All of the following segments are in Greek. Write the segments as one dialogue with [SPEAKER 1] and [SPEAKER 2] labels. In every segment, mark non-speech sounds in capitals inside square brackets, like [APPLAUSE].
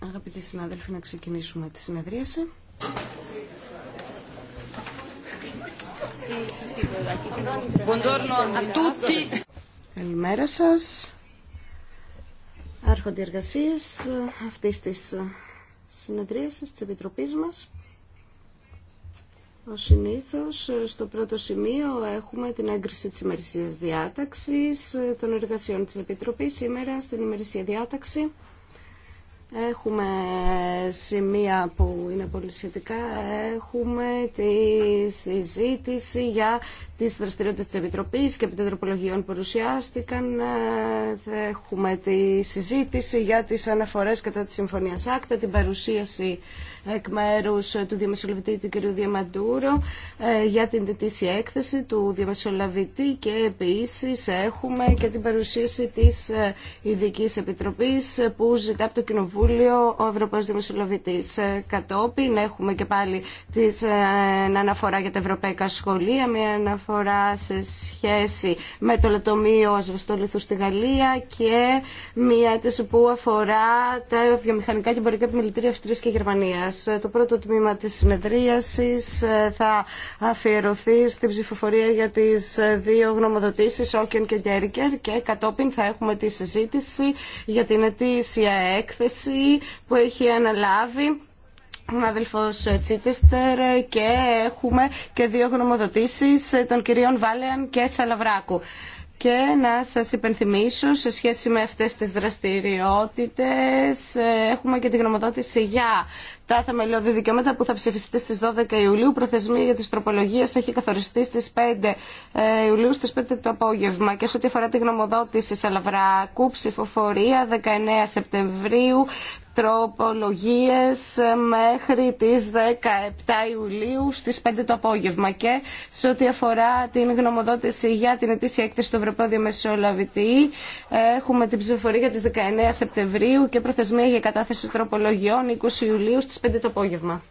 [SPEAKER 1] Αγαπητοί συνάδελφοι, να ξεκινήσουμε τη συνεδρίαση. Καλημέρα σας. Άρχονται οι εργασίες αυτής της συνεδρίασης της Επιτροπής μας. Ω συνήθως, ε, στο πρώτο σημείο έχουμε την έγκριση της ημερησίας διάταξης ε, των εργασιών της Επιτροπής. Σήμερα στην ημερησία διάταξη Έχουμε σημεία που είναι πολύ σχετικά. Έχουμε τη συζήτηση για τις δραστηριότητες της Επιτροπής και των τροπολογιών που παρουσιάστηκαν. Έχουμε τη συζήτηση για τις αναφορές κατά τη Συμφωνία Άκτα, την παρουσίαση εκ μέρου του διαμεσολαβητή του κ. Διαμαντούρο ε, για την τετήσια έκθεση του διαμεσολαβητή και επίσης έχουμε και την παρουσίαση της ε, Ειδικής Επιτροπής που ζητά το Κοινοβούλιο ο Ευρωπαίος Δημοσιολογητής. Ε, κατόπιν έχουμε και πάλι την ε, αναφορά για τα ευρωπαϊκά σχολεία, μια αναφορά σε σχέση με το λατομείο ασβεστόλιθου στη Γαλλία και μια της που αφορά τα βιομηχανικά και εμπορικά επιμελητήρια Αυστρίας και Γερμανίας. Ε, το πρώτο τμήμα της συνεδρίασης θα αφιερωθεί στην ψηφοφορία για τις δύο γνωμοδοτήσεις Όκεν και Γκέρικερ και κατόπιν θα έχουμε τη συζήτηση για την ετήσια έκθεση που έχει αναλάβει ο αδελφός Τσίτσεστερ και έχουμε και δύο γνωμοδοτήσεις ε, των κυρίων Βάλεαν και Σαλαβράκου και να σας υπενθυμίσω σε σχέση με αυτές τις δραστηριότητες ε, έχουμε και τη γνωμοδότηση για τα θεμελιώδη δικαιώματα που θα ψηφιστεί στις 12 Ιουλίου. Προθεσμία για τις τροπολογίες έχει καθοριστεί στις 5 ε, Ιουλίου στις 5 το απόγευμα και σε ό,τι αφορά τη γνωμοδότηση Σαλαβράκου ψηφοφορία 19 Σεπτεμβρίου τροπολογίες μέχρι τις 17 Ιουλίου στις 5 το απόγευμα και σε ό,τι αφορά την γνωμοδότηση για την ετήσια έκθεση του Ευρωπαίου Διαμεσολαβητή έχουμε την ψηφοφορία για τις 19 Σεπτεμβρίου και προθεσμία για κατάθεση τροπολογιών 20 Ιουλίου στις 5 το απόγευμα.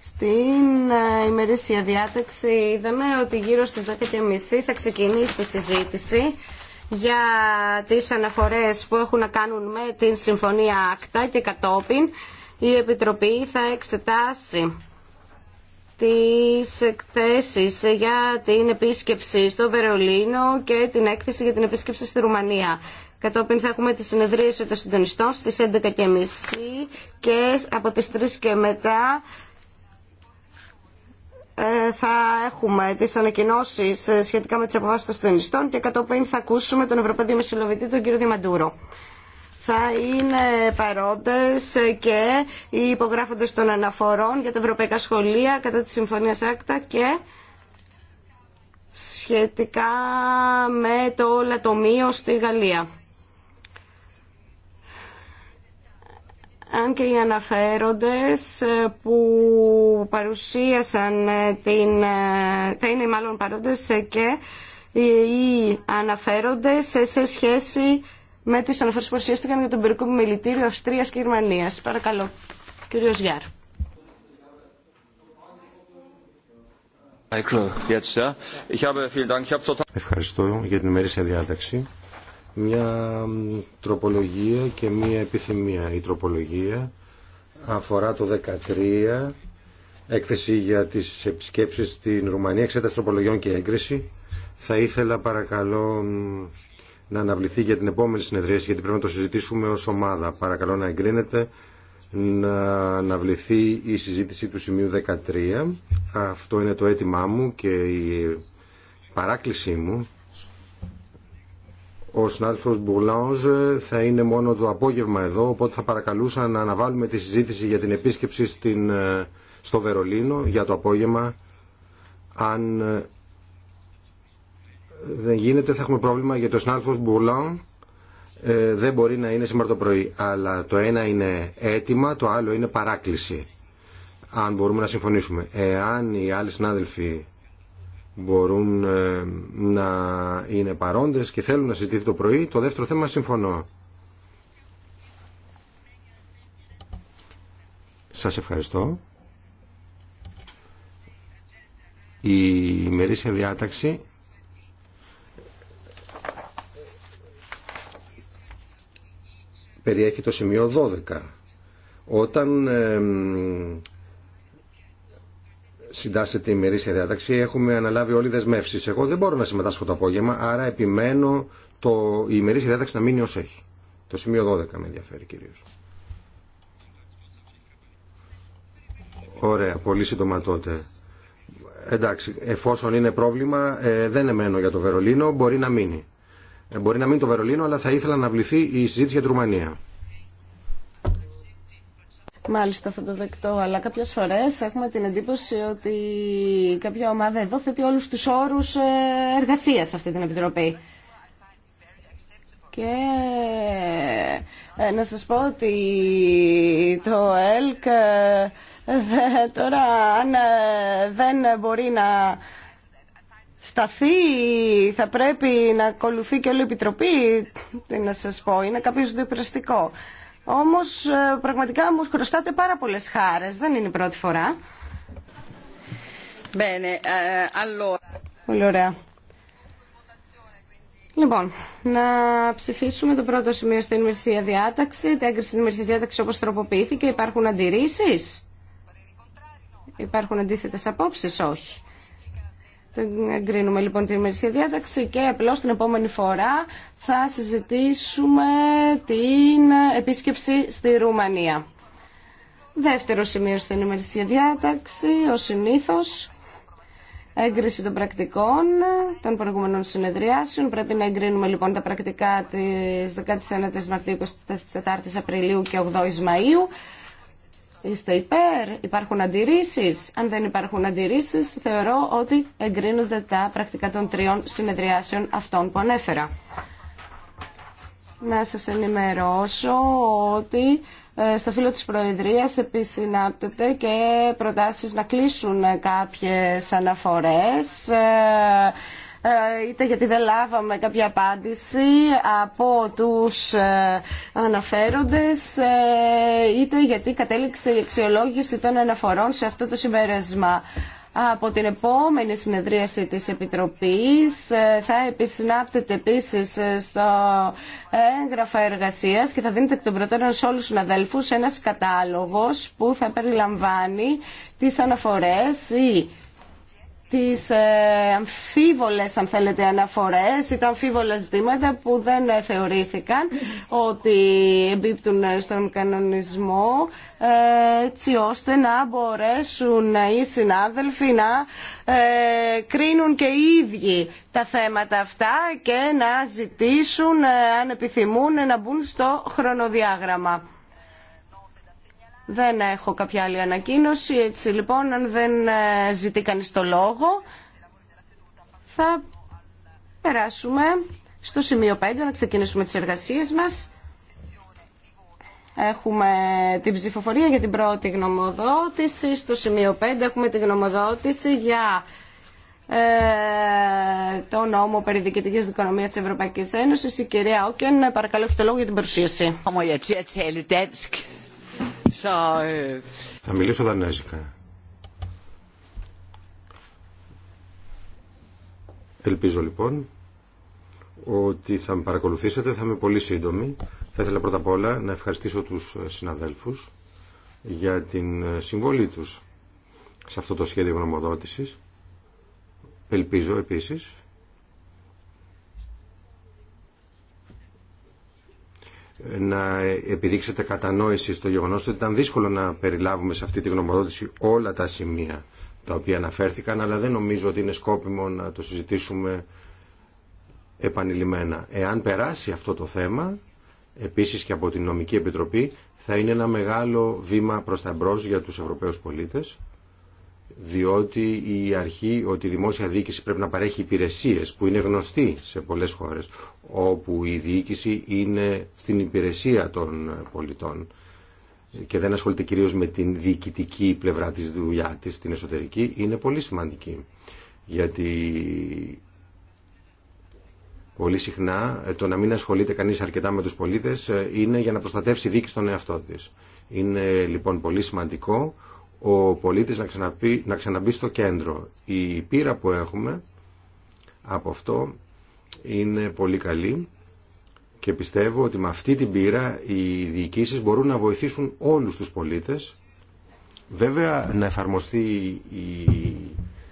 [SPEAKER 1] Στην ε, ημερήσια διάταξη είδαμε ότι γύρω στις 10.30 θα ξεκινήσει η συζήτηση για τις αναφορές που έχουν να κάνουν με την Συμφωνία Άκτα και κατόπιν η Επιτροπή θα εξετάσει τις εκθέσεις για την επίσκεψη στο Βερολίνο και την έκθεση για την επίσκεψη στη Ρουμανία. Κατόπιν θα έχουμε τη συνεδρίαση των συντονιστών στις 11.30 και από τις 3 και μετά ε, θα έχουμε τις ανακοινώσεις ε, σχετικά με τις αποφάσεις των συντονιστών και κατόπιν θα ακούσουμε τον Ευρωπαϊκό Μεσολαβητή, τον κύριο Δημαντούρο. Θα είναι παρόντες και οι υπογράφοντες των αναφορών για τα ευρωπαϊκά σχολεία κατά τη Συμφωνία ΣΑΚΤΑ και σχετικά με το λατομείο στη Γαλλία. αν και οι αναφέροντες ε, που παρουσίασαν ε, την, ε, θα είναι μάλλον παρόντες και οι αναφέροντες σε σχέση με τις αναφορές που παρουσιάστηκαν για τον περικό μελητήριο Αυστρίας και Γερμανίας. Παρακαλώ, κύριος Γιάρ.
[SPEAKER 2] Ευχαριστώ για την ημερήσια διάταξη μια τροπολογία και μια επιθυμία. Η τροπολογία αφορά το 13, έκθεση για τις επισκέψεις στην Ρουμανία, εξέταση τροπολογιών και έγκριση. Θα ήθελα παρακαλώ να αναβληθεί για την επόμενη συνεδρίαση, γιατί πρέπει να το συζητήσουμε ως ομάδα. Παρακαλώ να εγκρίνετε να αναβληθεί η συζήτηση του σημείου 13. Αυτό είναι το αίτημά μου και η παράκλησή μου ο συνάδελφο Μπουρλάνζ θα είναι μόνο το απόγευμα εδώ, οπότε θα παρακαλούσα να αναβάλουμε τη συζήτηση για την επίσκεψη στην, ε, στο Βερολίνο για το απόγευμα. Αν ε, δεν γίνεται θα έχουμε πρόβλημα γιατί ο συνάδελφο Μπουλάν ε, δεν μπορεί να είναι σήμερα το πρωί. Αλλά το ένα είναι αίτημα, το άλλο είναι παράκληση. Αν μπορούμε να συμφωνήσουμε. Εάν οι άλλοι συνάδελφοι μπορούν ε, να είναι παρόντες και θέλουν να συζητηθεί το πρωί. Το δεύτερο θέμα συμφωνώ. Σας ευχαριστώ. Η ημερήσια διάταξη περιέχει το σημείο 12. Όταν ε, συντάσσεται η ημερήσια διάταξη. Έχουμε αναλάβει όλοι δεσμεύσει. Εγώ δεν μπορώ να συμμετάσχω το απόγευμα, άρα επιμένω το, η ημερήσια διάταξη να μείνει ω έχει. Το σημείο 12 με ενδιαφέρει κυρίω. Ωραία, πολύ σύντομα τότε. Εντάξει, εφόσον είναι πρόβλημα, ε, δεν εμένω για το Βερολίνο, μπορεί να μείνει. Ε, μπορεί να μείνει το Βερολίνο, αλλά θα ήθελα να βληθεί η συζήτηση για την Ρουμανία.
[SPEAKER 1] Μάλιστα θα το δεκτώ, αλλά κάποιες φορές έχουμε την εντύπωση ότι κάποια ομάδα εδώ θέτει όλους τους όρους ε, εργασίας σε αυτή την Επιτροπή. Και ε, να σας πω ότι το ΕΛΚ ε, [LAUGHS] τώρα αν δεν μπορεί να σταθεί, θα πρέπει να ακολουθεί και όλη η Επιτροπή, τι να σας πω, είναι κάποιο διπραστικό. Όμω, ε, πραγματικά μου χρωστάτε πάρα πολλέ χάρε, Δεν είναι η πρώτη φορά.
[SPEAKER 3] Bene, ε, allora.
[SPEAKER 1] Πολύ ωραία. Λοιπόν, να ψηφίσουμε το πρώτο σημείο στην ημερησία διάταξη. Την έγκριση της ημερησίας διάταξης όπως τροποποιήθηκε. Υπάρχουν αντιρρήσεις. Υπάρχουν αντίθετες απόψεις. Όχι. Εγκρίνουμε λοιπόν την ημερησία διάταξη και απλώς την επόμενη φορά θα συζητήσουμε την επίσκεψη στη Ρουμανία. Δεύτερο σημείο στην ημερησία διάταξη, ο συνήθως, έγκριση των πρακτικών των προηγούμενων συνεδριάσεων. Πρέπει να εγκρίνουμε λοιπόν τα πρακτικά της 19 η Μαρτίου, 24 η Απριλίου και 8 η Μαου. Είστε υπέρ, υπάρχουν αντιρρήσει. Αν δεν υπάρχουν αντιρρήσεις, θεωρώ ότι εγκρίνονται τα πρακτικά των τριών συνεδριάσεων αυτών που ανέφερα. Να σας ενημερώσω ότι ε, στο φύλλο της Προεδρίας επισυνάπτεται και προτάσεις να κλείσουν κάποιες αναφορές ε, ε, είτε γιατί δεν λάβαμε κάποια απάντηση από τους ε, αναφέροντες, ε, είτε γιατί κατέληξε η αξιολόγηση των αναφορών σε αυτό το συμπέρασμα. Από την επόμενη συνεδρίαση της Επιτροπής θα επισυνάπτεται επίσης στο έγγραφα εργασίας και θα δίνεται εκ των προτέρων σε όλους τους συναδέλφους ένας κατάλογος που θα περιλαμβάνει τις αναφορές ή τις ε, αμφίβολες αν θέλετε αναφορές ή τα αμφίβολα ζητήματα που δεν ε, θεωρήθηκαν ότι εμπίπτουν στον κανονισμό ε, έτσι ώστε να μπορέσουν οι συνάδελφοι να κρίνουν και οι ίδιοι τα θέματα αυτά και να ζητήσουν αν επιθυμούν να μπουν στο χρονοδιάγραμμα. Δεν έχω κάποια άλλη ανακοίνωση, έτσι λοιπόν αν δεν ε, ζητεί κανεί το λόγο θα περάσουμε στο σημείο 5 να ξεκινήσουμε τις εργασίες μας. Έχουμε την ψηφοφορία για την πρώτη γνωμοδότηση. Στο σημείο 5 έχουμε τη γνωμοδότηση για ε, το νόμο περί δικαιωτικής δικονομίας της Ευρωπαϊκής Ένωσης. Η κυρία Όκεν, παρακαλώ, έχει το λόγο για την παρουσίαση.
[SPEAKER 2] Θα μιλήσω δανέζικα. Ελπίζω λοιπόν ότι θα με παρακολουθήσετε, θα είμαι πολύ σύντομη. Θα ήθελα πρώτα απ' όλα να ευχαριστήσω τους συναδέλφους για την συμβολή τους σε αυτό το σχέδιο γνωμοδότησης. Ελπίζω επίσης να επιδείξετε κατανόηση στο γεγονός ότι ήταν δύσκολο να περιλάβουμε σε αυτή τη γνωμοδότηση όλα τα σημεία τα οποία αναφέρθηκαν, αλλά δεν νομίζω ότι είναι σκόπιμο να το συζητήσουμε επανειλημμένα. Εάν περάσει αυτό το θέμα, επίσης και από την Νομική Επιτροπή, θα είναι ένα μεγάλο βήμα προς τα μπρος για τους Ευρωπαίους πολίτες διότι η αρχή ότι η δημόσια διοίκηση πρέπει να παρέχει υπηρεσίες που είναι γνωστή σε πολλές χώρες όπου η διοίκηση είναι στην υπηρεσία των πολιτών και δεν ασχολείται κυρίως με την διοικητική πλευρά της δουλειά της, την εσωτερική, είναι πολύ σημαντική. Γιατί πολύ συχνά ε, το να μην ασχολείται κανείς αρκετά με τους πολίτες ε, είναι για να προστατεύσει η διοίκηση των εαυτό της. Είναι λοιπόν πολύ σημαντικό ο πολίτης να, ξαναπεί, να ξαναμπεί στο κέντρο. Η πείρα που έχουμε από αυτό είναι πολύ καλή και πιστεύω ότι με αυτή την πείρα οι διοικήσεις μπορούν να βοηθήσουν όλους τους πολίτες βέβαια να εφαρμοστεί η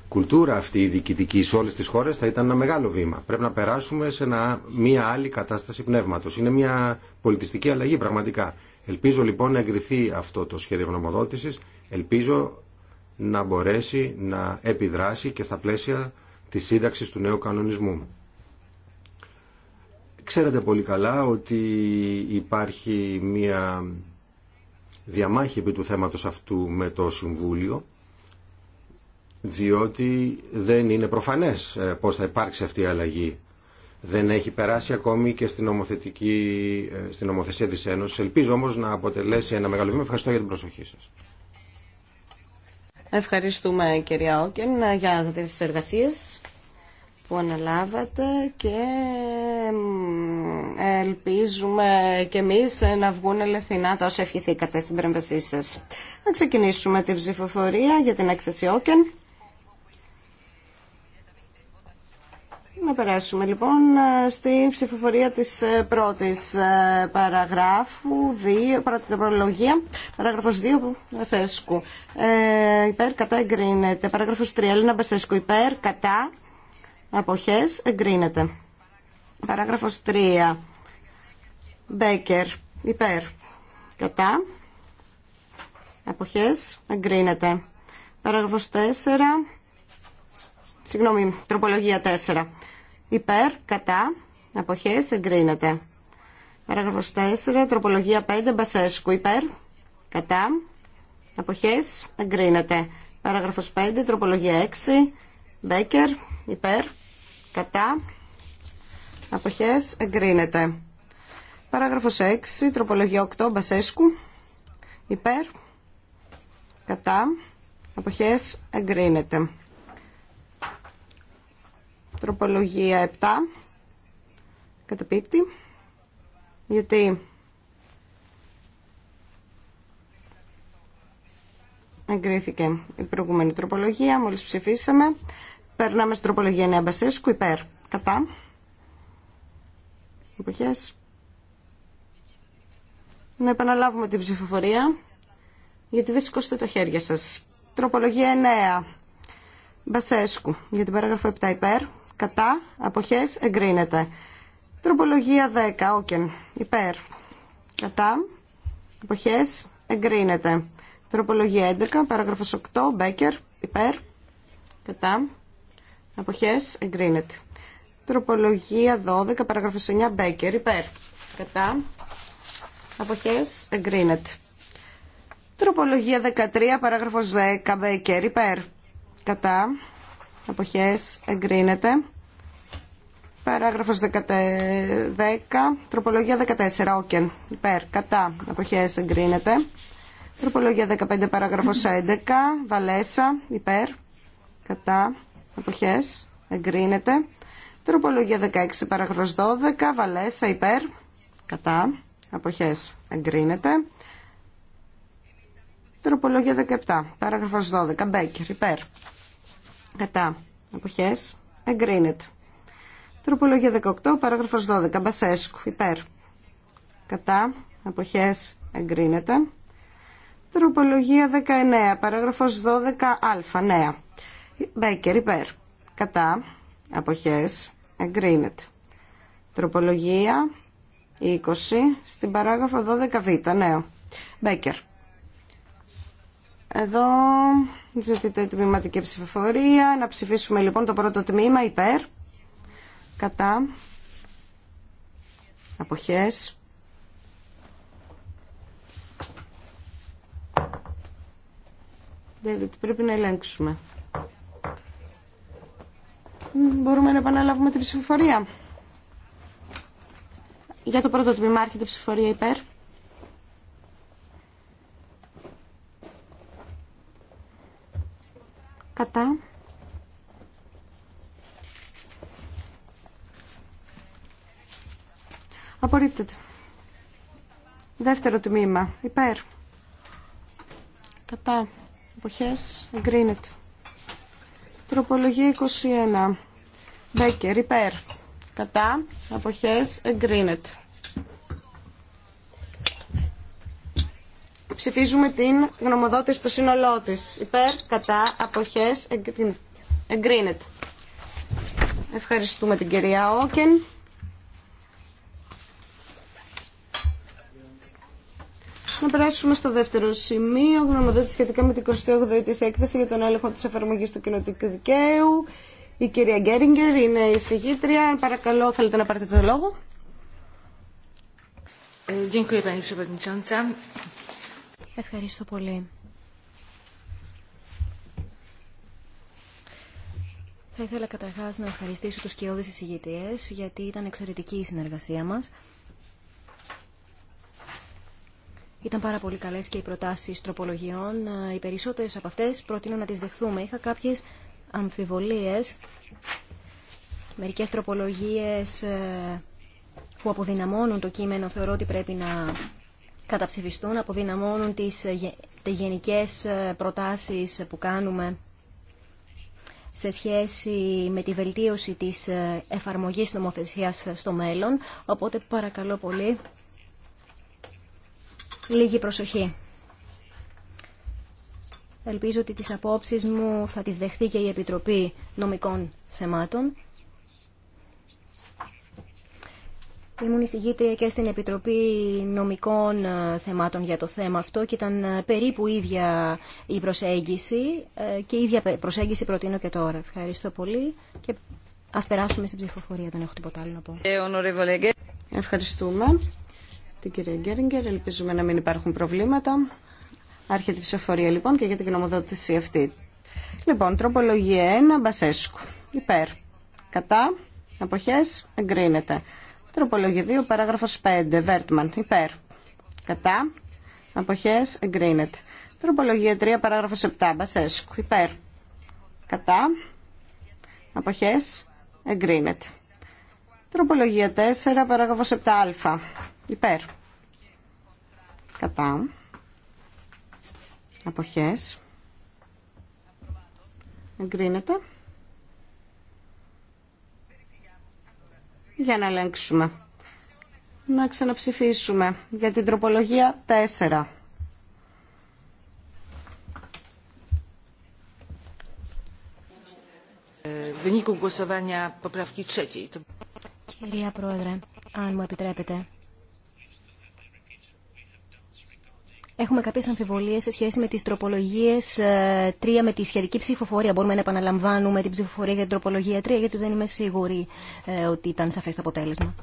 [SPEAKER 2] κουλτούρα αυτή η διοικητική σε όλες τις χώρες θα ήταν ένα μεγάλο βήμα. Πρέπει να περάσουμε σε μια άλλη κατάσταση πνεύματος. Είναι μια πολιτιστική αλλαγή πραγματικά. Ελπίζω λοιπόν να εγκριθεί αυτό το σχέδιο γνωμοδότησης Ελπίζω να μπορέσει να επιδράσει και στα πλαίσια της σύνταξης του νέου κανονισμού. Ξέρετε πολύ καλά ότι υπάρχει μία διαμάχη επί του θέματος αυτού με το Συμβούλιο διότι δεν είναι προφανές ε, πώς θα υπάρξει αυτή η αλλαγή. Δεν έχει περάσει ακόμη και στην, ε, στην νομοθεσία της Ένωσης. Ελπίζω όμως να αποτελέσει ένα μεγάλο βήμα. Ευχαριστώ για την προσοχή σας.
[SPEAKER 1] Ευχαριστούμε κυρία Όκεν για τις εργασίες που αναλάβατε και ελπίζουμε και εμείς να βγουν ελευθερινά τα όσα ευχηθήκατε στην πρέμβασή σας. Να ξεκινήσουμε τη ψηφοφορία για την έκθεση Όκεν. Να περάσουμε λοιπόν στη ψηφοφορία της ε, πρώτης ε, παραγράφου, 2, πρώτη προλογία, παράγραφος 2, Μπασέσκου. Ε, υπέρ, κατά, εγκρίνεται. Παράγραφος 3, Έλληνα Μπασέσκου, υπέρ, κατά, αποχές, εγκρίνεται. Παράγραφος 3, Μπέκερ, υπέρ, κατά, αποχές, εγκρίνεται. Παράγραφος 4, συγγνώμη, τροπολογία 4 υπέρ, κατά, αποχές, εγκρίνεται. Παράγραφος 4, τροπολογία 5, Μπασέσκου, υπέρ, κατά, αποχές, εγκρίνεται. Παράγραφος 5, τροπολογία 6, Μπέκερ, υπέρ, κατά, αποχές, εγκρίνεται. Παράγραφος 6, τροπολογία 8, Μπασέσκου, υπέρ, κατά, αποχές, εγκρίνεται. Τροπολογία 7. Καταπίπτει. Γιατί εγκρίθηκε η προηγούμενη τροπολογία, μόλις ψηφίσαμε. Περνάμε στην τροπολογία 9 Μπασέσκου, υπέρ, κατά. Εποχές. Να επαναλάβουμε την ψηφοφορία, γιατί δεν σηκώσετε το χέρια σας. Τροπολογία 9 Μπασέσκου, για την παράγραφο 7 υπέρ, κατά, αποχές, εγκρίνεται. Τροπολογία 10, όκεν, υπέρ, κατά, αποχές, εγκρίνεται. Τροπολογία 11, παράγραφος 8, Μπέκερ, υπέρ, κατά, αποχές, εγκρίνεται. Τροπολογία 12, παράγραφος 9, Μπέκερ, υπέρ, κατά, αποχές, εγκρίνεται. Τροπολογία 13, παράγραφος 10, Μπέκερ, υπέρ, κατά, αποχές εγκρίνεται. Παράγραφος 10, τροπολογία 14, όκεν, υπέρ, κατά, αποχές εγκρίνεται. Τροπολογία 15, παράγραφος 11, βαλέσα, υπέρ, κατά, αποχές εγκρίνεται. Τροπολογία 16, παράγραφος 12, βαλέσα, υπέρ, κατά, αποχές εγκρίνεται. Τροπολογία 17, παράγραφος 12, μπέκερ, υπέρ, κατά αποχές εγκρίνεται. Τροπολογία 18, παράγραφος 12, Μπασέσκου, υπέρ. Κατά, αποχές, εγκρίνεται. Τροπολογία 19, παράγραφος 12α, νέα. μπέκερ, υπέρ. Κατά, αποχές, εγκρίνεται. Τροπολογία 20, στην παράγραφο 12β, νέο. μπέκερ. Εδώ ζητείται η τμήματική ψηφοφορία. Να ψηφίσουμε λοιπόν το πρώτο τμήμα υπέρ, κατά, αποχές. Δεν πρέπει να ελέγξουμε. Μπορούμε να επαναλάβουμε την ψηφοφορία. Για το πρώτο τμήμα έρχεται ψηφοφορία υπέρ. κατά απορρίπτεται δεύτερο τμήμα υπέρ κατά εποχές εγκρίνεται τροπολογία 21 Μπέκερ υπέρ κατά εποχές εγκρίνεται Ψηφίζουμε την γνωμοδότηση στο σύνολό τη. Υπέρ, κατά, αποχέ, εγκρίνεται. Ευχαριστούμε την κυρία Όκεν. Να περάσουμε στο δεύτερο σημείο, γνωμοδότηση σχετικά με την 28η έκθεση για τον έλεγχο της εφαρμογής του κοινοτικού δικαίου. Η κυρία Γκέριγκερ είναι η συγγήτρια. Παρακαλώ, θέλετε να πάρετε το λόγο. Ε, Ευχαριστώ πολύ. Θα ήθελα
[SPEAKER 4] καταρχάς να ευχαριστήσω τους κοιόδης εισηγητές γιατί ήταν εξαιρετική η συνεργασία μας. Ήταν πάρα πολύ καλές και οι προτάσεις τροπολογιών. Οι περισσότερες από αυτές προτείνω να τις δεχθούμε. Είχα κάποιες αμφιβολίες, μερικές τροπολογίες ε, που αποδυναμώνουν το κείμενο θεωρώ ότι πρέπει να καταψηφιστούν, αποδυναμώνουν τις ε, γενικές ε, προτάσεις που κάνουμε σε σχέση με τη βελτίωση της ε, εφαρμογής νομοθεσίας στο μέλλον. Οπότε παρακαλώ πολύ, λίγη προσοχή. Ελπίζω ότι τις απόψεις μου θα τις δεχθεί και η Επιτροπή Νομικών Θεμάτων. Ήμουν εισηγήτρια και στην Επιτροπή Νομικών ε, Θεμάτων για το θέμα αυτό και ήταν ε, περίπου ίδια η προσέγγιση ε, και η ίδια προσέγγιση προτείνω και τώρα. Ευχαριστώ πολύ και
[SPEAKER 1] ας περάσουμε στην ψηφοφορία, δεν έχω τίποτα άλλο να πω. Ευχαριστούμε την κυρία Γκέριγκερ, ελπίζουμε να μην υπάρχουν προβλήματα. Άρχεται η ψηφοφορία λοιπόν και για την γνωμοδότηση αυτή. Λοιπόν, τροπολογία 1, Μπασέσκου. Υπέρ. Κατά. Αποχές. Εγκρίνεται. Τροπολογία 2, παράγραφο 5, Βέρτμαν, υπέρ. Κατά. Αποχές, εγκρίνεται. Τροπολογία 3, παράγραφος 7, Μπασέσκου, υπέρ. Κατά. Αποχές, εγκρίνεται. Τροπολογία 4, παράγραφος 7α, υπέρ. Κατά. Αποχές. Εγκρίνεται. για να ελέγξουμε. Να ξαναψηφίσουμε για την τροπολογία 4. Ε,
[SPEAKER 4] Κυρία Πρόεδρε, αν μου επιτρέπετε, Έχουμε κάποιε αμφιβολίε σε σχέση με τις τροπολογίες 3 ε, με τη σχετική ψηφοφορία. Μπορούμε να επαναλαμβάνουμε την ψηφοφορία για την τροπολογία 3 γιατί δεν είμαι σίγουρη ε, ότι ήταν σαφές το αποτέλεσμα.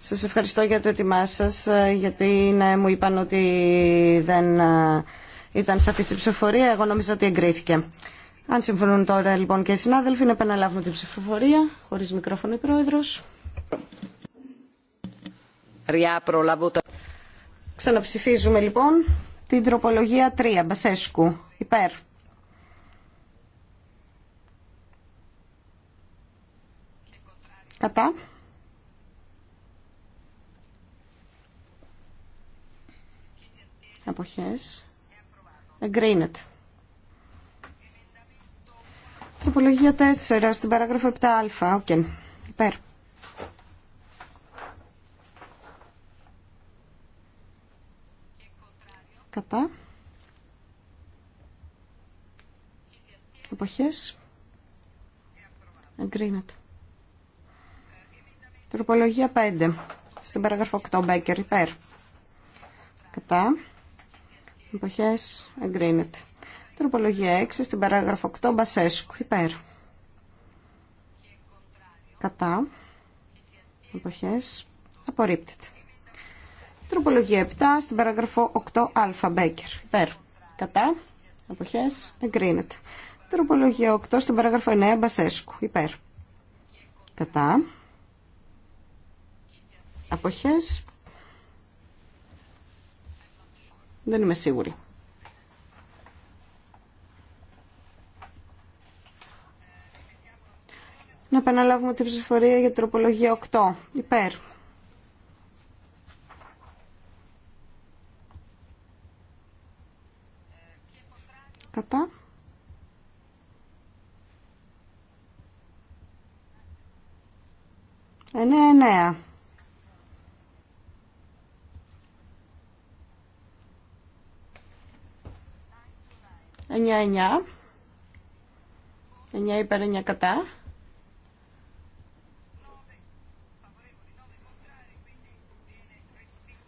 [SPEAKER 1] Σας ευχαριστώ για το έτοιμά σας, ε, γιατί ναι, μου είπαν ότι δεν ήταν σαφής η ψηφοφορία. Εγώ νομίζω ότι εγκρίθηκε. Αν συμφωνούν τώρα λοιπόν και οι συνάδελφοι, να επαναλάβουμε την ψηφοφορία, χωρίς μικρόφωνο η Πρόεδρος. Ξαναψηφίζουμε λοιπόν την τροπολογία 3, Μπασέσκου, υπέρ. Κατά. Αποχές. Εγκρίνεται. Τροπολογία 4 στην παράγραφο 7α. Οκ. Okay. Υπέρ. Κατά. Εποχές. Εγκρίνεται. Τροπολογία 5. Στην παράγραφο 8. Μπέκερ. Υπέρ. Κατά. Εποχές. Εγκρίνεται. Τροπολογία 6 στην παράγραφο 8 Μπασέσκου. Υπέρ. Κατά. εποχέ. Απορρίπτεται. Τροπολογία 7 στην παράγραφο αλφα Μπέκερ. Υπέρ. Κατά. εποχέ, Εγκρίνεται. Τροπολογία 8 στην παράγραφο 9 Μπασέσκου. Υπέρ. Κατά. Αποχές. Δεν είμαι σίγουρη. Να επαναλάβουμε την ψηφορία για τροπολογία 8. Υπέρ. Κατά. Εννέα, ναι, ε, εννέα. Εννιά, εννιά. Εννιά υπέρ, εννιά κατά.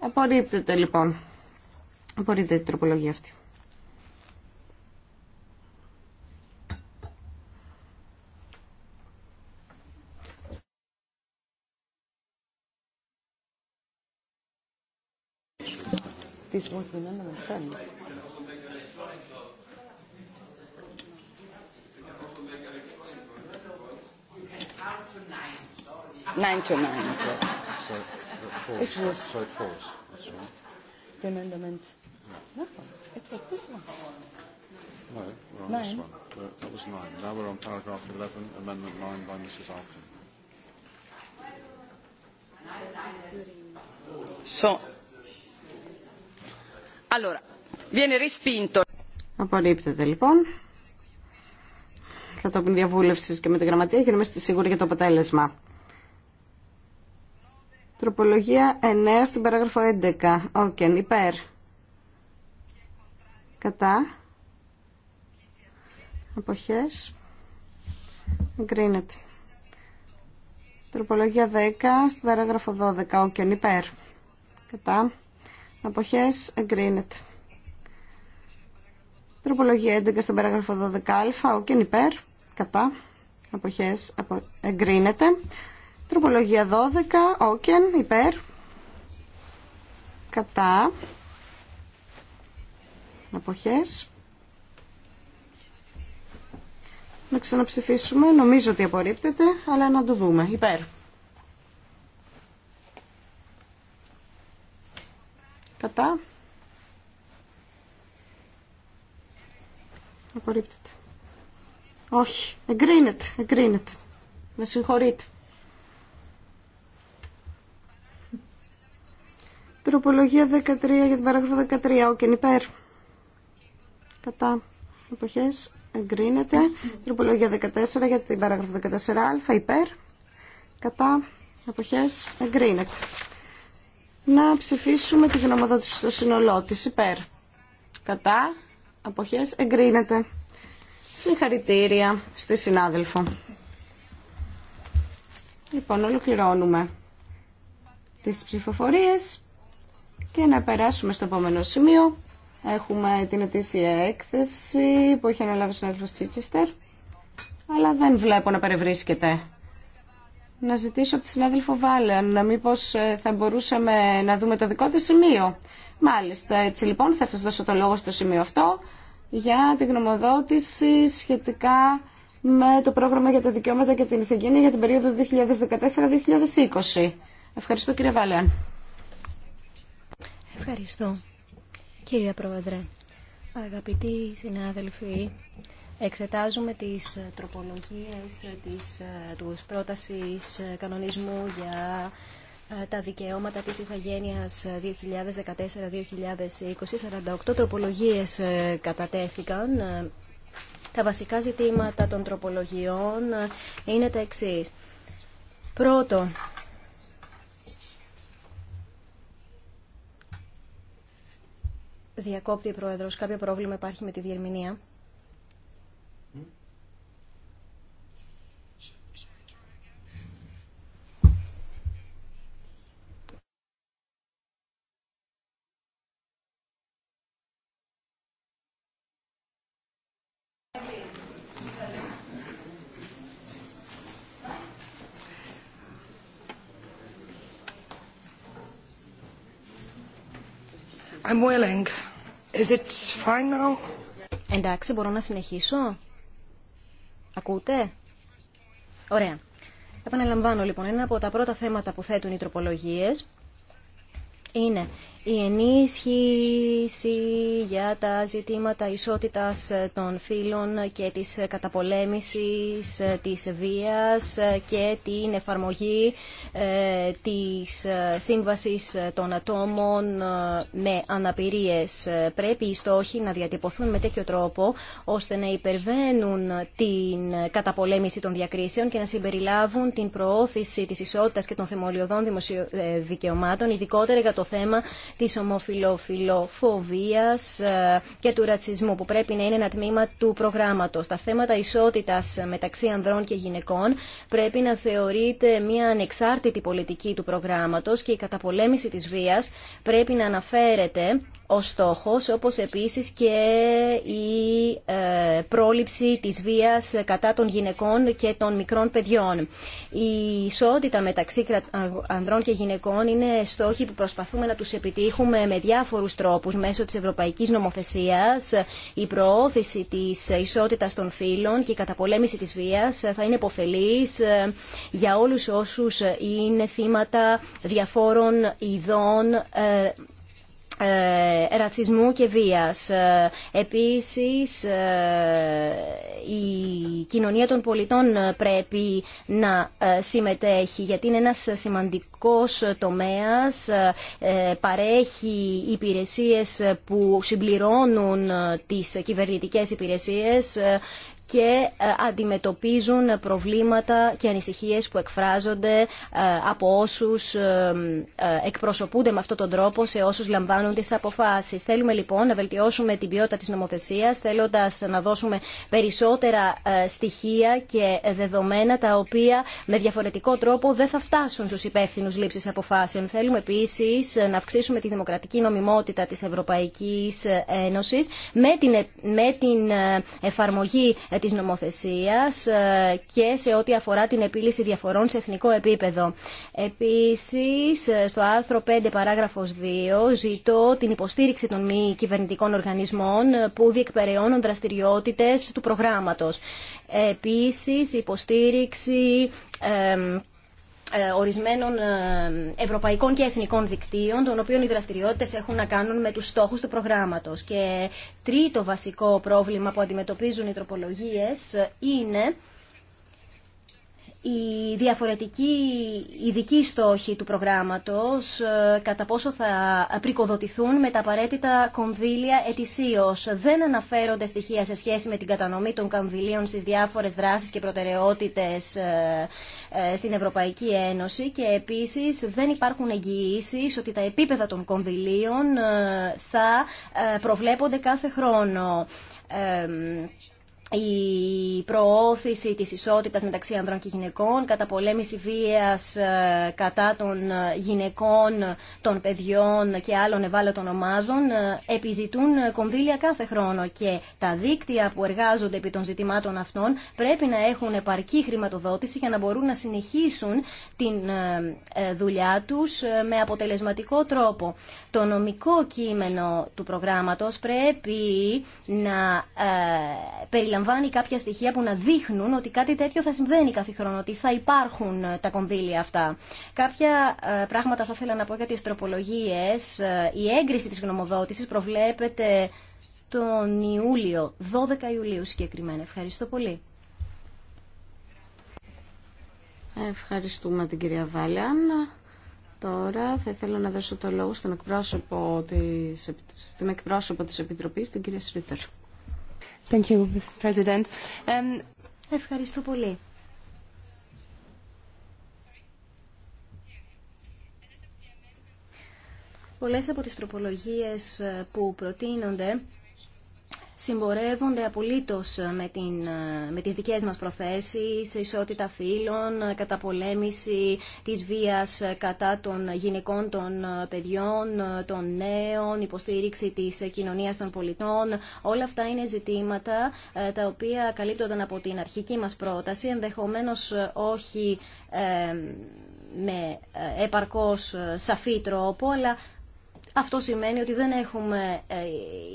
[SPEAKER 1] Απορρίπτεται λοιπόν. Απορρίπτεται η τροπολογία αυτή. Τι σημαίνει να number Nine to nine, yes.
[SPEAKER 2] It was. So it falls. That's right.
[SPEAKER 1] The amendment. No, it was this one. No,
[SPEAKER 2] we're on this one. That was nine. Now we're on paragraph 11, amendment
[SPEAKER 1] nine by Mrs. Alkin. So. Allora, viene respinto. Απορρίπτεται λοιπόν. Κατόπιν διαβούλευση και με την γραμματεία και να είμαστε σίγουροι για το αποτέλεσμα. Τροπολογία 9 στην παράγραφο 11. Όκεν, υπέρ. Κατά. Αποχές. Εγκρίνεται. Τροπολογία 10 στην παράγραφο 12. Όκεν, υπέρ. Κατά. Αποχές. Εγκρίνεται. Τροπολογία 11 στην παράγραφο 12α. Όκεν, υπέρ. Κατά. Αποχές. Εγκρίνεται. Τροπολογία 12, όκεν, υπέρ. Κατά. Αποχές. Να ξαναψηφίσουμε. Νομίζω ότι απορρίπτεται, αλλά να το δούμε. Υπέρ. Κατά. Απορρίπτεται. Όχι. Εγκρίνεται. Εγκρίνεται. Με συγχωρείτε. Τροπολογία 13 για την παράγραφο 13. Όκεν υπέρ. Κατά. εποχέ. Εγκρίνεται. Τροπολογία 14 για την παράγραφο 14α. Υπέρ. Κατά. Εποχές. Εγκρίνεται. Να ψηφίσουμε τη γνωμοδότηση στο σύνολό τη. Υπέρ. Κατά. αποχέ, Εγκρίνεται. Συγχαρητήρια στη συνάδελφο. Λοιπόν, ολοκληρώνουμε τις ψηφοφορίες. Και να περάσουμε στο επόμενο σημείο. Έχουμε την ετήσια έκθεση που έχει αναλάβει ο συνάδελφος Τσίτσιστερ, αλλά δεν βλέπω να παρευρίσκεται. Να ζητήσω από τη συνάδελφο Βάλεαν να μήπως ε, θα μπορούσαμε να δούμε το δικό της σημείο. Μάλιστα, έτσι λοιπόν θα σας δώσω το λόγο στο σημείο αυτό για την γνωμοδότηση σχετικά με το πρόγραμμα για τα δικαιώματα και την ηθαγένεια για την περίοδο 2014-2020. Ευχαριστώ κύριε Βάλεαν.
[SPEAKER 4] Ευχαριστώ, κύριε Πρόεδρε. Αγαπητοί συνάδελφοι, εξετάζουμε τις τροπολογίες της, τους πρότασης κανονισμού για ε, τα δικαιώματα της ηθαγένειας 2014-2020. 48 τροπολογίες ε, κατατέθηκαν. Τα βασικά ζητήματα των τροπολογιών ε, είναι τα εξής. Πρώτο, Διακόπτει η Πρόεδρος. Κάποιο πρόβλημα υπάρχει με τη διερμηνία. Εντάξει, μπορώ να συνεχίσω. Ακούτε? Ωραία. Επαναλαμβάνω λοιπόν, ένα από τα πρώτα θέματα που θέτουν οι τροπολογίες είναι η ενίσχυση για τα ζητήματα ισότητας των φύλων και της καταπολέμησης της βίας και την εφαρμογή ε, της ε, σύμβασης ε, των ατόμων με αναπηρίες. Πρέπει οι στόχοι να διατυπωθούν με τέτοιο τρόπο ώστε να υπερβαίνουν την καταπολέμηση των διακρίσεων και να συμπεριλάβουν την προώθηση της ισότητας και των δημοσιο... δικαιωμάτων, ειδικότερα για το θέμα της ομοφιλοφιλοφοβίας ε, και του ρατσισμού που πρέπει να είναι ένα τμήμα του προγράμματος. Τα θέματα ισότητας μεταξύ ανδρών και γυναικών πρέπει να θεωρείται μια ανεξάρτητη πολιτική του προγράμματος και η καταπολέμηση της βίας πρέπει να αναφέρεται ως στόχος, όπως επίσης και η ε, πρόληψη της βίας κατά των γυναικών και των μικρών παιδιών. Η ισότητα μεταξύ ανδρών και γυναικών είναι στόχοι που προσπαθούμε να τους επιτύχουμε Έχουμε με διάφορους τρόπους μέσω της ευρωπαϊκής νομοθεσίας. Η προώθηση της ισότητας των φύλων και η καταπολέμηση της βίας θα είναι υποφελής ε, για όλους όσους είναι θύματα διαφόρων ειδών ε, ε, ρατσισμού και βίας. Ε, επίσης, ε, η κοινωνία των πολιτών πρέπει να συμμετέχει, γιατί είναι ένας σημαντικός τομέας, παρέχει υπηρεσίες που συμπληρώνουν τις κυβερνητικές υπηρεσίες και ε, αντιμετωπίζουν προβλήματα και ανησυχίες που εκφράζονται ε, από όσους ε, εκπροσωπούνται με αυτόν τον τρόπο σε όσους λαμβάνουν τις αποφάσεις. Θέλουμε λοιπόν να βελτιώσουμε την ποιότητα της νομοθεσίας θέλοντας να δώσουμε περισσότερα στοιχεία και δεδομένα τα οποία με διαφορετικό τρόπο δεν θα φτάσουν στους υπεύθυνους λήψης αποφάσεων. Θέλουμε επίσης να αυξήσουμε τη δημοκρατική νομιμότητα της Ευρωπαϊκής Ένωσης με την εφαρμογή ε, της νομοθεσίας ε, και σε ό,τι αφορά την επίλυση διαφορών σε εθνικό επίπεδο. Επίσης, ε, στο άρθρο 5 παράγραφος 2 ζητώ την υποστήριξη των μη κυβερνητικών οργανισμών που διεκπεραιώνουν δραστηριότητες του προγράμματος. Επίσης, υποστήριξη ε, ορισμένων ε, ευρωπαϊκών και εθνικών δικτύων, των οποίων οι δραστηριότητες έχουν να κάνουν με τους στόχους του προγράμματος. Και τρίτο βασικό πρόβλημα που αντιμετωπίζουν οι τροπολογίες ε, είναι η διαφορετική ειδικοί στόχοι του προγράμματος ε, κατά πόσο θα πρικοδοτηθούν με τα απαραίτητα κονδύλια ετησίως. Δεν αναφέρονται στοιχεία σε σχέση με την κατανομή των κονδυλίων στις διάφορες δράσεις και προτεραιότητες ε, ε, στην Ευρωπαϊκή Ένωση και επίσης δεν υπάρχουν εγγυήσεις ότι τα επίπεδα των κονδυλίων θα προβλέπονται κάθε χρόνο η προώθηση της ισότητας μεταξύ ανδρών και γυναικών, κατά πολέμηση βίας ε, κατά των ε, γυναικών, των παιδιών και άλλων ευάλωτων ομάδων ε, επιζητούν κονδύλια κάθε χρόνο και τα δίκτυα που εργάζονται επί των ζητημάτων αυτών πρέπει να έχουν επαρκή χρηματοδότηση για να μπορούν να συνεχίσουν την δουλειά τους με αποτελεσματικό τρόπο. Το νομικό κείμενο του προγράμματος πρέπει να περιλαμβάνει περιλαμβάνει κάποια στοιχεία που να δείχνουν ότι κάτι τέτοιο θα συμβαίνει κάθε χρόνο, ότι θα υπάρχουν ε, τα κονδύλια αυτά. Κάποια ε, πράγματα θα ήθελα να πω για τις τροπολογίες. Ε, η έγκριση της γνωμοδότησης προβλέπεται τον Ιούλιο, 12 Ιουλίου συγκεκριμένα. Ευχαριστώ πολύ.
[SPEAKER 1] Ευχαριστούμε την κυρία Βάλεαν. Τώρα θα ήθελα να δώσω το λόγο στον εκπρόσωπο της, στην εκπρόσωπο της Επιτροπής, την κυρία Σρίτερ. Thank you, Mr. President. Um, Ευχαριστώ πολύ.
[SPEAKER 4] Πολλές από τις τροπολογίες που προτείνονται συμπορεύονται απολύτως με, την, με τις δικές μας προθέσεις, ισότητα φύλων, καταπολέμηση της βίας κατά των γυναικών, των παιδιών, των νέων, υποστήριξη της κοινωνίας των πολιτών. Όλα αυτά είναι ζητήματα ε, τα οποία καλύπτονταν από την αρχική μας πρόταση, ενδεχομένως όχι ε, με ε, επαρκώς σαφή τρόπο, αλλά αυτό σημαίνει ότι δεν έχουμε ε,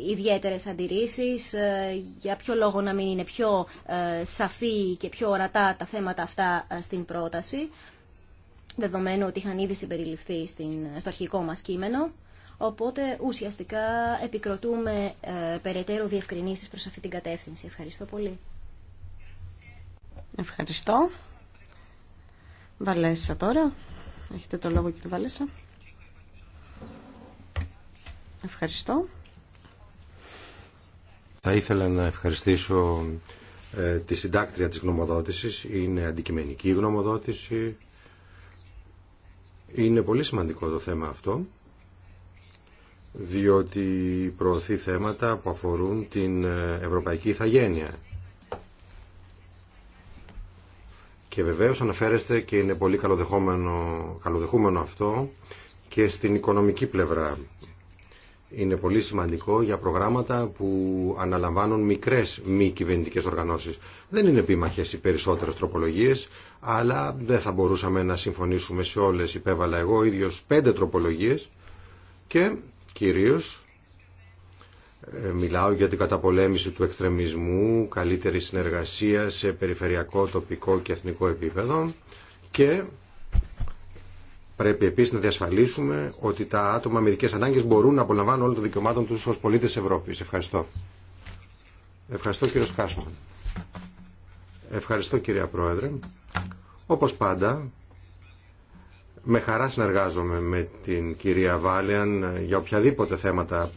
[SPEAKER 4] ιδιαίτερες αντιρρήσεις. Ε, για ποιο λόγο να μην είναι πιο ε, σαφή και πιο ορατά τα θέματα αυτά στην πρόταση, δεδομένου ότι είχαν ήδη συμπεριληφθεί στο αρχικό μας κείμενο. Οπότε ουσιαστικά επικροτούμε περαιτέρω διευκρινήσεις προς αυτή την κατεύθυνση. Ευχαριστώ πολύ.
[SPEAKER 1] Ευχαριστώ. Βαλέσα τώρα. Έχετε το λόγο κύριε Βαλέσα. Ευχαριστώ.
[SPEAKER 2] Θα ήθελα να ευχαριστήσω ε, τη συντάκτρια της γνωμοδότησης. Είναι αντικειμενική η γνωμοδότηση. Είναι πολύ σημαντικό το θέμα αυτό διότι προωθεί θέματα που αφορούν την ε, ευρωπαϊκή ηθαγένεια. Και βεβαίως αναφέρεστε και είναι πολύ καλοδεχόμενο, καλοδεχούμενο αυτό και στην οικονομική πλευρά είναι πολύ σημαντικό για προγράμματα που αναλαμβάνουν μικρές μη κυβερνητικέ οργανώσεις. Δεν είναι επίμαχες οι περισσότερες τροπολογίες, αλλά δεν θα μπορούσαμε να συμφωνήσουμε σε όλες, υπέβαλα εγώ ίδιος πέντε τροπολογίες και κυρίως ε, μιλάω για την καταπολέμηση του εξτρεμισμού, καλύτερη συνεργασία σε περιφερειακό, τοπικό και εθνικό επίπεδο και Πρέπει επίση να διασφαλίσουμε ότι τα άτομα με ειδικέ ανάγκε μπορούν να απολαμβάνουν όλων των δικαιωμάτων του ω πολίτε τη Ευρώπη. Ευχαριστώ. Ευχαριστώ κύριο Κάσμαν. Ευχαριστώ κυρία Πρόεδρε. Όπω πάντα, με χαρά συνεργάζομαι με την κυρία Βάλιαν για οποιαδήποτε θέματα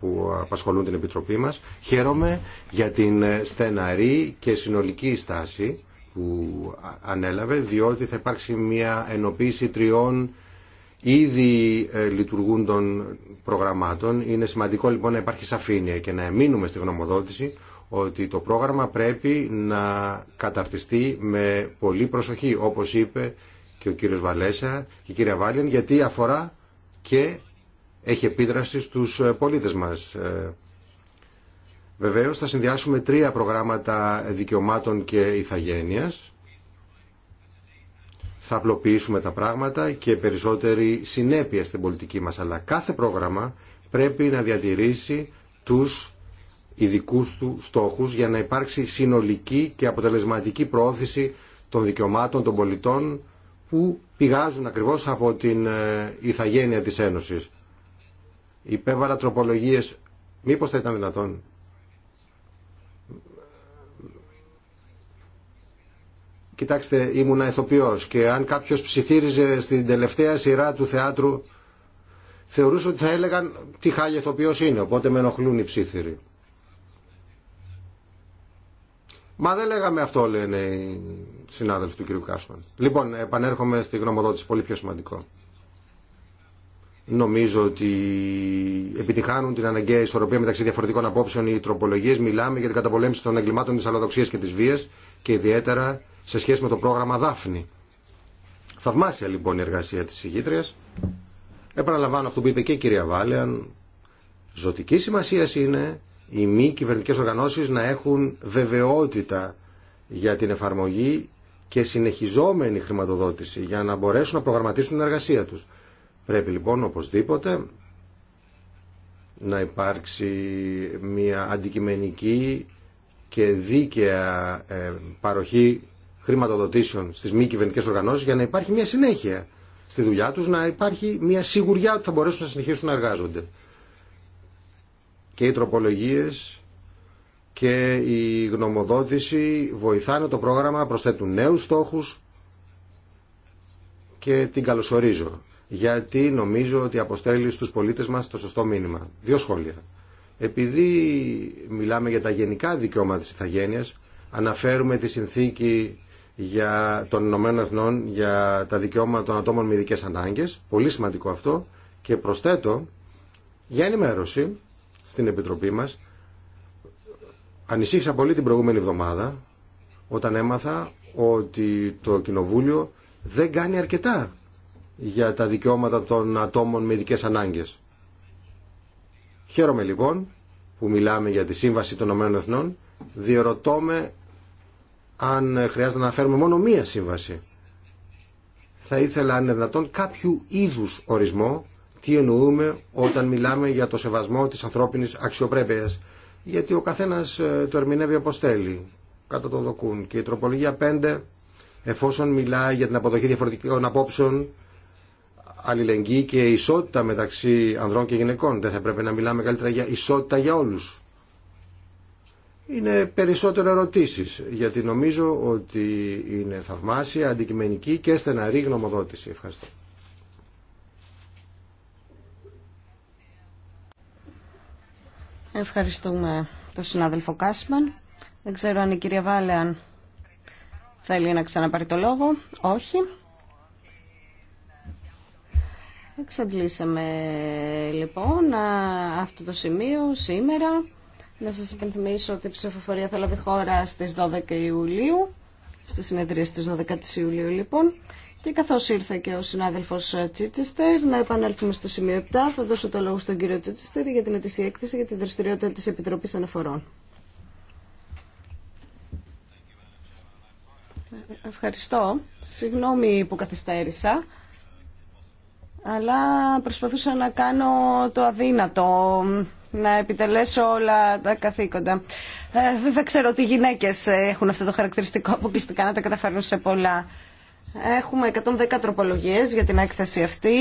[SPEAKER 2] που απασχολούν την Επιτροπή μας. Χαίρομαι για την στεναρή και συνολική στάση που ανέλαβε, διότι θα υπάρξει μια ενοποίηση τριών ήδη ε, λειτουργούντων προγραμμάτων. Είναι σημαντικό λοιπόν να υπάρχει σαφήνεια και να εμείνουμε στη γνωμοδότηση ότι το πρόγραμμα πρέπει να καταρτιστεί με πολύ προσοχή, όπως είπε και ο κύριος Βαλέσα και η κυρία Βάλιν, γιατί αφορά και έχει επίδραση στους ε, πολίτες μας. Ε, Βεβαίω θα συνδυάσουμε τρία προγράμματα δικαιωμάτων και ηθαγένεια. Θα απλοποιήσουμε τα πράγματα και περισσότερη συνέπεια στην πολιτική μας. Αλλά κάθε πρόγραμμα πρέπει να διατηρήσει τους ειδικού του στόχους για να υπάρξει συνολική και αποτελεσματική προώθηση των δικαιωμάτων των πολιτών που πηγάζουν ακριβώς από την ε, ηθαγένεια της Ένωσης. Υπέβαλα τροπολογίες. Μήπως θα ήταν δυνατόν Κοιτάξτε, ήμουνα ηθοποιός και αν κάποιος ψιθύριζε στην τελευταία σειρά του θεάτρου θεωρούσε ότι θα έλεγαν τι χάλι ηθοποιός είναι, οπότε με ενοχλούν οι ψήθυροι. Μα δεν λέγαμε αυτό, λένε οι συνάδελφοι του κ. Κάσμαν. Λοιπόν, επανέρχομαι στη γνωμοδότηση, πολύ πιο σημαντικό. Νομίζω ότι επιτυχάνουν την αναγκαία ισορροπία μεταξύ διαφορετικών απόψεων οι τροπολογίε. Μιλάμε για την καταπολέμηση των εγκλημάτων τη αλλοδοξία και τη βία και ιδιαίτερα σε σχέση με το πρόγραμμα Δάφνη. Θαυμάσια λοιπόν η εργασία της ηγήτριας. Επαναλαμβάνω αυτό που είπε και η κυρία Βάλεαν. Ζωτική σημασία είναι οι μη κυβερνητικέ οργανώσεις να έχουν βεβαιότητα για την εφαρμογή και συνεχιζόμενη χρηματοδότηση για να μπορέσουν να προγραμματίσουν την εργασία τους. Πρέπει λοιπόν οπωσδήποτε να υπάρξει μια αντικειμενική και δίκαια ε, παροχή χρηματοδοτήσεων στις μη κυβερνητικέ οργανώσει για να υπάρχει μια συνέχεια στη δουλειά τους, να υπάρχει μια σιγουριά ότι θα μπορέσουν να συνεχίσουν να εργάζονται. Και οι τροπολογίε και η γνωμοδότηση βοηθάνε το πρόγραμμα, προσθέτουν νέους στόχους και την καλωσορίζω. Γιατί νομίζω ότι αποστέλει στους πολίτες μας το σωστό μήνυμα. Δύο σχόλια. Επειδή μιλάμε για τα γενικά δικαιώματα της ηθαγένειας, αναφέρουμε τη συνθήκη για, των Ηνωμένων για τα δικαιώματα των ατόμων με ειδικέ ανάγκε. Πολύ σημαντικό αυτό. Και προσθέτω για ενημέρωση στην Επιτροπή μα. Ανησύχησα πολύ την προηγούμενη εβδομάδα όταν έμαθα ότι το Κοινοβούλιο δεν κάνει αρκετά για τα δικαιώματα των ατόμων με ειδικέ ανάγκες. Χαίρομαι λοιπόν που μιλάμε για τη Σύμβαση των Ηνωμένων αν χρειάζεται να αναφέρουμε μόνο μία σύμβαση. Θα ήθελα αν είναι δυνατόν κάποιου είδους ορισμό τι εννοούμε όταν μιλάμε για το σεβασμό της ανθρώπινης αξιοπρέπειας. Γιατί ο καθένας ε, το ερμηνεύει όπως θέλει, κατά το δοκούν. Και η τροπολογία 5, εφόσον μιλάει για την αποδοχή διαφορετικών απόψεων, αλληλεγγύη και ισότητα μεταξύ ανδρών και γυναικών. Δεν θα πρέπει να μιλάμε καλύτερα για ισότητα για όλους είναι περισσότερο ερωτήσεις γιατί νομίζω ότι είναι θαυμάσια, αντικειμενική και στεναρή γνωμοδότηση. Ευχαριστώ.
[SPEAKER 1] Ευχαριστούμε τον συνάδελφο Κάσμαν. Δεν ξέρω αν η κυρία Βάλεαν θέλει να ξαναπάρει το λόγο. Όχι. Εξαντλήσαμε λοιπόν αυτό το σημείο σήμερα. Να σας υπενθυμίσω ότι η ψηφοφορία θα λάβει χώρα στις 12 Ιουλίου, στη συνεδρία στις 12 Ιουλίου λοιπόν. Και καθώς ήρθε και ο συνάδελφος Τσίτσεστερ, να επανέλθουμε στο σημείο 7, θα δώσω το λόγο στον κύριο Τσίτσεστερ για την ετήσια έκθεση για τη δραστηριότητα της Επιτροπής Αναφορών. Ευχαριστώ. Συγγνώμη που καθυστέρησα αλλά προσπαθούσα να κάνω το αδύνατο να επιτελέσω όλα τα καθήκοντα. Ε, βέβαια ξέρω ότι οι γυναίκες έχουν αυτό το χαρακτηριστικό αποκλειστικά να τα καταφέρουν σε πολλά. Έχουμε 110 τροπολογίες για την έκθεση αυτή.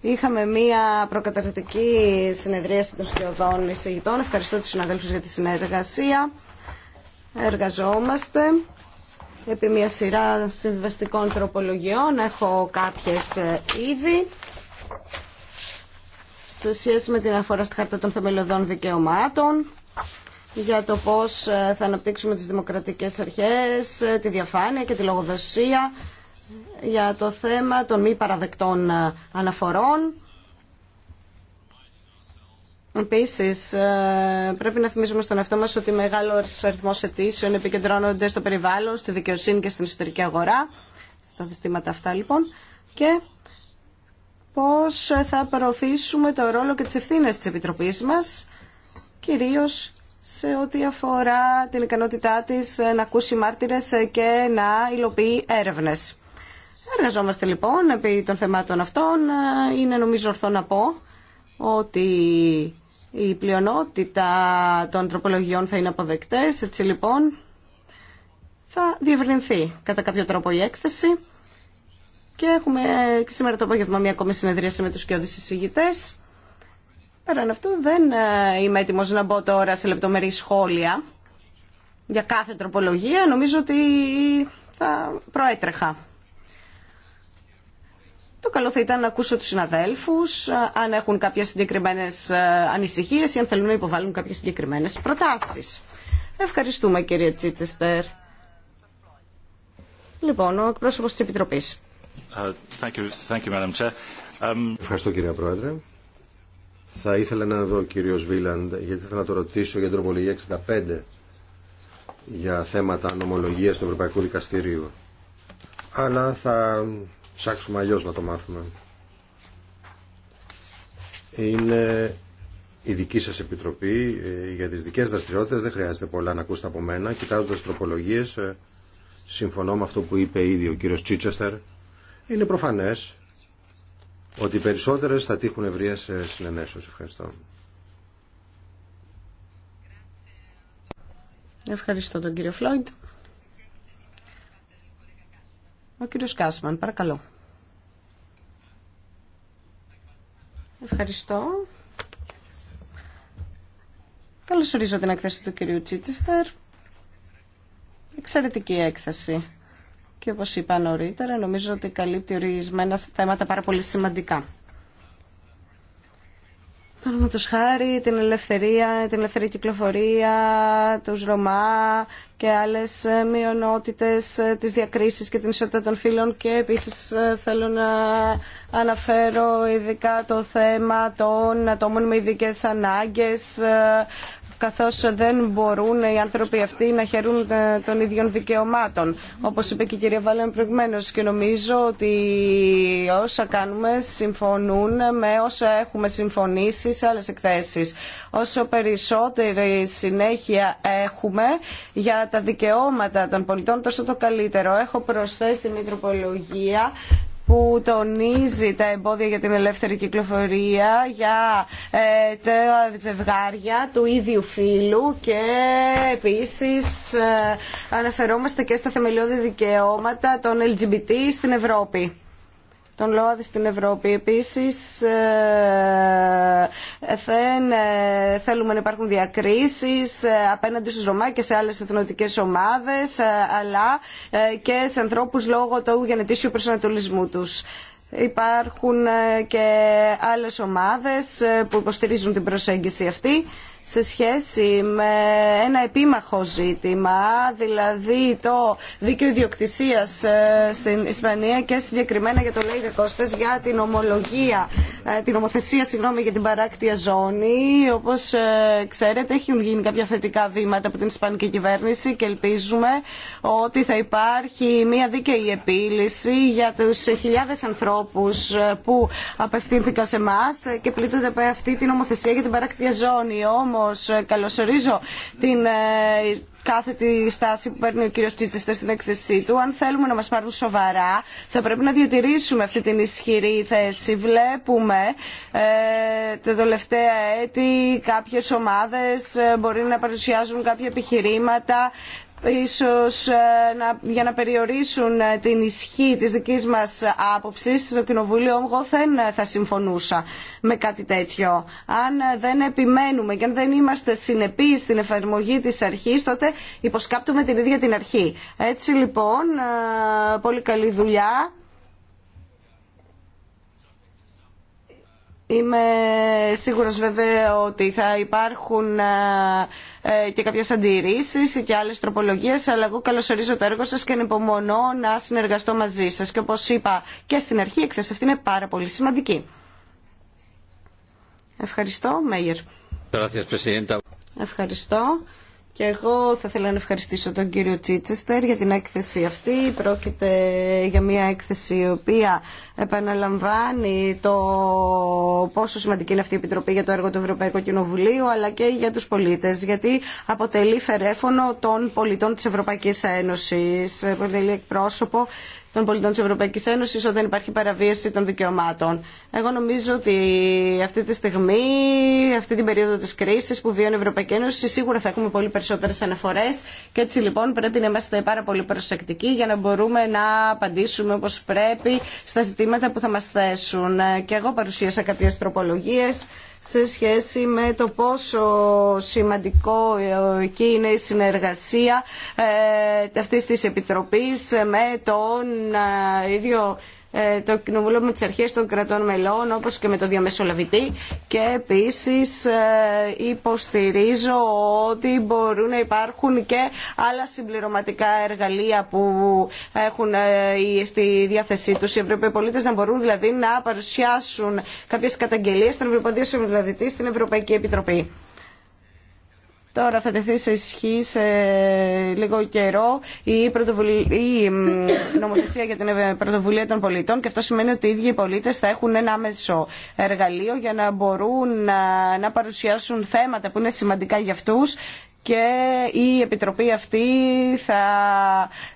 [SPEAKER 1] Είχαμε μία προκαταρκτική συνεδρίαση των σχεδόν εισηγητών. Ευχαριστώ τους συναδέλφους για τη συνεργασία. Εργαζόμαστε επί μια σειρά συμβιβαστικών τροπολογιών. Έχω κάποιες ε, ήδη σε σχέση με την αφορά στη Χάρτα των Θεμελιωδών Δικαιωμάτων για το πώς ε, θα αναπτύξουμε τις δημοκρατικές αρχές, ε, τη διαφάνεια και τη λογοδοσία για το θέμα των μη παραδεκτών ε, αναφορών. Επίσης, πρέπει να θυμίζουμε στον εαυτό μας ότι μεγάλο αριθμό αιτήσεων επικεντρώνονται στο περιβάλλον, στη δικαιοσύνη και στην εσωτερική αγορά, στα συστήματα αυτά λοιπόν. Και πώς θα προωθήσουμε το ρόλο και τις ευθύνες της Επιτροπής μας, κυρίως σε ό,τι αφορά την ικανότητά της να ακούσει μάρτυρες και να υλοποιεί έρευνες. Εργαζόμαστε λοιπόν επί των θεμάτων αυτών. Είναι νομίζω ορθό να πω ότι η πλειονότητα των τροπολογιών θα είναι αποδεκτές. Έτσι λοιπόν θα διευρυνθεί κατά κάποιο τρόπο η έκθεση. Και έχουμε και σήμερα το απόγευμα μια ακόμη συνεδρίαση με τους κοιόδης εισηγητές. Πέραν αυτού δεν ε, είμαι έτοιμος να μπω τώρα σε λεπτομερή σχόλια για κάθε τροπολογία. Νομίζω ότι θα προέτρεχα. Το καλό θα ήταν να ακούσω τους συναδέλφους ε, αν έχουν κάποιες συγκεκριμένες ε, ανησυχίες ή αν θέλουν να υποβάλουν κάποιες συγκεκριμένες προτάσεις. Ευχαριστούμε κύριε Τσίτσεστερ. Λοιπόν, ο εκπρόσωπος της Επιτροπής.
[SPEAKER 3] Uh, um, Ευχαριστώ κύριε Πρόεδρε.
[SPEAKER 2] Θα ήθελα να δω κύριο Βίλαντ, γιατί ήθελα να το ρωτήσω για την τροπολογία 65 για θέματα νομολογία του Ευρωπαϊκού Δικαστηρίου. Αλλά θα ψάξουμε αλλιώ να το μάθουμε. Είναι η δική σας επιτροπή ε, για τις δικές δραστηριότητες. Δεν χρειάζεται πολλά να ακούσετε από μένα. Κοιτάζοντας τροπολογίες, ε, συμφωνώ με αυτό που είπε ήδη ο κύριος Τσίτσεστερ είναι προφανές ότι οι περισσότερες θα τύχουν ευρεία ε, σε Ευχαριστώ.
[SPEAKER 1] Ευχαριστώ τον κύριο Φλόιντ. Ο κύριος Κάσμαν, παρακαλώ. Ευχαριστώ. Καλώς ορίζω την έκθεση του κυρίου Τσίτσεστερ. Εξαιρετική έκθεση και όπως είπα νωρίτερα νομίζω ότι καλύπτει ορισμένα θέματα πάρα πολύ σημαντικά. Παραδείγματο χάρη την ελευθερία, την ελευθερία κυκλοφορία, τους Ρωμά και άλλες μειονότητες, τις διακρίσεις και την ισότητα των φίλων και επίσης ε, θέλω να αναφέρω ειδικά το θέμα των ατόμων με ειδικέ ανάγκες, ε, καθώς δεν μπορούν οι άνθρωποι αυτοί να χαιρούν ε, των ίδιων δικαιωμάτων. Όπως είπε και η κυρία Βάλεν προηγουμένως και νομίζω ότι όσα κάνουμε συμφωνούν με όσα έχουμε συμφωνήσει σε άλλες εκθέσεις. Όσο περισσότερη συνέχεια έχουμε για τα δικαιώματα των πολιτών τόσο το καλύτερο. Έχω προσθέσει μια τροπολογία που τονίζει τα εμπόδια για την ελεύθερη κυκλοφορία για ε, τα ζευγάρια του ίδιου φίλου και επίσης ε, αναφερόμαστε και στα θεμελιώδη δικαιώματα των LGBT στην Ευρώπη των ΛΟΑΔ στην Ευρώπη. Επίσης, ε, ε, θέλουμε να υπάρχουν διακρίσεις ε, απέναντι στου Ρωμά και σε άλλες εθνοτικές ομάδες, αλλά και σε ανθρώπου λόγω του γενετήσιου προσανατολισμού τους. Υπάρχουν και άλλες ομάδες που υποστηρίζουν την προσέγγιση αυτή σε σχέση με ένα επίμαχο ζήτημα, δηλαδή το δίκαιο ιδιοκτησία ε, στην Ισπανία και συγκεκριμένα για το Λέιδε Κώστε για την ομολογία, ε, την ομοθεσία συγγνώμη, για την παράκτεια ζώνη. Όπω ε, ξέρετε, έχουν γίνει κάποια θετικά βήματα από την Ισπανική κυβέρνηση και ελπίζουμε ότι θα υπάρχει μια δίκαιη επίλυση για του χιλιάδε ανθρώπου που απευθύνθηκαν σε εμά και πλήττονται από αυτή την ομοθεσία για την παράκτεια ζώνη όμως ε, καλωσορίζω την ε, κάθετη στάση που παίρνει ο κύριος Τσίτσεστερ στην έκθεσή του. Αν θέλουμε να μας πάρουν σοβαρά, θα πρέπει να διατηρήσουμε αυτή την ισχυρή θέση. Βλέπουμε ε, τα τελευταία έτη κάποιες ομάδες ε, μπορεί να παρουσιάζουν κάποια επιχειρήματα ίσως ε, για να περιορίσουν ε, την ισχύ της δικής μας άποψης στο Κοινοβούλιο, εγώ δεν θα συμφωνούσα με κάτι τέτοιο. Αν ε, δεν επιμένουμε και αν δεν είμαστε συνεπείς στην εφαρμογή της αρχής, τότε υποσκάπτουμε την ίδια την αρχή. Έτσι λοιπόν, πολύ καλή δουλειά. Είμαι σίγουρος βέβαια ότι θα υπάρχουν ε, και κάποιες αντιρρήσεις και άλλες τροπολογίες, αλλά εγώ καλωσορίζω το έργο σας και ανυπομονώ να συνεργαστώ μαζί σας. Και όπως είπα και στην αρχή, η εκθέση αυτή είναι πάρα πολύ σημαντική. Ευχαριστώ, Μέγερ. Ευχαριστώ. Και εγώ θα ήθελα να ευχαριστήσω τον κύριο Τσίτσεστερ για την έκθεση αυτή. Πρόκειται για μια έκθεση η οποία επαναλαμβάνει το πόσο σημαντική είναι αυτή η Επιτροπή για το έργο του Ευρωπαϊκού Κοινοβουλίου αλλά και για τους πολίτες γιατί αποτελεί φερέφωνο των πολιτών της Ευρωπαϊκής Ένωσης. Αποτελεί εκπρόσωπο των πολιτών της Ευρωπαϊκής Ένωσης όταν υπάρχει παραβίαση των δικαιωμάτων. Εγώ νομίζω ότι αυτή τη στιγμή, αυτή την περίοδο της κρίσης που βιώνει η Ευρωπαϊκή Ένωση, σίγουρα θα έχουμε πολύ περισσότερες αναφορές και έτσι λοιπόν πρέπει να είμαστε πάρα πολύ προσεκτικοί για να μπορούμε να απαντήσουμε όπως πρέπει στα ζητήματα που θα μας θέσουν. Και εγώ παρουσίασα κάποιες τροπολογίες σε σχέση με το πόσο σημαντικό ε, εκεί είναι η συνεργασία ε, αυτής της Επιτροπής με τον ε, ίδιο ε, το Κοινοβούλιο με τις αρχές των κρατών μελών όπως και με το διαμεσολαβητή και επίσης ε, υποστηρίζω ότι μπορούν να υπάρχουν και άλλα συμπληρωματικά εργαλεία που έχουν ε, στη διάθεσή τους οι Ευρωπαίοι πολίτες να μπορούν δηλαδή να παρουσιάσουν κάποιες καταγγελίες στον Ευρωπαϊκό Διαμεσολαβητή στην Ευρωπαϊκή Επιτροπή. Τώρα θα τεθεί σε ισχύ σε λίγο καιρό η, η νομοθεσία για την πρωτοβουλία των πολιτών και αυτό σημαίνει ότι οι ίδιοι οι πολίτες θα έχουν ένα άμεσο εργαλείο για να μπορούν να, να παρουσιάσουν θέματα που είναι σημαντικά για αυτούς και η Επιτροπή αυτή θα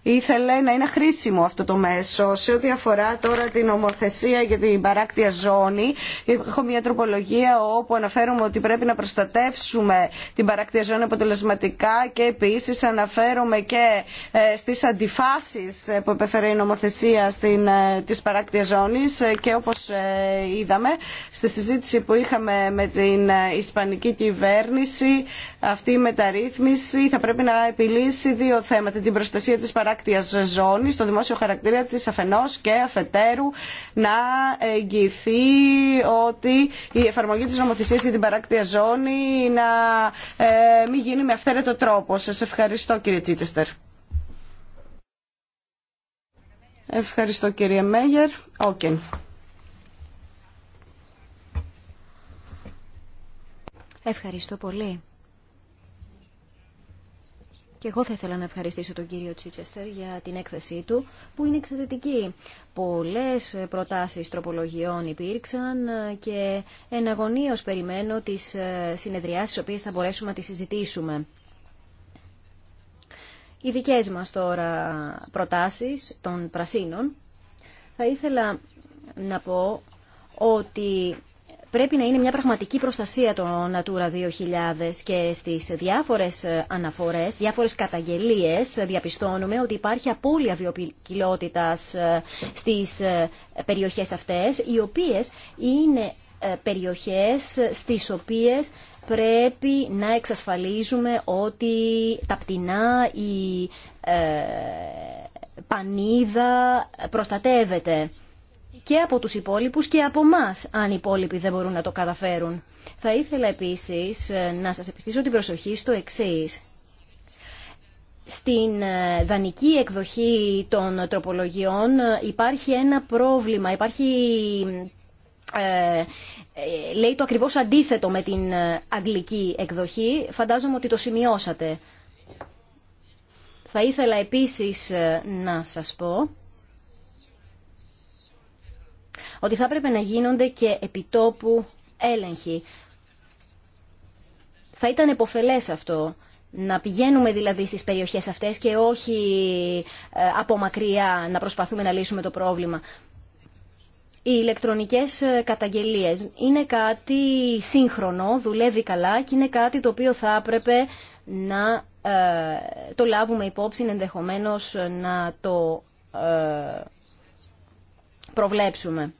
[SPEAKER 1] ήθελε να είναι χρήσιμο αυτό το μέσο. Σε ό,τι αφορά τώρα την ομοθεσία για την παράκτια ζώνη, έχω μια τροπολογία όπου αναφέρομαι ότι πρέπει να προστατεύσουμε την παράκτια ζώνη αποτελεσματικά και επίσης αναφέρομαι και ε, στις αντιφάσεις ε, που επέφερε η νομοθεσία τη ε, της ζώνη ζώνης και όπως είδαμε στη συζήτηση που είχαμε με την Ισπανική κυβέρνηση αυτή η θα πρέπει να επιλύσει δύο θέματα. Την προστασία της παράκτιας ζώνης, το δημόσιο χαρακτήρα της αφενός και αφετέρου να εγγυηθεί ότι η εφαρμογή της νομοθεσίας για την παράκτεια ζώνη να ε, μην γίνει με αυθαίρετο τρόπο. Σας ευχαριστώ κύριε Τσίτσεστερ. Ευχαριστώ κύριε Μέγερ. Okay.
[SPEAKER 4] Ευχαριστώ πολύ. Και εγώ θα ήθελα να ευχαριστήσω τον κύριο Τσίτσεστερ για την έκθεσή του, που είναι εξαιρετική. Πολλές προτάσεις τροπολογιών υπήρξαν και εναγωνίως περιμένω τις ε, συνεδριάσεις, τις οποίες θα μπορέσουμε να τις συζητήσουμε. Οι δικές μας τώρα προτάσεις των πρασίνων. Θα ήθελα να πω ότι πρέπει να είναι μια πραγματική προστασία το Natura 2000 και στις διάφορες ε, αναφορές, διάφορες καταγγελίες ε, διαπιστώνουμε ότι υπάρχει απώλεια βιοποικιλότητας ε, στις περιοχές αυτές, οι οποίες είναι περιοχές στις οποίες πρέπει να εξασφαλίζουμε ότι τα πτηνά, η πανίδα προστατεύεται και από τους υπόλοιπους και από εμά αν οι υπόλοιποι δεν μπορούν να το καταφέρουν. Θα ήθελα επίσης ε, να σας επιστήσω την προσοχή στο εξής. Στην ε, δανική εκδοχή των τροπολογιών ε, υπάρχει ένα πρόβλημα, υπάρχει λέει το ακριβώς αντίθετο με την αγγλική εκδοχή. Φαντάζομαι ότι το σημειώσατε. Θα ήθελα επίσης να σας πω ότι θα έπρεπε να γίνονται και επιτόπου έλεγχοι. Θα ήταν εποφελές αυτό. Να πηγαίνουμε δηλαδή στις περιοχές αυτές και όχι ε, από μακριά να προσπαθούμε να λύσουμε το πρόβλημα. Οι ηλεκτρονικές ε, καταγγελίες είναι κάτι σύγχρονο, δουλεύει καλά και είναι κάτι το οποίο θα έπρεπε να ε, το λάβουμε υπόψη, ενδεχομένως να το προβλέψουμε.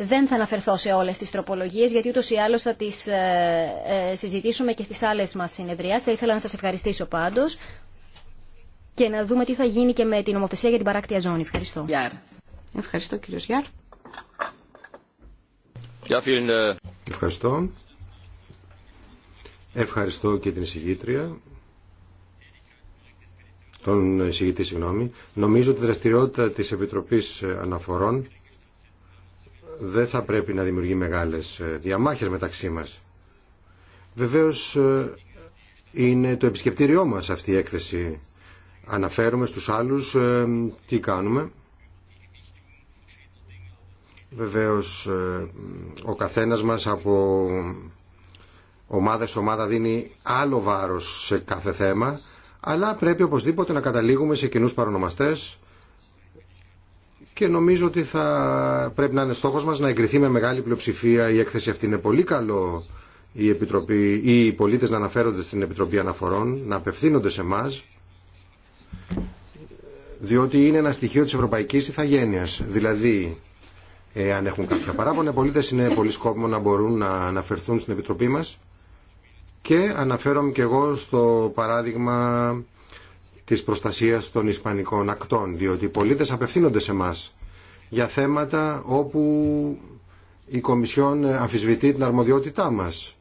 [SPEAKER 4] Δεν θα αναφερθώ σε όλες τις τροπολογίες, γιατί ούτω ή άλλως θα τις ε, ε, συζητήσουμε και στις άλλες μας συνεδρία. Θα ήθελα να σας ευχαριστήσω πάντως και να δούμε τι θα γίνει και με την νομοθεσία για την παράκτεια ζώνη.
[SPEAKER 1] Ευχαριστώ. Ευχαριστώ κύριο Γιάρ.
[SPEAKER 2] Ε, Ευχαριστώ. Ευχαριστώ και την εισηγήτρια. Τον εισηγητή, συγγνώμη. Νομίζω ότι η δραστηριότητα της Επιτροπής Αναφορών δεν θα πρέπει να δημιουργεί μεγάλες ε, διαμάχες μεταξύ μας. Βεβαίως ε, είναι το επισκεπτήριό μας αυτή η έκθεση. Αναφέρουμε στους άλλους ε, τι κάνουμε. Βεβαίως ο καθένας μας από ομαδες ομάδα δίνει άλλο βάρος σε κάθε θέμα αλλά πρέπει οπωσδήποτε να καταλήγουμε σε κοινούς παρονομαστές και νομίζω ότι θα πρέπει να είναι στόχος μας να εγκριθεί με μεγάλη πλειοψηφία η έκθεση αυτή. Είναι πολύ καλό η Επιτροπή, οι πολίτες να αναφέρονται στην Επιτροπή Αναφορών, να απευθύνονται σε εμά, διότι είναι ένα στοιχείο της ευρωπαϊκής ηθαγένειας. Δηλαδή, αν έχουν κάποια παράπονα, οι πολίτες είναι πολύ σκόπιμο να μπορούν να αναφερθούν στην Επιτροπή μας και αναφέρομαι και εγώ στο παράδειγμα Τη προστασία των ισπανικών ακτών, διότι οι πολίτες απευθύνονται σε μας για θέματα όπου η Κομισιόν αμφισβητεί την αρμοδιότητά μας.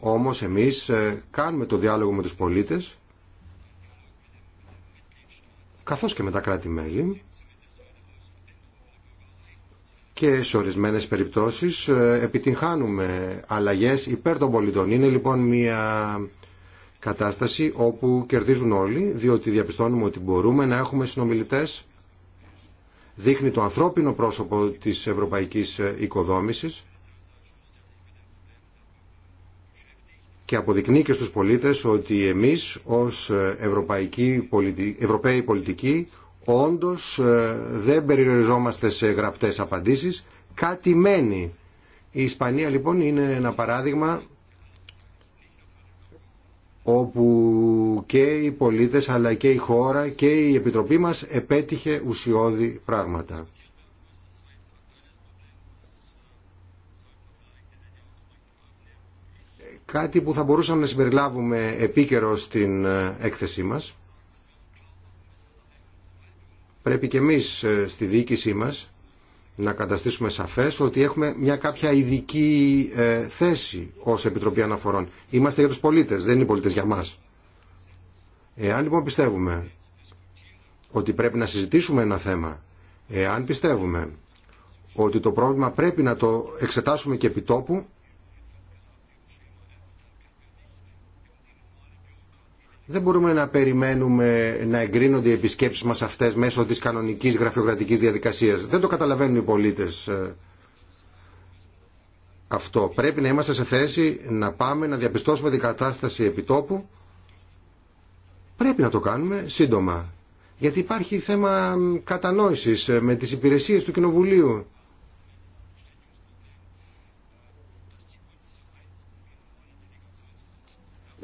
[SPEAKER 2] Όμως εμείς ε, κάνουμε το διάλογο με τους πολίτες, καθώς και με τα κράτη-μέλη, και σε ορισμένες περιπτώσεις ε, επιτυγχάνουμε αλλαγές υπέρ των πολιτών. Είναι λοιπόν μια κατάσταση όπου κερδίζουν όλοι, διότι διαπιστώνουμε ότι μπορούμε να έχουμε συνομιλητές. Δείχνει το ανθρώπινο πρόσωπο της ευρωπαϊκής ε, οικοδόμησης και αποδεικνύει και στους πολίτες ότι εμείς ως ε, ευρωπαϊκοί ευρωπαίοι πολιτικοί όντως ε, δεν περιοριζόμαστε σε γραπτές απαντήσεις. Κάτι μένει. Η Ισπανία λοιπόν είναι ένα παράδειγμα όπου και οι πολίτες αλλά και η χώρα και η Επιτροπή μας επέτυχε ουσιώδη πράγματα. Κάτι που θα μπορούσαμε να συμπεριλάβουμε επίκαιρο στην ε, έκθεσή μας. Πρέπει και εμείς ε, στη διοίκησή μας να καταστήσουμε σαφές ότι έχουμε μια κάποια ειδική ε, θέση ως Επιτροπή Αναφορών. Είμαστε για τους πολίτες, δεν είναι οι πολίτες για μας. Εάν λοιπόν πιστεύουμε ότι πρέπει να συζητήσουμε ένα θέμα, εάν πιστεύουμε ότι το πρόβλημα πρέπει να το εξετάσουμε και επιτόπου, Δεν μπορούμε να περιμένουμε να εγκρίνονται οι επισκέψεις μας αυτές μέσω της κανονικής γραφειοκρατικής διαδικασίας. Δεν το καταλαβαίνουν οι πολίτες ε, αυτό. Πρέπει να είμαστε σε θέση να πάμε να διαπιστώσουμε την κατάσταση επιτόπου. Πρέπει να το κάνουμε σύντομα. Γιατί υπάρχει θέμα κατανόησης ε, με τις υπηρεσίες του Κοινοβουλίου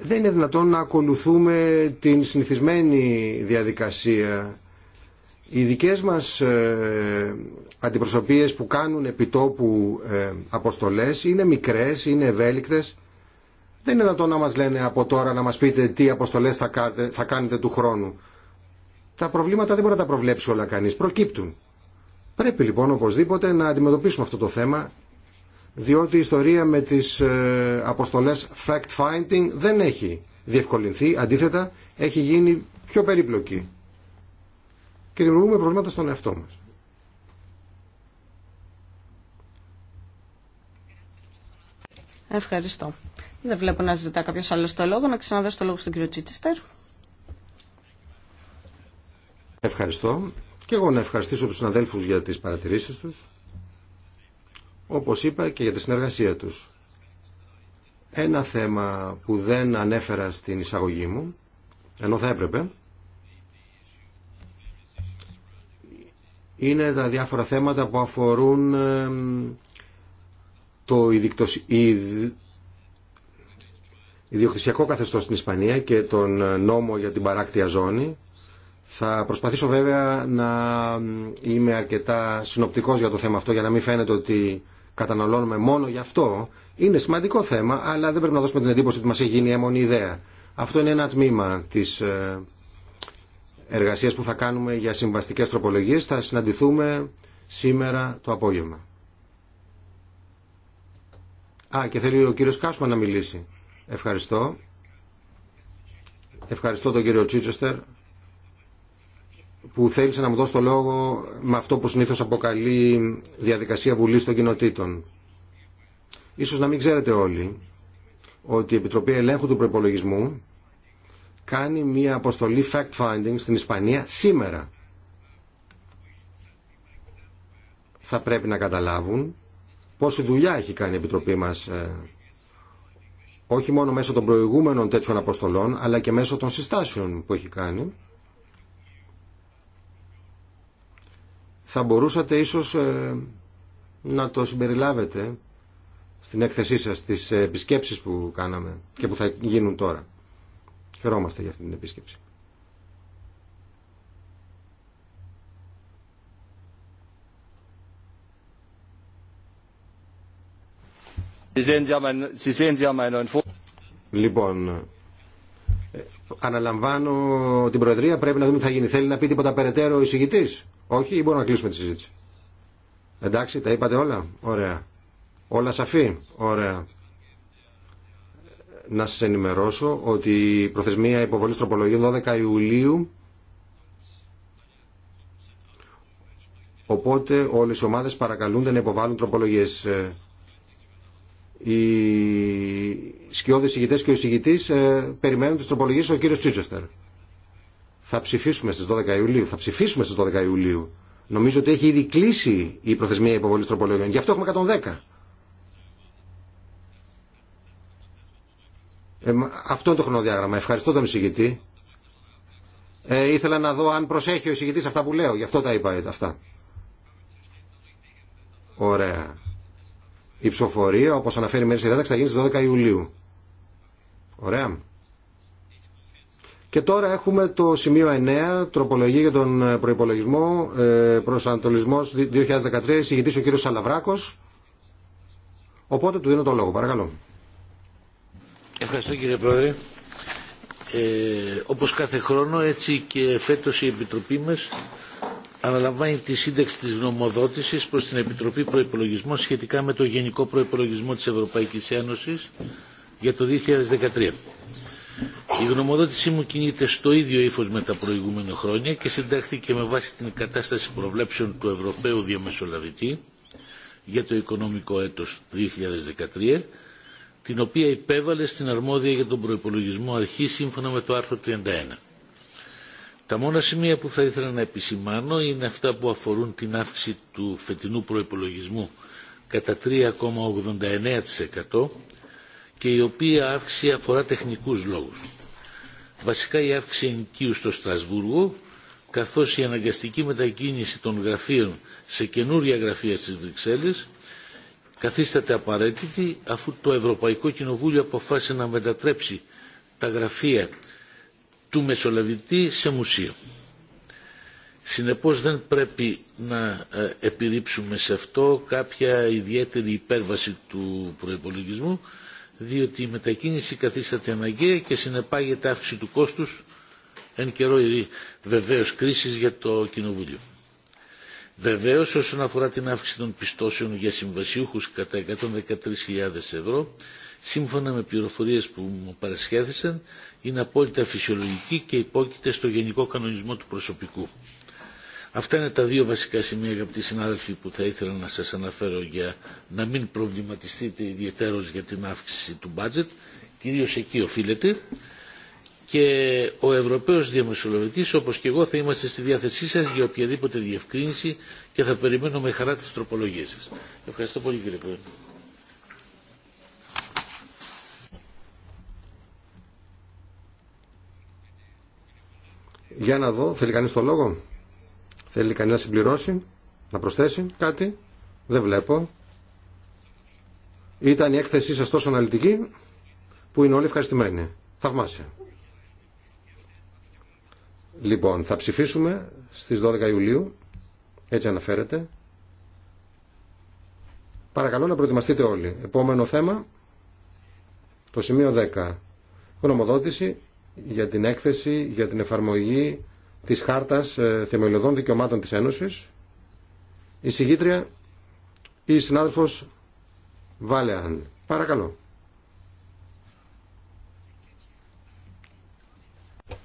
[SPEAKER 2] δεν είναι δυνατόν να ακολουθούμε την συνηθισμένη διαδικασία. Οι δικές μας ε, αντιπροσωπείες που κάνουν επιτόπου ε, αποστολές είναι μικρές, είναι ευέλικτες. Δεν είναι δυνατόν να μας λένε από τώρα να μας πείτε τι αποστολές θα κάνετε του χρόνου. Τα προβλήματα δεν μπορεί να τα προβλέψει όλα κανείς, προκύπτουν. Πρέπει λοιπόν οπωσδήποτε να αντιμετωπίσουμε αυτό το θέμα διότι η ιστορία με τις ε, αποστολές fact-finding δεν έχει διευκολυνθεί, αντίθετα έχει γίνει πιο περίπλοκη και δημιουργούμε προβλήματα στον εαυτό μας.
[SPEAKER 1] Ευχαριστώ. Δεν βλέπω να ζητά κάποιο άλλο το λόγο. Να ξαναδώσω το λόγο στον κύριο Τσίτσιστερ.
[SPEAKER 2] Ευχαριστώ. Και εγώ να ευχαριστήσω τους συναδέλφους για τις παρατηρήσεις τους όπως είπα και για τη συνεργασία τους. Ένα θέμα που δεν ανέφερα στην εισαγωγή μου, ενώ θα έπρεπε, είναι τα διάφορα θέματα που αφορούν το ιδιοκτησιακό καθεστώς στην Ισπανία και τον νόμο για την παράκτια ζώνη. Θα προσπαθήσω βέβαια να είμαι αρκετά συνοπτικός για το θέμα αυτό για να μην φαίνεται ότι καταναλώνουμε μόνο γι' αυτό, είναι σημαντικό θέμα, αλλά δεν πρέπει να δώσουμε την εντύπωση ότι μας έχει γίνει έμονη ιδέα. Αυτό είναι ένα τμήμα της ε, εργασίας που θα κάνουμε για συμβαστικές τροπολογίες. Θα συναντηθούμε σήμερα το απόγευμα. Α, και θέλει ο κύριος Κάσμα να μιλήσει. Ευχαριστώ. Ευχαριστώ τον κύριο Τσίτσεστερ που θέλησε να μου δώσει το λόγο με αυτό που συνήθως αποκαλεί διαδικασία Βουλής των Κοινοτήτων. Ίσως να μην ξέρετε όλοι ότι η Επιτροπή Ελέγχου του Προπολογισμού κάνει μια αποστολή fact-finding στην Ισπανία σήμερα. Θα πρέπει να καταλάβουν πόση δουλειά έχει κάνει η Επιτροπή μας ε, όχι μόνο μέσω των προηγούμενων τέτοιων αποστολών αλλά και μέσω των συστάσεων που έχει κάνει θα μπορούσατε ίσως ε, να το συμπεριλάβετε στην έκθεσή σας, στις επισκέψεις που κάναμε και που θα γίνουν τώρα. Χαιρόμαστε για αυτή την επίσκεψη. Λοιπόν, ε, αναλαμβάνω την Προεδρία, πρέπει να δούμε τι θα γίνει. Θέλει να πει τίποτα περαιτέρω ο εισηγητής. Όχι ή μπορούμε να κλείσουμε τη συζήτηση. Εντάξει, τα είπατε όλα. Ωραία. Όλα σαφή. Ωραία. Να σας ενημερώσω ότι η προθεσμία υποβολής τροπολογίων 12 Ιουλίου Οπότε όλες οι ομάδες παρακαλούνται να υποβάλουν τροπολογίες. Ε, οι σκιώδες ηγητές και ο συγητής ε, περιμένουν τις τροπολογίες ο κύριος Τσίτσεστερ. Θα ψηφίσουμε στις 12 Ιουλίου. Θα ψηφίσουμε στις 12 Ιουλίου. Νομίζω ότι έχει ήδη κλείσει η προθεσμία υποβολής τροπολογιών. Γι' αυτό έχουμε 110. Ε, αυτό είναι το χρονοδιάγραμμα. Ευχαριστώ τον εισηγητή. Ε, ήθελα να δω αν προσέχει ο εισηγητής αυτά που λέω. Γι' αυτό τα είπα ε, αυτά. Ωραία. Η ψηφοφορία, όπως αναφέρει η Μέρση Δένταξη, θα γίνει στις 12 Ιουλίου. Ωραία. Και τώρα έχουμε το σημείο 9, τροπολογία για τον ε, προπολογισμό, ε, προσανατολισμό 2013, εισηγητή ο κύριο Σαλαβράκο. Οπότε του δίνω το λόγο, παρακαλώ.
[SPEAKER 3] Ευχαριστώ κύριε Πρόεδρε. Ε, όπως κάθε χρόνο έτσι και φέτος η Επιτροπή μας αναλαμβάνει τη σύνταξη της γνωμοδότησης προς την Επιτροπή Προϋπολογισμών σχετικά με το Γενικό Προϋπολογισμό της Ευρωπαϊκής Ένωσης για το 2013. Η γνωμοδότησή μου κινείται στο ίδιο ύφο με τα προηγούμενα χρόνια και συντάχθηκε με βάση την κατάσταση προβλέψεων του Ευρωπαίου Διαμεσολαβητή για το οικονομικό έτος 2013, την οποία υπέβαλε στην αρμόδια για τον προϋπολογισμό αρχή σύμφωνα με το άρθρο 31. Τα μόνα σημεία που θα ήθελα να επισημάνω είναι αυτά που αφορούν την αύξηση του φετινού προϋπολογισμού κατά 3,89% και η οποία αύξηση αφορά τεχνικούς λόγους. Βασικά η αύξηση ενοικίου στο Στρασβούργο, καθώς η αναγκαστική μετακίνηση των γραφείων σε καινούρια γραφεία στις Βρυξέλλες, καθίσταται απαραίτητη αφού το Ευρωπαϊκό Κοινοβούλιο αποφάσισε να μετατρέψει τα γραφεία του Μεσολαβητή σε μουσείο. Συνεπώς δεν πρέπει να ε, επιρρύψουμε σε αυτό κάποια ιδιαίτερη υπέρβαση του προϋπολογισμού διότι η μετακίνηση καθίσταται αναγκαία και συνεπάγεται αύξηση του κόστους εν καιρό ε, βεβαίως κρίσης για το Κοινοβούλιο. Βεβαίως όσον αφορά την αύξηση των πιστώσεων για συμβασιούχους κατά 113.000 ευρώ, σύμφωνα με πληροφορίες που μου παρασχέθησαν, είναι απόλυτα φυσιολογική και υπόκειται στο Γενικό Κανονισμό του Προσωπικού. Αυτά είναι τα δύο βασικά σημεία, αγαπητοί συνάδελφοι, που θα ήθελα να σας αναφέρω για να μην προβληματιστείτε ιδιαίτερως για την αύξηση του μπάτζετ. Κυρίως εκεί οφείλεται. Και ο Ευρωπαίος Διαμεσολαβητής, όπως και εγώ, θα είμαστε στη διάθεσή σας για οποιαδήποτε διευκρίνηση και θα περιμένω με χαρά τις τροπολογίες σας. Ευχαριστώ πολύ κύριε Πρόεδρε.
[SPEAKER 2] Για να δω, θέλει κανείς το λόγο. Θέλει κανένα να συμπληρώσει, να προσθέσει κάτι. Δεν βλέπω. Ήταν η έκθεσή σας τόσο αναλυτική που είναι όλοι ευχαριστημένοι. Θαυμάσια. Λοιπόν, θα ψηφίσουμε στις 12 Ιουλίου, έτσι αναφέρεται. Παρακαλώ να προετοιμαστείτε όλοι. Επόμενο θέμα, το σημείο 10. Γνωμοδότηση για την έκθεση, για την εφαρμογή της Χάρτας ε, Θεμελιωδών Δικαιωμάτων της Ένωσης. Η συγγήτρια, η συνάδελφος Βάλεαν. Παρακαλώ.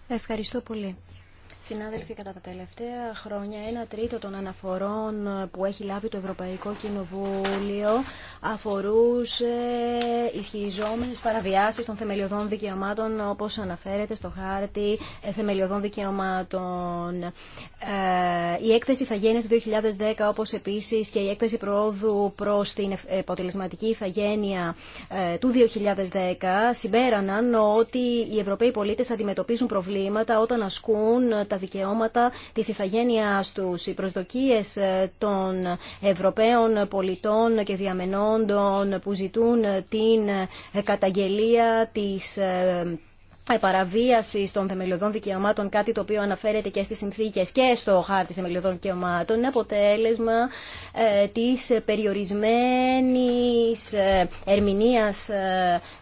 [SPEAKER 4] Ευχαριστώ πολύ. Συνάδελφοι, κατά τα τελευταία χρόνια ένα τρίτο των αναφορών που έχει λάβει το Ευρωπαϊκό Κοινοβούλιο αφορούσε ισχυριζόμενες παραβιάσεις των θεμελιωδών δικαιωμάτων όπως αναφέρεται στο χάρτη ε, θεμελιωδών δικαιωμάτων. Ε, η έκθεση Ιθαγένειας του 2010 όπως επίσης και η έκθεση προόδου προς την αποτελεσματική Ιθαγένεια ε, του 2010 συμπέραναν ότι οι Ευρωπαίοι πολίτες αντιμετωπίζουν προβλήματα όταν ασκούν τα δικαιώματα τη ηθαγένεια του, Οι προσδοκίε ε, των Ευρωπαίων πολιτών και διαμενόντων που ζητούν ε, την ε, καταγγελία της παραβίαση των θεμελιωδών δικαιωμάτων, κάτι το οποίο αναφέρεται και στις συνθήκες και στο χάρτη θεμελιωδών δικαιωμάτων, είναι αποτέλεσμα της περιορισμένης ερμηνείας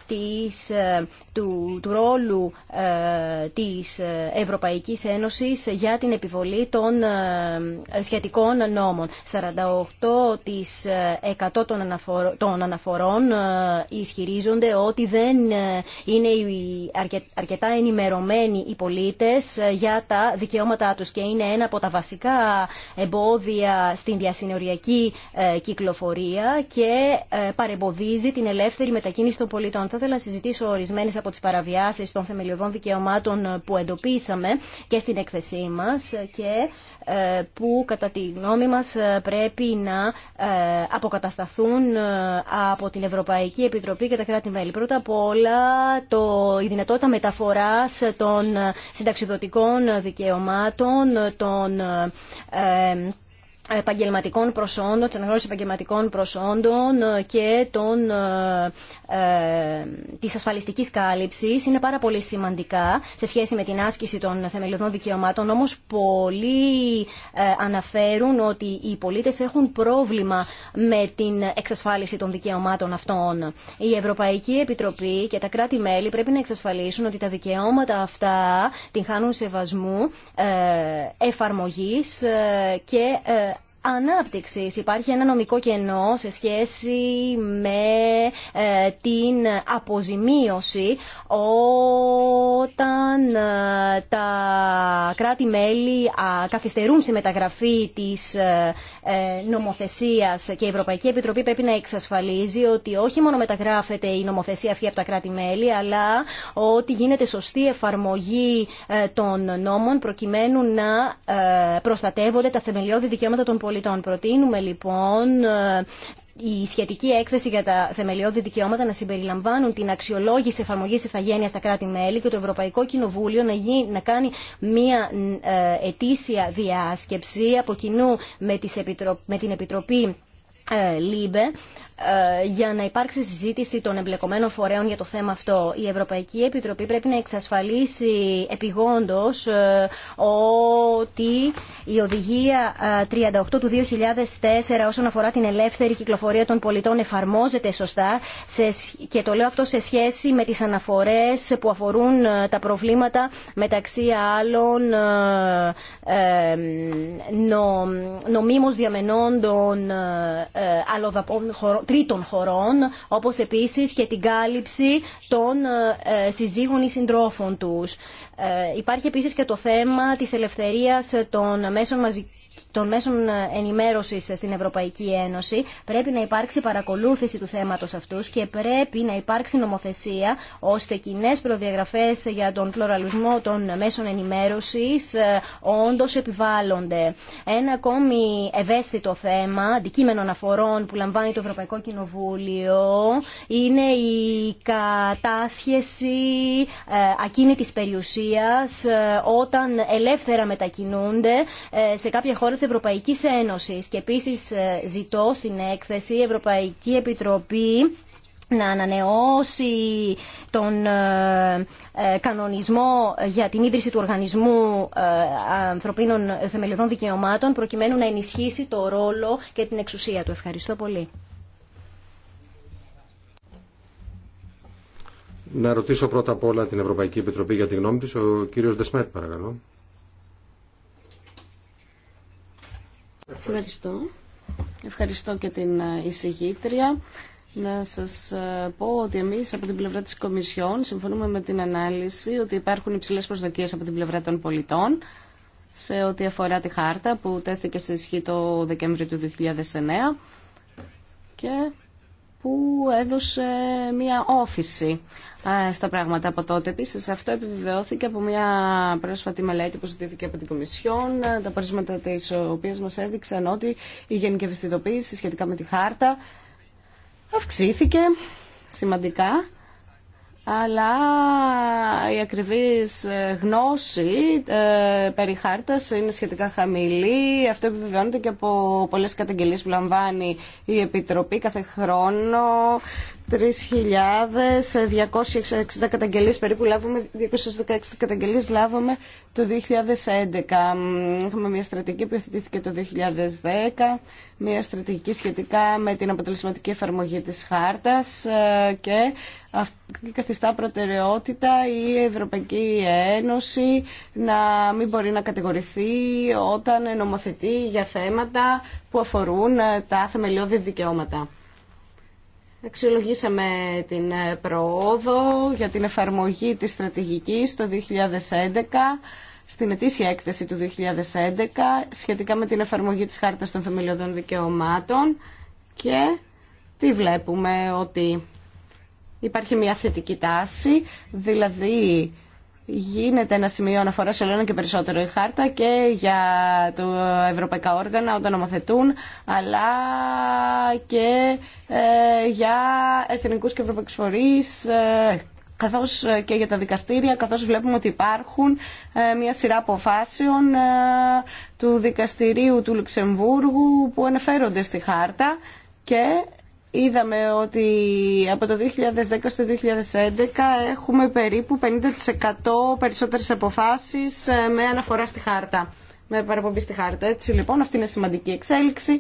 [SPEAKER 4] της, ε, του, του ρόλου ε, της ε, Ευρωπαϊκής Ένωσης για την επιβολή των σχετικών νόμων. 48% των αναφορών ισχυρίζονται ότι δεν είναι αρκετά ενημερωμένοι οι πολίτες για τα δικαιώματά τους και είναι ένα από τα βασικά εμπόδια στην διασυνοριακή κυκλοφορία και παρεμποδίζει την ελεύθερη μετακίνηση των πολιτών ήθελα να συζητήσω ορισμένε από τι παραβιάσει των θεμελιωδών δικαιωμάτων που εντοπίσαμε και στην έκθεσή μα και ε, που κατά τη γνώμη μας ε, πρέπει να ε, αποκατασταθούν από την Ευρωπαϊκή Επιτροπή και τα κράτη-μέλη. Πρώτα απ' όλα το, η δυνατότητα μεταφοράς των συνταξιδοτικών δικαιωμάτων, των επαγγελματικών προσόντων, της αναγνώρισης επαγγελματικών προσόντων και των, ε, ε, της ασφαλιστικής κάλυψης είναι πάρα πολύ σημαντικά σε σχέση με την άσκηση των θεμελιωδών δικαιωμάτων, όμως πολλοί ε, αναφέρουν ότι οι πολίτες έχουν πρόβλημα με την εξασφάλιση των δικαιωμάτων αυτών. Η Ευρωπαϊκή Επιτροπή και τα κράτη-μέλη πρέπει να εξασφαλίσουν ότι τα δικαιώματα αυτά την χάνουν σεβασμού ε, εφαρμογής ε, και ανάπτυξη. Υπάρχει ένα νομικό κενό σε σχέση με ε, την αποζημίωση όταν ε, τα κράτη-μέλη καθυστερούν στη μεταγραφή της ε, νομοθεσίας και η Ευρωπαϊκή Επιτροπή πρέπει να εξασφαλίζει ότι όχι μόνο μεταγράφεται η νομοθεσία αυτή από τα κράτη-μέλη αλλά ότι γίνεται σωστή εφαρμογή των νόμων προκειμένου να προστατεύονται τα θεμελιώδη δικαιώματα των πολιτών πολιτών. Προτείνουμε λοιπόν ε, η σχετική έκθεση για τα θεμελιώδη δικαιώματα να συμπεριλαμβάνουν την αξιολόγηση εφαρμογή ηθαγένεια στα κράτη-μέλη και το Ευρωπαϊκό Κοινοβούλιο να, γίνει, να κάνει μία ε, ετήσια διάσκεψη από κοινού με, με την Επιτροπή ε, ΛΥΜΠΕ ε, για να υπάρξει συζήτηση των εμπλεκομένων φορέων για το θέμα αυτό. Η Ευρωπαϊκή Επιτροπή πρέπει να εξασφαλίσει επιγόντως ε, ότι η Οδηγία 38 ε, του 2004 όσον αφορά την ελεύθερη κυκλοφορία των πολιτών εφαρμόζεται σωστά και το λέω αυτό σε σχέση με τις αναφορές που αφορούν τα προβλήματα μεταξύ άλλων νομίμως διαμενών των αλλοδαπών χωρών τρίτων χωρών, όπως επίσης και την κάλυψη των ε, συζύγων ή συντρόφων τους. Ε, υπάρχει επίσης και το θέμα της ελευθερίας των μέσων μαζικής των μέσων ενημέρωσης στην Ευρωπαϊκή Ένωση. Πρέπει να υπάρξει παρακολούθηση του θέματος αυτούς και πρέπει να υπάρξει νομοθεσία ώστε κοινέ προδιαγραφές για τον πλωραλισμό των μέσων ενημέρωσης ε, όντως επιβάλλονται. Ένα ακόμη ευαίσθητο θέμα, αντικείμενο αναφορών που λαμβάνει το Ευρωπαϊκό Κοινοβούλιο, είναι η κατάσχεση ε, ακίνητης περιουσίας ε, όταν ελεύθερα μετακινούνται σε κάποια χώρα τη ευρωπαϊκή Ένωση. και επίση ε, ζητώ στην έκθεση η Ευρωπαϊκή Επιτροπή να ανανεώσει τον ε, ε, κανονισμό για την ίδρυση του Οργανισμού Ανθρωπίνων Θεμελιωδών Δικαιωμάτων προκειμένου να ενισχύσει το ρόλο και την εξουσία του. Ευχαριστώ πολύ.
[SPEAKER 2] Να ρωτήσω πρώτα απ' όλα την Ευρωπαϊκή Επιτροπή για τη γνώμη της. Ο κύριος Δεσμέτ, παρακαλώ.
[SPEAKER 1] Ευχαριστώ. Ευχαριστώ και την ε, εισηγήτρια. Να σας ε, πω ότι εμείς από την πλευρά της Κομισιόν συμφωνούμε με την ανάλυση ότι υπάρχουν υψηλές προσδοκίες από την πλευρά των πολιτών σε ό,τι αφορά τη χάρτα που τέθηκε σε ισχύ το Δεκέμβριο του 2009 και που έδωσε μία όθηση ε, στα πράγματα από τότε. Επίση, αυτό επιβεβαιώθηκε από μια πρόσφατη μελέτη που ζητήθηκε από την Κομισιόν, τα πόρισματα τη οποία μα έδειξαν ότι η γενική ευαισθητοποίηση σχετικά με τη χάρτα αυξήθηκε σημαντικά αλλά η ακριβής ε, γνώση ε, περί χάρτας είναι σχετικά χαμηλή. Αυτό επιβεβαιώνεται και από πολλές καταγγελίες που λαμβάνει η Επιτροπή κάθε χρόνο 3.260 καταγγελίες περίπου λάβουμε, 216 καταγγελίες λάβαμε το 2011. Έχουμε μια στρατηγική που ευθετήθηκε το 2010, μια στρατηγική σχετικά με την αποτελεσματική εφαρμογή της χάρτας ε, και καθιστά προτεραιότητα η Ευρωπαϊκή Ένωση να μην μπορεί να κατηγορηθεί όταν νομοθετεί για θέματα που αφορούν ε, τα θεμελιώδη δικαιώματα. Αξιολογήσαμε την ε, προόδο για την εφαρμογή της στρατηγικής το 2011 στην ετήσια έκθεση του 2011 σχετικά με την εφαρμογή της Χάρτας των Θεμελιωδών Δικαιωμάτων και τι βλέπουμε ότι υπάρχει μια θετική τάση, δηλαδή γίνεται ένα σημείο αναφορά σε όλο και περισσότερο η χάρτα και για τα ευρωπαϊκά όργανα όταν νομοθετούν, αλλά και ε, για εθνικούς και ευρωπαϊκούς φορείς, ε, καθώς και για τα δικαστήρια, καθώς βλέπουμε ότι υπάρχουν ε, μια σειρά αποφάσεων του Δικαστηρίου του Λουξεμβούργου που αναφέρονται στη χάρτα και είδαμε ότι από το 2010 στο 2011 έχουμε περίπου 50% περισσότερες αποφάσεις ε, με αναφορά στη χάρτα, με παραπομπή στη χάρτα. Έτσι λοιπόν αυτή είναι σημαντική εξέλιξη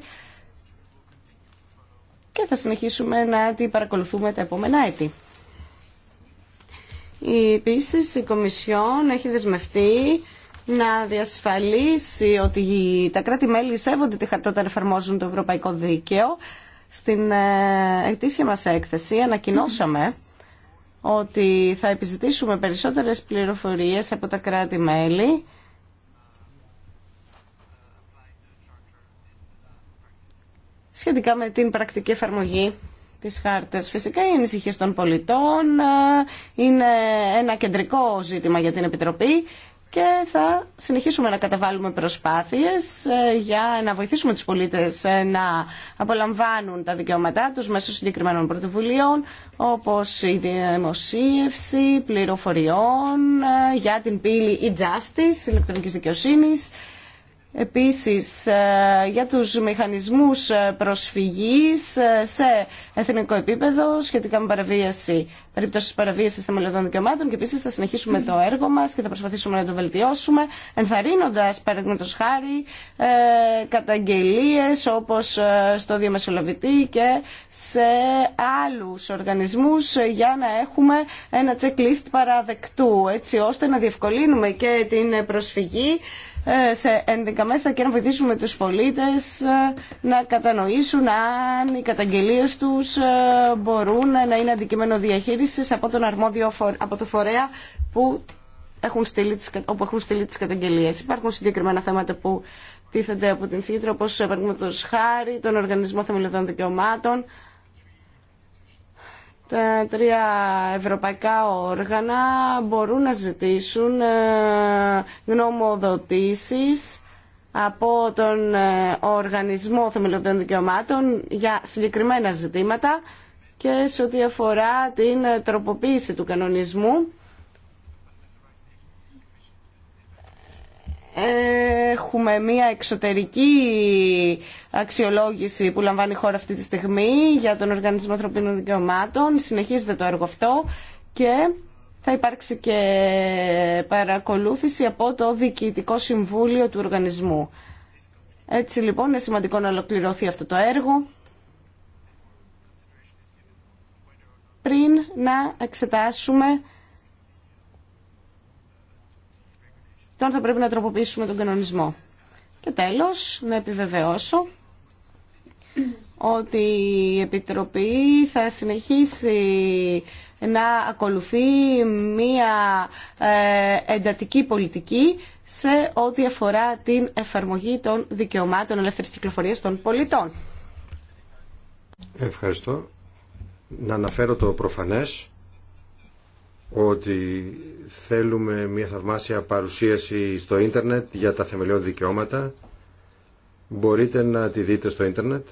[SPEAKER 1] και θα συνεχίσουμε να την παρακολουθούμε τα επόμενα έτη. Επίση, η Κομισιόν έχει δεσμευτεί να διασφαλίσει ότι τα κράτη-μέλη σέβονται τη χαρτά όταν εφαρμόζουν το ευρωπαϊκό δίκαιο στην ε, ετήσια μας έκθεση ανακοινώσαμε ότι θα επιζητήσουμε περισσότερες πληροφορίες από τα κράτη-μέλη σχετικά με την πρακτική εφαρμογή της χάρτας. Φυσικά οι ανησυχίε των πολιτών ε, είναι ένα κεντρικό ζήτημα για την Επιτροπή και θα συνεχίσουμε να καταβάλουμε προσπάθειες ε, για να βοηθήσουμε τους πολίτες ε, να απολαμβάνουν τα δικαιώματά τους μέσω συγκεκριμένων πρωτοβουλίων όπως η δημοσίευση πληροφοριών ε, για την πύλη e-justice ηλεκτρονικής δικαιοσύνης Επίσης, ε, για τους μηχανισμούς ε, προσφυγής ε, σε εθνικό επίπεδο σχετικά με παραβίαση, περίπτωση παραβίασης θεμελιωδών δικαιωμάτων και επίσης θα συνεχίσουμε το έργο μας και θα προσπαθήσουμε να το βελτιώσουμε, ενθαρρύνοντας, παραδείγματος χάρη, καταγγελίες όπως στο Διαμεσολαβητή και σε άλλους οργανισμούς για να έχουμε ένα checklist παραδεκτού, έτσι ώστε να διευκολύνουμε και την προσφυγή σε ένδικα μέσα και να βοηθήσουμε τους πολίτες ε, να κατανοήσουν αν οι καταγγελίες τους ε, μπορούν να είναι αντικείμενο διαχείρισης από, τον αρμόδιο, από το φορέα που έχουν στείλει τις, όπου έχουν στείλει τις καταγγελίες. Υπάρχουν συγκεκριμένα θέματα που τίθενται από την συγκέντρωση, όπως ε, παραδείγματος χάρη, τον Οργανισμό Θεμελιωδών Δικαιωμάτων, τα τρία ευρωπαϊκά όργανα μπορούν να ζητήσουν ε, γνωμοδοτήσεις από τον ε, Οργανισμό Θεμελιωτών Δικαιωμάτων για συγκεκριμένα ζητήματα και σε ό,τι αφορά την ε, τροποποίηση του κανονισμού Έχουμε μία εξωτερική αξιολόγηση που λαμβάνει η χώρα αυτή τη στιγμή για τον Οργανισμό Ανθρωπίνων Δικαιωμάτων. Συνεχίζεται το έργο αυτό και θα υπάρξει και παρακολούθηση από το Διοικητικό Συμβούλιο του Οργανισμού. Έτσι λοιπόν είναι σημαντικό να ολοκληρωθεί αυτό το έργο πριν να εξετάσουμε Τώρα θα πρέπει να τροποποιήσουμε τον κανονισμό. Και τέλος, να επιβεβαιώσω ότι η Επιτροπή θα συνεχίσει να ακολουθεί μία ε, εντατική πολιτική σε ό,τι αφορά την εφαρμογή των δικαιωμάτων ελεύθερης κυκλοφορίας των πολιτών.
[SPEAKER 2] Ευχαριστώ. Να αναφέρω το προφανές ότι θέλουμε μια θαυμάσια παρουσίαση στο ίντερνετ για τα θεμελιώδη δικαιώματα. Μπορείτε να τη δείτε στο ίντερνετ.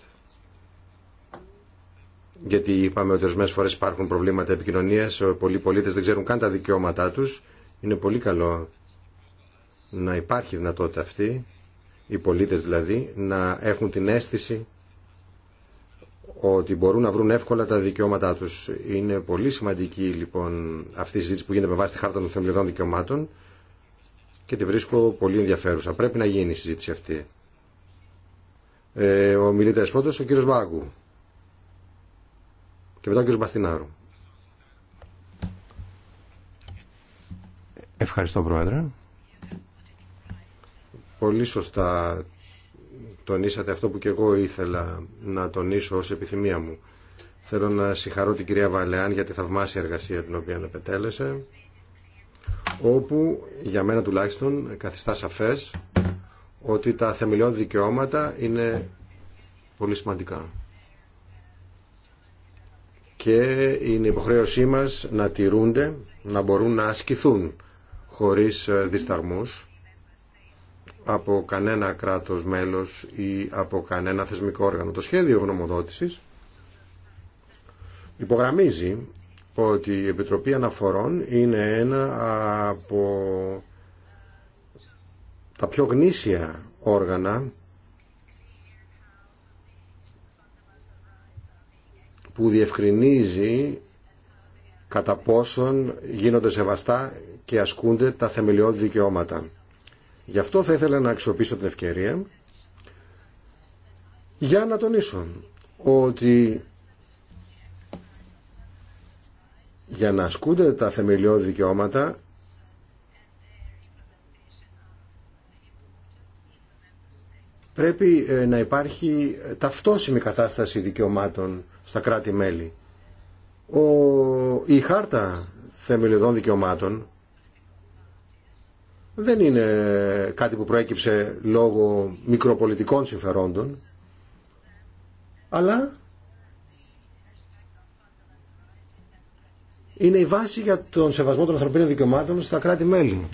[SPEAKER 2] Γιατί είπαμε ότι ορισμένε φορέ υπάρχουν προβλήματα επικοινωνία, πολλοί πολίτε δεν ξέρουν καν τα δικαιώματά του. Είναι πολύ καλό να υπάρχει δυνατότητα αυτή, οι πολίτες δηλαδή, να έχουν την αίσθηση ότι μπορούν να βρουν εύκολα τα δικαιώματά τους. Είναι πολύ σημαντική λοιπόν αυτή η συζήτηση που γίνεται με βάση τη χάρτα των θεμελιωδών δικαιωμάτων και τη βρίσκω πολύ ενδιαφέρουσα. Πρέπει να γίνει η συζήτηση αυτή. Ε, ο μιλήτρια πρώτο, ο κύριο Μπάγκου. Και μετά ο κύριο Μπαστινάρου. Ευχαριστώ, Πρόεδρε. Πολύ σωστά τονίσατε αυτό που και εγώ ήθελα να τονίσω ως επιθυμία μου. Θέλω να συγχαρώ την κυρία Βαλεάν για τη θαυμάσια εργασία την οποία επετέλεσε, όπου για μένα τουλάχιστον καθιστά σαφές ότι τα θεμελιώδη δικαιώματα είναι πολύ σημαντικά. Και είναι υποχρέωσή μας να τηρούνται, να μπορούν να ασκηθούν χωρίς δισταγμούς από κανένα κράτος μέλος ή από κανένα θεσμικό όργανο. Το σχέδιο γνωμοδότησης υπογραμμίζει ότι η Επιτροπή Αναφορών είναι ένα από τα πιο γνήσια όργανα που διευκρινίζει κατά πόσον γίνονται σεβαστά και ασκούνται τα θεμελιώδη δικαιώματα. Γι' αυτό θα ήθελα να αξιοποιήσω την ευκαιρία για να τονίσω ότι για να ασκούνται τα θεμελιώδη δικαιώματα πρέπει ε, να υπάρχει ταυτόσιμη κατάσταση δικαιωμάτων στα κράτη-μέλη. Ο... Η χάρτα θεμελιωδών δικαιωμάτων δεν είναι κάτι που προέκυψε λόγω μικροπολιτικών συμφερόντων, αλλά είναι η βάση για τον σεβασμό των ανθρωπίνων δικαιωμάτων στα κράτη-μέλη.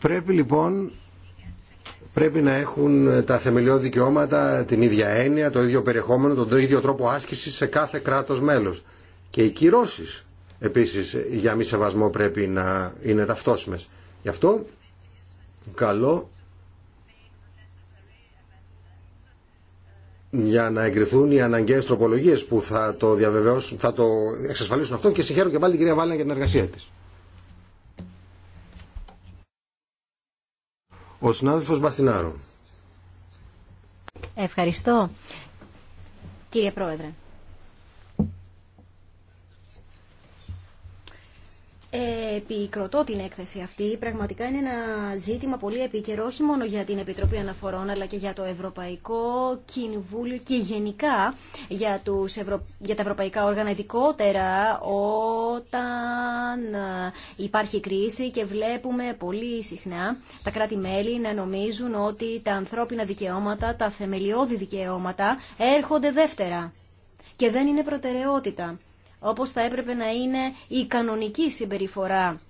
[SPEAKER 2] Πρέπει λοιπόν πρέπει να έχουν τα θεμελιώδη δικαιώματα την ίδια έννοια, το ίδιο περιεχόμενο, τον ίδιο τρόπο άσκησης σε κάθε κράτος μέλος. Και οι κυρώσεις επίσης για μη σεβασμό πρέπει να είναι ταυτόσιμες. Γι' αυτό καλό για να εγκριθούν οι αναγκαίες τροπολογίες που θα το, διαβεβαιώσουν, θα το εξασφαλίσουν αυτό και συγχαίρω και πάλι την κυρία Βάλνα για την εργασία της. Ο συνάδελφος Μπαστινάρου.
[SPEAKER 4] Ευχαριστώ. Κύριε Πρόεδρε. επικροτώ την έκθεση αυτή. Πραγματικά είναι ένα ζήτημα πολύ επίκαιρο, όχι μόνο για την Επιτροπή Αναφορών, αλλά και για το Ευρωπαϊκό Κοινοβούλιο και γενικά για, τους για τα ευρωπαϊκά όργανα, ειδικότερα όταν ε, υπάρχει κρίση και βλέπουμε πολύ συχνά τα κράτη-μέλη να νομίζουν ότι τα ανθρώπινα δικαιώματα, τα θεμελιώδη δικαιώματα έρχονται δεύτερα και δεν είναι προτεραιότητα όπως θα έπρεπε να είναι η κανονική συμπεριφορά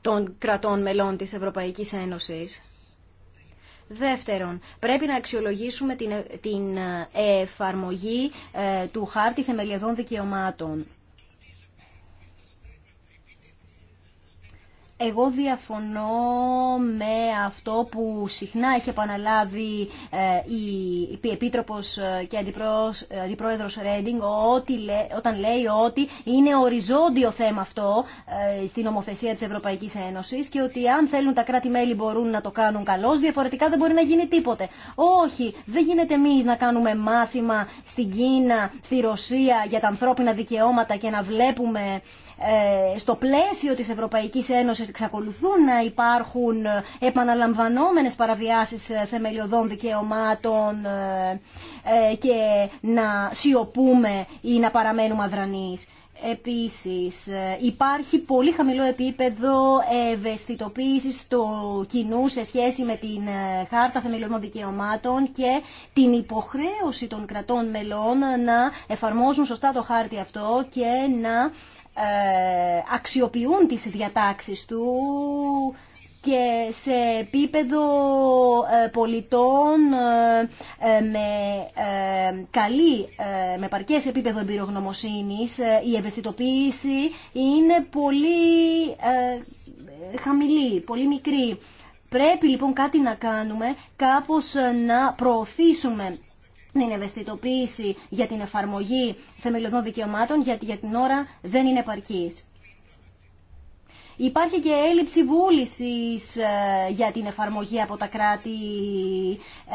[SPEAKER 4] των κρατών μελών της Ευρωπαϊκής Ένωσης. Δεύτερον, πρέπει να αξιολογήσουμε την ε, εφαρμογή ε, του Χάρτη Θεμελιωδών Δικαιωμάτων. Εγώ διαφωνώ με αυτό που συχνά έχει επαναλάβει ε, η Επίτροπος ε, και ε, Αντιπρόεδρος Ρέντινγκ όταν λέει ότι είναι οριζόντιο θέμα αυτό στην ομοθεσία της Ευρωπαϊκής Ένωσης και ότι αν θέλουν τα κράτη-μέλη μπορούν να το κάνουν καλώς, διαφορετικά δεν μπορεί να γίνει τίποτε. Όχι, δεν γίνεται εμεί να κάνουμε μάθημα στην Κίνα, στη Ρωσία για τα ανθρώπινα δικαιώματα και να βλέπουμε ε, στο πλαίσιο της Ευρωπαϊκής Ένωσης εξακολουθούν να υπάρχουν επαναλαμβανόμενες παραβιάσεις ε, θεμελιωδών δικαιωμάτων ε, και να σιωπούμε ή να παραμένουμε αδρανείς. Επίσης, υπάρχει πολύ χαμηλό επίπεδο ευαισθητοποίησης του κοινού σε σχέση με την Χάρτα Θεμελιωδών Δικαιωμάτων και την υποχρέωση των κρατών μελών να εφαρμόζουν σωστά το χάρτη αυτό και να ε, αξιοποιούν τις διατάξεις του και σε επίπεδο ε, πολιτών ε, με καλή, με παρκές επίπεδο εμπειρογνωμοσύνης η ευαισθητοποίηση είναι πολύ χαμηλή, πολύ μικρή. Πρέπει λοιπόν κάτι να κάνουμε, κάπως να προωθήσουμε την ευαισθητοποίηση για την εφαρμογή θεμελιωδών δικαιωμάτων, γιατί για την ώρα δεν είναι επαρκής. Υπάρχει και έλλειψη βούλησης ε, για την εφαρμογή από τα κράτη,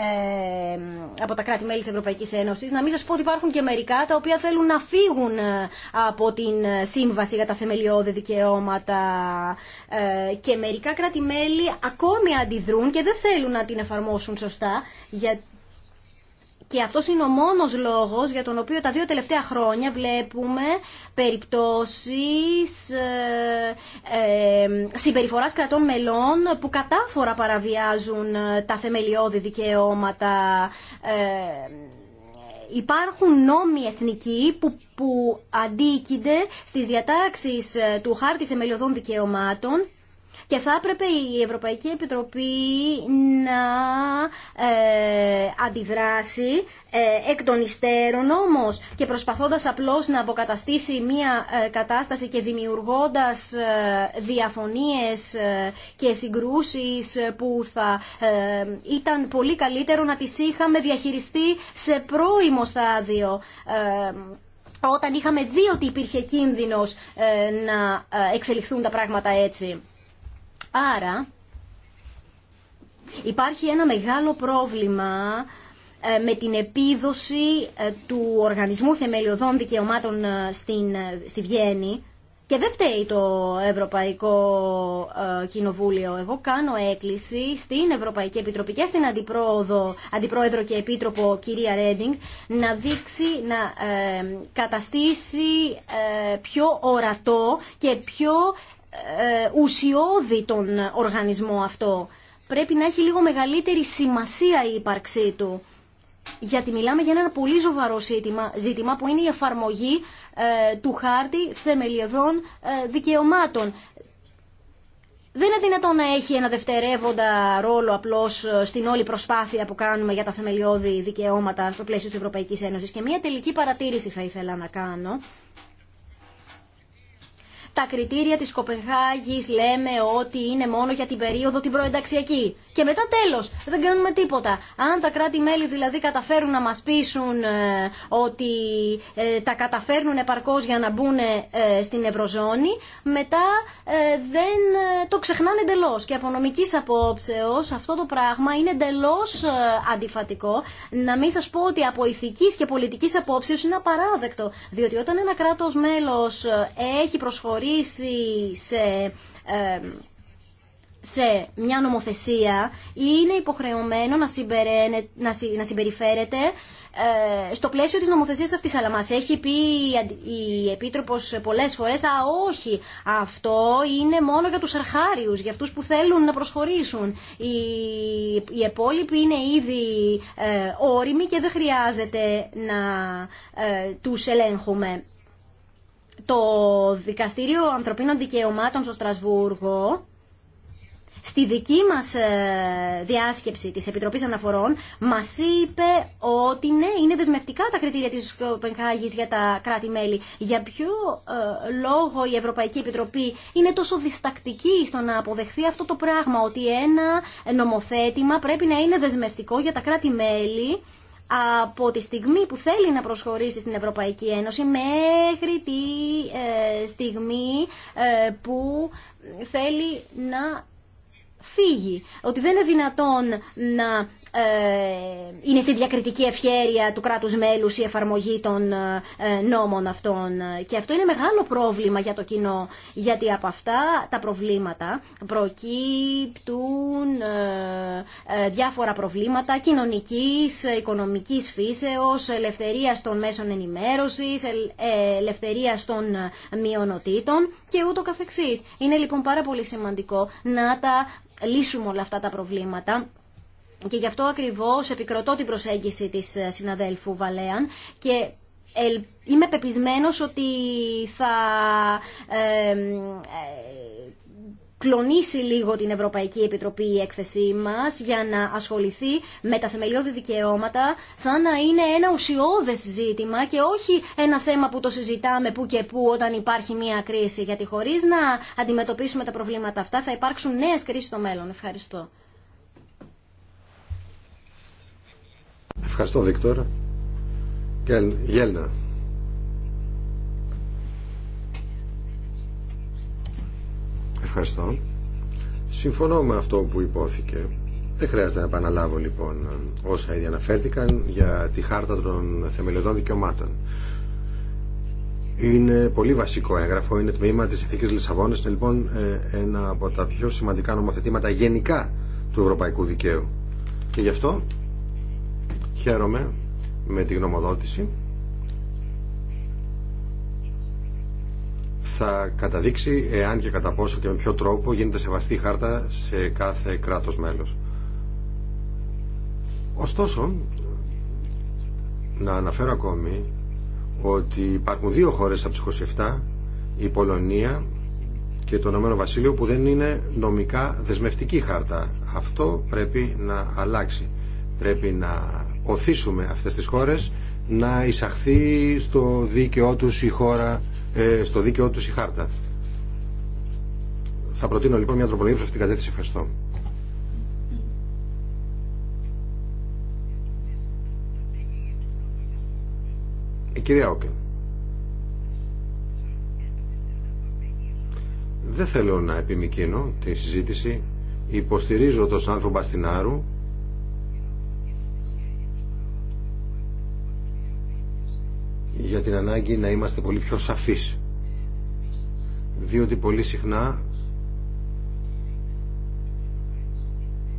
[SPEAKER 4] ε, από τα κράτη μέλη της Ευρωπαϊκής Ένωσης. Να μην σας πω ότι υπάρχουν και μερικά τα οποία θέλουν να φύγουν ε, από την σύμβαση για τα θεμελιώδη δικαιώματα και μερικά κράτη-μέλη ακόμη αντιδρούν και δεν θέλουν να την εφαρμόσουν σωστά και αυτό είναι ο μόνος λόγος για τον οποίο τα δύο τελευταία χρόνια βλέπουμε περιπτώσεις ε, ε, συμπεριφοράς κρατών μελών που κατάφορα παραβιάζουν ε, τα θεμελιώδη δικαιώματα. Υπάρχουν νόμοι εθνικοί που, που στις διατάξεις του Χάρτη Θεμελιωδών Δικαιωμάτων και θα έπρεπε η Ευρωπαϊκή Επιτροπή να ε, αντιδράσει ε, εκ των υστέρων όμως και προσπαθώντας απλώς να αποκαταστήσει μια ε, κατάσταση και δημιουργώντας διαφωνίες και συγκρούσεις που θα ήταν πολύ καλύτερο να τις είχαμε διαχειριστεί σε πρώιμο στάδιο όταν είχαμε δει ότι υπήρχε κίνδυνος να εξελιχθούν τα πράγματα έτσι. Άρα υπάρχει ένα μεγάλο πρόβλημα ε, με την επίδοση ε, του Οργανισμού Θεμελιωδών Δικαιωμάτων ε, στην, στη Βιέννη και δεν φταίει το Ευρωπαϊκό Κοινοβούλιο. Εγώ κάνω έκκληση στην Ευρωπαϊκή Επιτροπή και στην Αντιπρόοδο, Αντιπρόεδρο και Επίτροπο κυρία Ρέντινγκ να δείξει, να καταστήσει πιο ορατό και πιο ε, ουσιώδη τον οργανισμό αυτό. Πρέπει να έχει λίγο μεγαλύτερη σημασία η ύπαρξή του. Γιατί μιλάμε για ένα πολύ ζοβαρό ζήτημα, που είναι η εφαρμογή ε, του χάρτη θεμελιωδών ε, δικαιωμάτων. Δεν είναι δυνατόν να έχει ένα δευτερεύοντα ρόλο απλώς στην όλη προσπάθεια που κάνουμε για τα θεμελιώδη δικαιώματα στο πλαίσιο της Ευρωπαϊκής Ένωσης. Και μια τελική παρατήρηση θα ήθελα να κάνω τα κριτήρια της Κοπεχάγης λέμε ότι είναι μόνο για την περίοδο την προενταξιακή. Και μετά τέλος, δεν κάνουμε τίποτα. Αν τα κράτη-μέλη δηλαδή καταφέρουν να μας πείσουν ε, ότι ε, τα καταφέρνουν επαρκώς για να μπουν ε, στην Ευρωζώνη, μετά δεν το ξεχνάνε εντελώ. Και από νομικής απόψεως αυτό το πράγμα είναι εντελώς αντιφατικό. Να μην σας πω ότι από ηθικής και πολιτικής απόψεως είναι απαράδεκτο. Διότι όταν ένα κράτος μέλος έχει προσχωρήσει προχωρήσει σε σε μια νομοθεσία είναι υποχρεωμένο να, να συμπεριφέρεται ε, στο πλαίσιο της νομοθεσίας αυτής. Αλλά μας έχει πει η Επίτροπος πολλές φορές «Α, όχι, αυτό είναι μόνο για τους αρχάριους, για αυτούς που θέλουν να προσχωρήσουν. Οι επόλοιποι είναι ήδη ε, όριμοι και δεν χρειάζεται να ε, τους ελέγχουμε» το Δικαστήριο Ανθρωπίνων Δικαιωμάτων στο Στρασβούργο στη δική μας ε, διάσκεψη της Επιτροπής Αναφορών μας είπε ότι ναι, είναι δεσμευτικά τα κριτήρια της Κοπενχάγης για τα κράτη-μέλη. Για ποιο ε, λόγο η Ευρωπαϊκή Επιτροπή είναι τόσο διστακτική στο να αποδεχθεί αυτό το πράγμα, ότι ένα νομοθέτημα πρέπει να είναι δεσμευτικό για τα κράτη-μέλη από τη στιγμή που θέλει να προσχωρήσει στην Ευρωπαϊκή Ένωση μέχρι τη ε, στιγμή ε, που θέλει να φύγει. Ότι δεν είναι δυνατόν να ε, είναι στη διακριτική ευχέρεια του κράτους μέλους η εφαρμογή των ε, νόμων αυτών. Και αυτό είναι μεγάλο πρόβλημα για το κοινό, γιατί από αυτά τα προβλήματα προκύπτουν ε, διάφορα προβλήματα κοινωνικής, οικονομικής φύσεως, ελευθερίας των μέσων ενημέρωσης, ελευθερίας των μειονοτήτων και ούτω καθεξής. Είναι λοιπόν πάρα πολύ σημαντικό να τα λύσουμε όλα αυτά τα προβλήματα και γι' αυτό ακριβώς επικροτώ την προσέγγιση της ε, συναδέλφου Βαλέαν και είμαι πεπισμένος ότι θα ε, κλονίσει λίγο την Ευρωπαϊκή Επιτροπή η έκθεσή μας για να ασχοληθεί με τα θεμελιώδη δικαιώματα σαν να είναι ένα ουσιώδες ζήτημα και όχι ένα θέμα που το συζητάμε που και που όταν υπάρχει μια κρίση γιατί χωρίς να αντιμετωπίσουμε τα προβλήματα αυτά θα υπάρξουν νέες κρίσεις στο μέλλον. Ευχαριστώ.
[SPEAKER 2] Ευχαριστώ, Βίκτορ. Γέλνα. Ευχαριστώ. Συμφωνώ με αυτό που υπόθηκε. Δεν χρειάζεται να επαναλάβω λοιπόν όσα ήδη αναφέρθηκαν για τη χάρτα των θεμελιωδών δικαιωμάτων. Είναι πολύ βασικό έγγραφο, είναι τμήμα της Εθνικής Λισαβόνας, είναι λοιπόν ε, ένα από τα πιο σημαντικά νομοθετήματα γενικά του ευρωπαϊκού δικαίου. Και γι' αυτό Χαίρομαι με τη γνωμοδότηση. Θα καταδείξει εάν και κατά πόσο και με ποιο τρόπο γίνεται σεβαστή χάρτα σε κάθε κράτος μέλος. Ωστόσο, να αναφέρω ακόμη ότι υπάρχουν δύο χώρες από τις 27, η Πολωνία και το Ηνωμένο Βασίλειο που δεν είναι νομικά δεσμευτική χάρτα. Αυτό πρέπει να αλλάξει. Πρέπει να οθήσουμε αυτές τις χώρες να εισαχθεί στο δίκαιό τους η χώρα, ε, στο δίκαιό τους η χάρτα. Θα προτείνω λοιπόν μια τροπολογία σε αυτήν την κατεύθυνση. Ευχαριστώ. Η κυρία Όκεν. Δεν θέλω να επιμηκύνω τη συζήτηση. Υποστηρίζω τον Σάνφο Μπαστινάρου για την ανάγκη να είμαστε πολύ πιο σαφείς. Διότι πολύ συχνά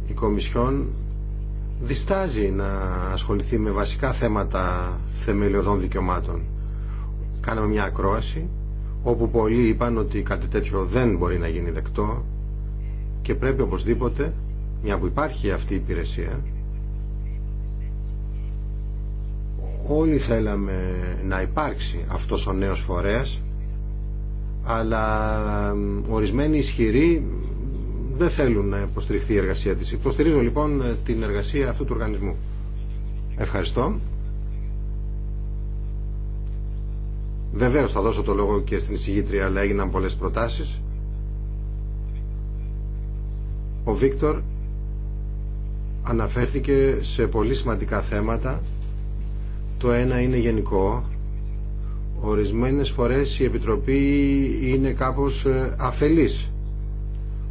[SPEAKER 2] η Κομισιόν διστάζει να ασχοληθεί με βασικά θέματα θεμελιωδών δικαιωμάτων. Κάναμε μια ακρόαση όπου πολλοί είπαν ότι κάτι τέτοιο δεν μπορεί να γίνει δεκτό και πρέπει οπωσδήποτε, μια που υπάρχει αυτή η υπηρεσία, Όλοι θέλαμε να υπάρξει αυτός ο νέος φορέας, αλλά ορισμένοι ισχυροί δεν θέλουν να υποστηριχθεί η εργασία της. Υποστηρίζω λοιπόν την εργασία αυτού του οργανισμού. Ευχαριστώ. Βεβαίως θα δώσω το λόγο και στην εισηγήτρια, αλλά έγιναν πολλές προτάσεις. Ο Βίκτορ αναφέρθηκε σε πολύ σημαντικά θέματα το ένα είναι γενικό. Ορισμένες φορές η Επιτροπή είναι κάπως ε, αφελής.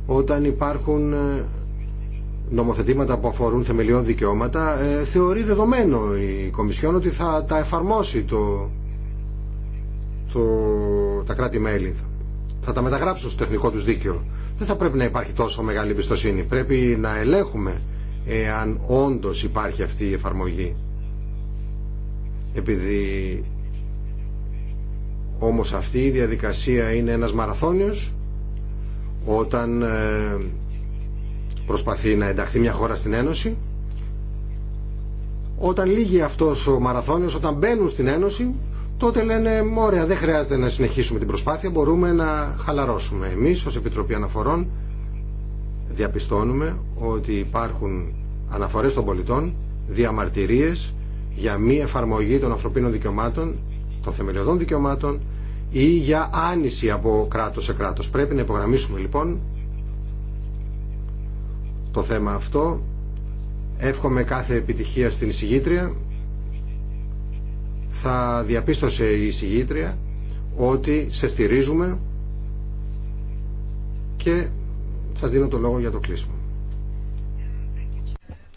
[SPEAKER 2] Όταν υπάρχουν ε, νομοθετήματα που αφορούν θεμελιώδη δικαιώματα, ε, θεωρεί δεδομένο η Κομισιόν ότι θα τα εφαρμόσει το, το, τα κράτη-μέλη. Θα τα μεταγράψουν στο τεχνικό τους δίκαιο. Δεν θα πρέπει να υπάρχει τόσο μεγάλη εμπιστοσύνη. Πρέπει να ελέγχουμε εάν όντως υπάρχει αυτή η εφαρμογή. Επειδή όμως αυτή η διαδικασία είναι ένας μαραθώνιος, όταν ε, προσπαθεί να ενταχθεί μια χώρα στην Ένωση, όταν λύγει αυτός ο μαραθώνιος, όταν μπαίνουν στην Ένωση, τότε λένε ωραία δεν χρειάζεται να συνεχίσουμε την προσπάθεια, μπορούμε να χαλαρώσουμε. Εμείς ως Επιτροπή Αναφορών διαπιστώνουμε ότι υπάρχουν αναφορές των πολιτών, διαμαρτυρίες για μη εφαρμογή των ανθρωπίνων δικαιωμάτων, των θεμελιωδών δικαιωμάτων ή για άνηση από κράτος σε κράτος. Πρέπει να υπογραμμίσουμε λοιπόν το θέμα αυτό. Εύχομαι κάθε επιτυχία στην εισηγήτρια. Θα διαπίστωσε η εισηγήτρια ότι σε στηρίζουμε και σας δίνω το λόγο για το κλείσμα.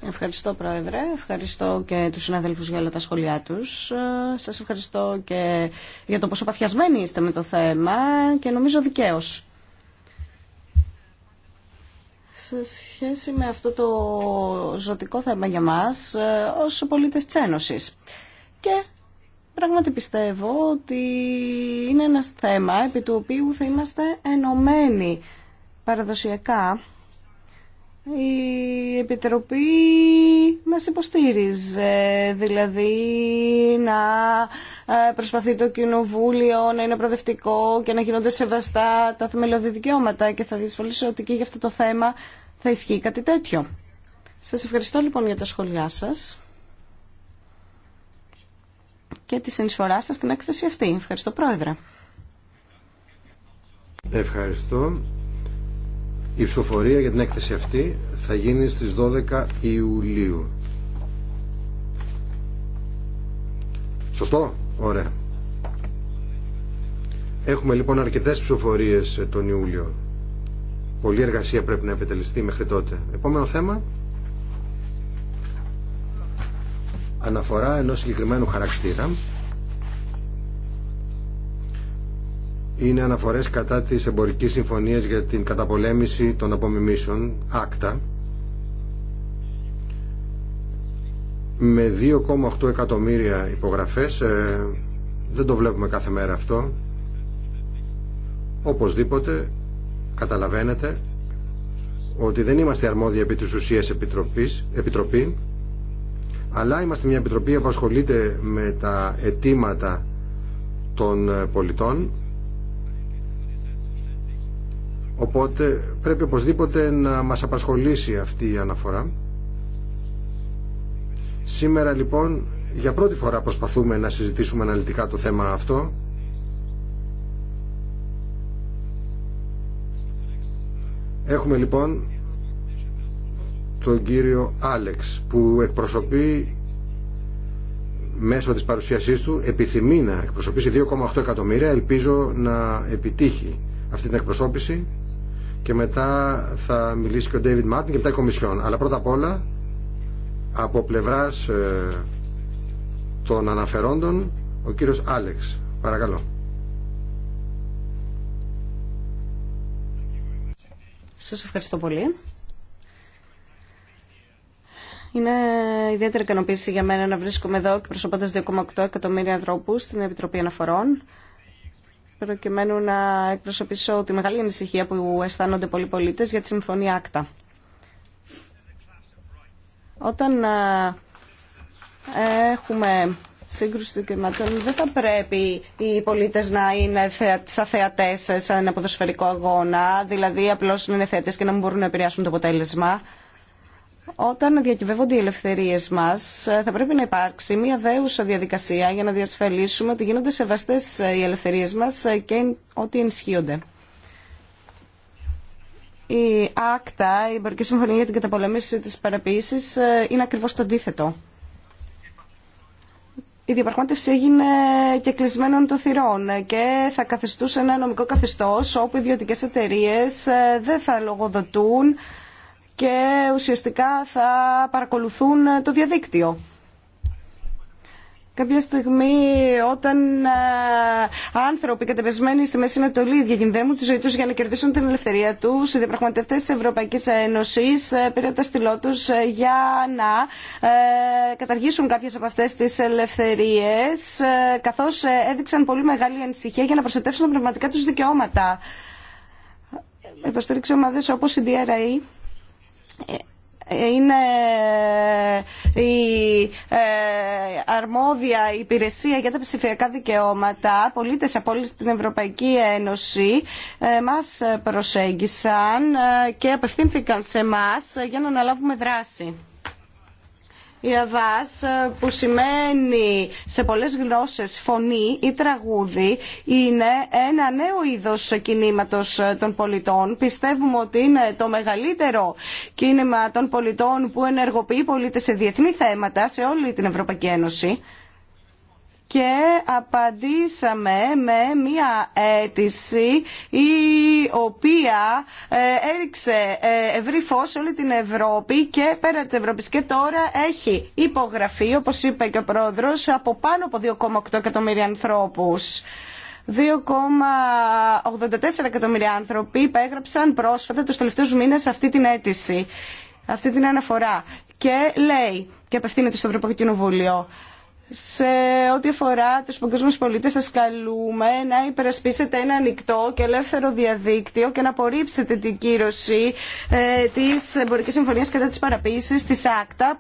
[SPEAKER 1] Ευχαριστώ Πρόεδρε, ευχαριστώ και τους συναδέλφους για όλα τα σχόλιά τους. Ε, σας ευχαριστώ και για το πόσο παθιασμένοι είστε με το θέμα και νομίζω δικαίως. Σε σχέση με αυτό το ζωτικό θέμα για μας ε, ως πολίτες της Ένωσης. Και πράγματι πιστεύω ότι είναι ένα θέμα επί του οποίου θα είμαστε ενωμένοι παραδοσιακά η Επιτροπή μας υποστήριζε, δηλαδή να ε, προσπαθεί το Κοινοβούλιο να είναι προοδευτικό και να γίνονται σεβαστά τα θεμελιώδη δικαιώματα και θα διασφαλίσω ότι και για αυτό το θέμα θα ισχύει κάτι τέτοιο. Σας ευχαριστώ λοιπόν για τα σχόλιά σας και τη συνεισφορά σας στην έκθεση αυτή. Ευχαριστώ Πρόεδρε.
[SPEAKER 2] Ευχαριστώ. Η ψηφοφορία για την έκθεση αυτή θα γίνει στις 12 Ιουλίου. Σωστό? Ωραία. Έχουμε λοιπόν αρκετές ψηφοφορίες ε, τον Ιούλιο. Πολλή εργασία πρέπει να επιτελεστεί μέχρι τότε. Επόμενο θέμα. Αναφορά ενός συγκεκριμένου χαρακτήρα είναι αναφορές κατά της εμπορικής συμφωνίας για την καταπολέμηση των απομιμήσεων, άκτα, με 2,8 εκατομμύρια υπογραφές, ε, δεν το βλέπουμε κάθε μέρα αυτό, οπωσδήποτε καταλαβαίνετε ότι δεν είμαστε αρμόδια επί της ουσίας επιτροπής, επιτροπή, αλλά είμαστε μια επιτροπή που ασχολείται με τα αιτήματα των ε, πολιτών Οπότε πρέπει οπωσδήποτε να μας απασχολήσει αυτή η αναφορά. Σήμερα λοιπόν για πρώτη φορά προσπαθούμε να συζητήσουμε αναλυτικά το θέμα αυτό. Έχουμε λοιπόν τον κύριο Άλεξ που εκπροσωπεί μέσω της παρουσίασής του επιθυμεί να εκπροσωπήσει 2,8 εκατομμύρια ελπίζω να επιτύχει αυτή την εκπροσώπηση και μετά θα μιλήσει και ο David Μάρτιν και μετά η Κομισιόν. Αλλά πρώτα απ' όλα από πλευράς ε, των αναφερόντων ο κυριο Άλεξ. Παρακαλώ.
[SPEAKER 1] Σας ευχαριστώ πολύ. Είναι ιδιαίτερη ικανοποίηση για μένα να βρίσκομαι εδώ και προσωπώντας 2,8 εκατομμύρια ανθρώπου στην Επιτροπή Αναφορών προκειμένου να εκπροσωπήσω τη μεγάλη ανησυχία που αισθάνονται πολλοί πολίτες για τη Συμφωνία Άκτα. Όταν έχουμε σύγκρουση δικαιωμάτων δεν θα πρέπει οι πολίτες να είναι σαν θεατές σε ένα ποδοσφαιρικό αγώνα, δηλαδή απλώς να είναι θεατές και να μην μπορούν να επηρεάσουν το αποτέλεσμα όταν διακυβεύονται οι ελευθερίε μα θα πρέπει να υπάρξει μια δέουσα διαδικασία για να διασφαλίσουμε ότι γίνονται σεβαστές οι ελευθερίε μα και ότι ενισχύονται. Η ΑΚΤΑ, η Εμπορική Συμφωνία για την Καταπολέμηση τη παραποίηση, ε, είναι ακριβώ το αντίθετο. Η διαπραγμάτευση έγινε και κλεισμένων των θυρών και θα καθιστούσε ένα νομικό καθεστώ όπου οι ιδιωτικέ εταιρείε ε, δεν θα λογοδοτούν και ουσιαστικά θα παρακολουθούν το διαδίκτυο. Κάποια στιγμή όταν ε, άνθρωποι κατεπεσμένοι στη Μέση Ανατολή διαγυνδέμουν τη ζωή τους για να κερδίσουν την ελευθερία τους, οι διαπραγματευτές της Ευρωπαϊκής Ένωσης ε, πήραν τα στυλό τους ε, για να καταργήσουν κάποιες από αυτές τις ελευθερίες, καθώς έδειξαν πολύ μεγάλη ανησυχία για να προστατεύσουν πραγματικά πνευματικά τους δικαιώματα. Υποστήριξε ομάδες όπως η DRA είναι ε, η ε, αρμόδια υπηρεσία για τα ψηφιακά δικαιώματα. Πολίτες από όλη την Ευρωπαϊκή Ένωση ε, μας προσέγγισαν και απευθύνθηκαν σε μας για να αναλάβουμε δράση. Η αβάς ε, που σημαίνει σε πολλές γλώσσες φωνή ή τραγούδι είναι ένα νέο είδος κινήματος ε, των πολιτών. Πιστεύουμε ότι είναι το μεγαλύτερο κίνημα των πολιτών που ενεργοποιεί πολίτες σε διεθνή θέματα σε όλη την Ευρωπαϊκή Ένωση και απαντήσαμε με μία αίτηση η οποία ε, έριξε ε, ευρύ φως όλη την Ευρώπη και πέρα της Ευρώπης και τώρα έχει υπογραφεί, όπως είπε και ο Πρόεδρος, από πάνω από 2,8 εκατομμύρια ανθρώπους. 2,84 εκατομμύρια άνθρωποι υπέγραψαν πρόσφατα τους τελευταίους μήνες αυτή την αίτηση, αυτή την αναφορά. Και λέει, και απευθύνεται στο Ευρωπαϊκό Κοινοβούλιο, σε ό,τι αφορά του παγκόσμιου πολίτε, σα καλούμε να υπερασπίσετε ένα ανοιχτό και ελεύθερο διαδίκτυο και να απορρίψετε την κύρωση ε, τη εμπορική συμφωνία κατά τη παραποίηση τη ΑΚΤΑ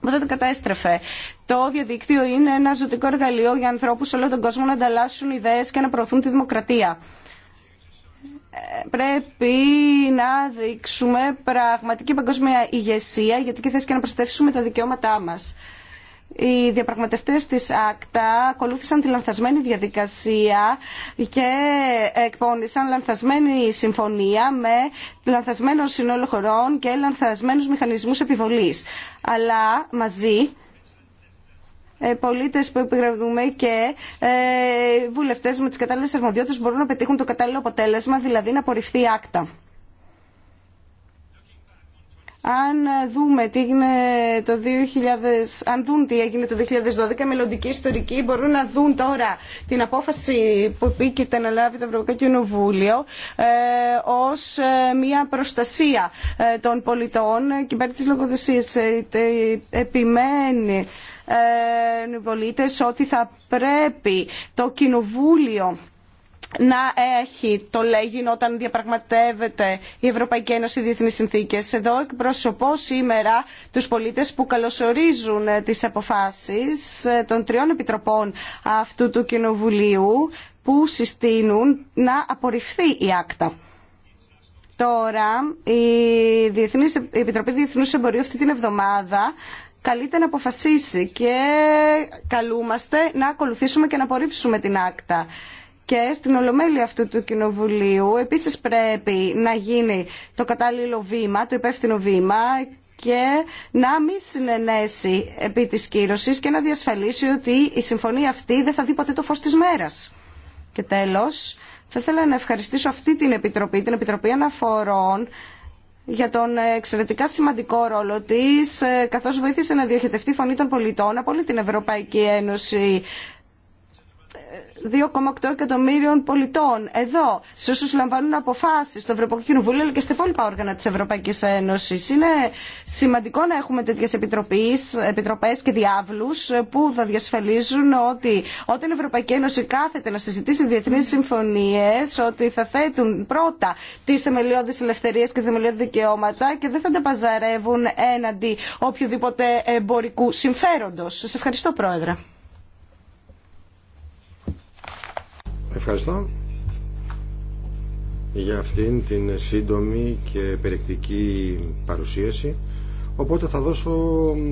[SPEAKER 1] που δεν το κατέστρεφε. Το διαδίκτυο είναι ένα ζωτικό εργαλείο για ανθρώπου σε όλο τον κόσμο να ανταλλάσσουν ιδέε και να προωθούν τη δημοκρατία πρέπει να δείξουμε πραγματική παγκόσμια ηγεσία γιατί και θες και να προστατεύσουμε τα δικαιώματά μας οι διαπραγματευτές της ΑΚΤΑ ακολούθησαν τη λανθασμένη διαδικασία και εκπώνησαν λανθασμένη συμφωνία με λανθασμένο συνόλο χωρών και λανθασμένους μηχανισμούς επιβολής. Αλλά μαζί ε, πολίτες που επιγραμμούμε και ε, βουλευτές με τις κατάλληλες αρμοδιότητες μπορούν να πετύχουν το κατάλληλο αποτέλεσμα, δηλαδή να απορριφθεί η άκτα. Αν δούμε τι έγινε το 2000, αν δουν τι έγινε το 2012, μελλοντικοί ιστορικοί μπορούν να δουν τώρα την απόφαση που επίκειται να λάβει το Ευρωπαϊκό Κοινοβούλιο ε, ως ε, μια προστασία ε, των πολιτών και υπέρ της λογοδοσίας ε, επιμένει ε, πολίτες ότι θα πρέπει το Κοινοβούλιο να έχει το λέγειν όταν διαπραγματεύεται η Ευρωπαϊκή Ένωση διεθνεί συνθήκε. Εδώ εκπροσωπώ σήμερα του πολίτε που καλωσορίζουν ε, τι αποφάσει ε, των τριών επιτροπών αυτού του Κοινοβουλίου που συστήνουν να απορριφθεί η άκτα. Τώρα, η, Διεθνής, η Επιτροπή Διεθνούς Εμπορίου αυτή την εβδομάδα καλείται να αποφασίσει και καλούμαστε να ακολουθήσουμε και να απορρίψουμε την άκτα και στην Ολομέλεια αυτού του Κοινοβουλίου επίσης πρέπει να γίνει το κατάλληλο βήμα, το υπεύθυνο βήμα και να μην συνενέσει επί της κύρωσης και να διασφαλίσει ότι η συμφωνία αυτή δεν θα δει ποτέ το φως της μέρας. Και τέλος, θα ήθελα να ευχαριστήσω αυτή την Επιτροπή, την Επιτροπή Αναφορών, για τον εξαιρετικά σημαντικό ρόλο της, ε, καθώς βοήθησε να διοχετευτεί φωνή των πολιτών από όλη την Ευρωπαϊκή Ένωση 2,8 εκατομμύριων πολιτών εδώ, σε όσου λαμβάνουν αποφάσει στο Ευρωπαϊκό Κοινοβούλιο αλλά και στα υπόλοιπα όργανα τη Ευρωπαϊκή Ένωση. Είναι σημαντικό να έχουμε τέτοιε επιτροπέ και διάβλου που θα διασφαλίζουν ότι όταν η Ευρωπαϊκή Ένωση κάθεται να συζητήσει διεθνεί συμφωνίε, ότι θα θέτουν πρώτα τι θεμελιώδει ελευθερίε και θεμελιώδη δικαιώματα και δεν θα τα παζαρεύουν έναντι οποιοδήποτε εμπορικού συμφέροντο. Σα ευχαριστώ, Πρόεδρε.
[SPEAKER 2] Ευχαριστώ για αυτήν την σύντομη και περιεκτική παρουσίαση. Οπότε θα δώσω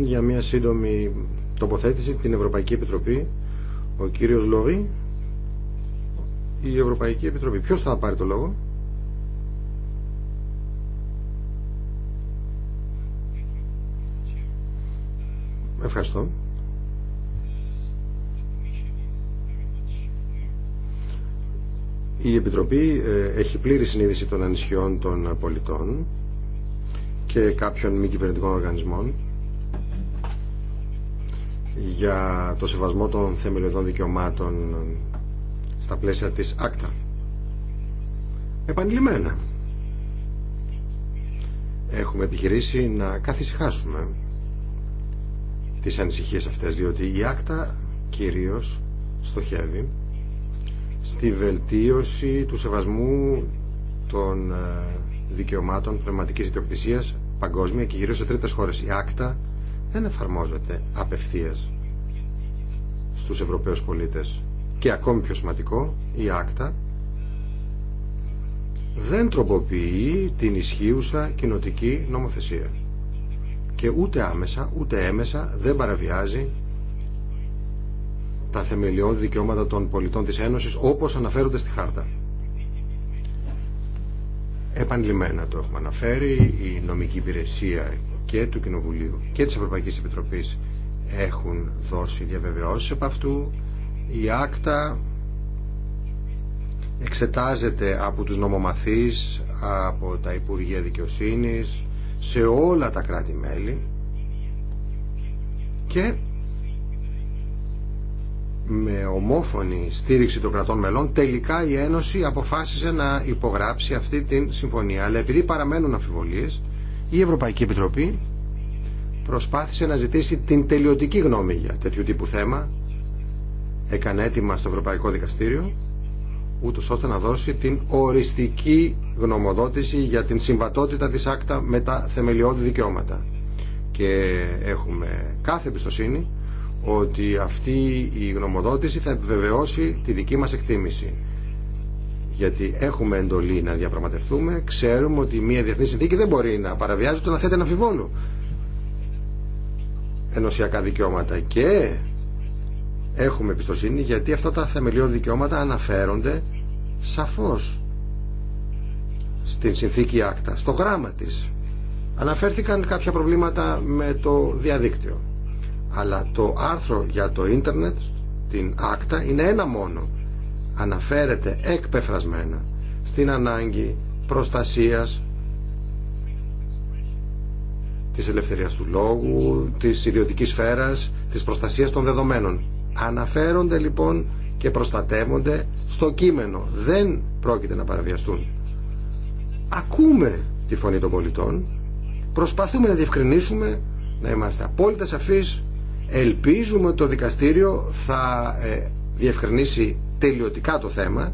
[SPEAKER 2] για μια σύντομη τοποθέτηση την Ευρωπαϊκή Επιτροπή. Ο κύριος λόγή η Ευρωπαϊκή Επιτροπή. Ποιος θα πάρει το λόγο? Ευχαριστώ. Η Επιτροπή ε, έχει πλήρη συνείδηση των ανησυχιών των πολιτών και κάποιων μη κυβερνητικών οργανισμών για το σεβασμό των θεμελιωδών δικαιωμάτων στα πλαίσια της ΑΚΤΑ. Επανειλημμένα έχουμε επιχειρήσει να καθησυχάσουμε τις ανησυχίες αυτές διότι η άκτα κυρίως στοχεύει στη βελτίωση του σεβασμού των ε, δικαιωμάτων πνευματικής ιδιοκτησίας παγκόσμια και γύρω σε τρίτες χώρες. Η άκτα δεν εφαρμόζεται απευθείας στους Ευρωπαίους πολίτες. Και ακόμη πιο σημαντικό, η άκτα δεν τροποποιεί την ισχύουσα κοινοτική νομοθεσία και ούτε άμεσα ούτε έμεσα δεν παραβιάζει τα θεμελιώδη δικαιώματα των πολιτών της Ένωσης όπως αναφέρονται στη χάρτα. Επανειλημμένα το έχουμε αναφέρει, η νομική υπηρεσία και του Κοινοβουλίου και της Ευρωπαϊκής Επιτροπής έχουν δώσει διαβεβαιώσεις από αυτού. Η άκτα εξετάζεται από τους νομομαθείς, από τα Υπουργεία Δικαιοσύνης, σε όλα τα κράτη-μέλη και με ομόφωνη στήριξη των κρατών μελών τελικά η Ένωση αποφάσισε να υπογράψει αυτή την συμφωνία. Αλλά επειδή παραμένουν αμφιβολίε, η Ευρωπαϊκή Επιτροπή προσπάθησε να ζητήσει την τελειωτική γνώμη για τέτοιου τύπου θέμα έκανε έτοιμα στο Ευρωπαϊκό Δικαστήριο ούτω ώστε να δώσει την οριστική γνωμοδότηση για την συμβατότητα της άκτα με τα θεμελιώδη δικαιώματα. Και έχουμε κάθε εμπιστοσύνη ότι αυτή η γνωμοδότηση θα επιβεβαιώσει τη δική μας εκτίμηση. Γιατί έχουμε εντολή να διαπραγματευτούμε, ξέρουμε ότι μια διεθνή συνθήκη δεν μπορεί να παραβιάζεται να θέτει ένα αμφιβόλο ενωσιακά δικαιώματα και έχουμε εμπιστοσύνη γιατί αυτά τα θεμελιώδη δικαιώματα αναφέρονται σαφώς στην συνθήκη άκτα, στο γράμμα της. Αναφέρθηκαν κάποια προβλήματα με το διαδίκτυο. Αλλά το άρθρο για το ίντερνετ, την άκτα, είναι ένα μόνο. Αναφέρεται εκπεφρασμένα στην ανάγκη προστασίας της ελευθερίας του λόγου, της ιδιωτικής σφαίρας, της προστασίας των δεδομένων. Αναφέρονται λοιπόν και προστατεύονται στο κείμενο. Δεν πρόκειται να παραβιαστούν. Ακούμε τη φωνή των πολιτών, προσπαθούμε να διευκρινίσουμε, να είμαστε απόλυτα σαφείς Ελπίζουμε το δικαστήριο θα ε, διευκρινίσει τελειωτικά το θέμα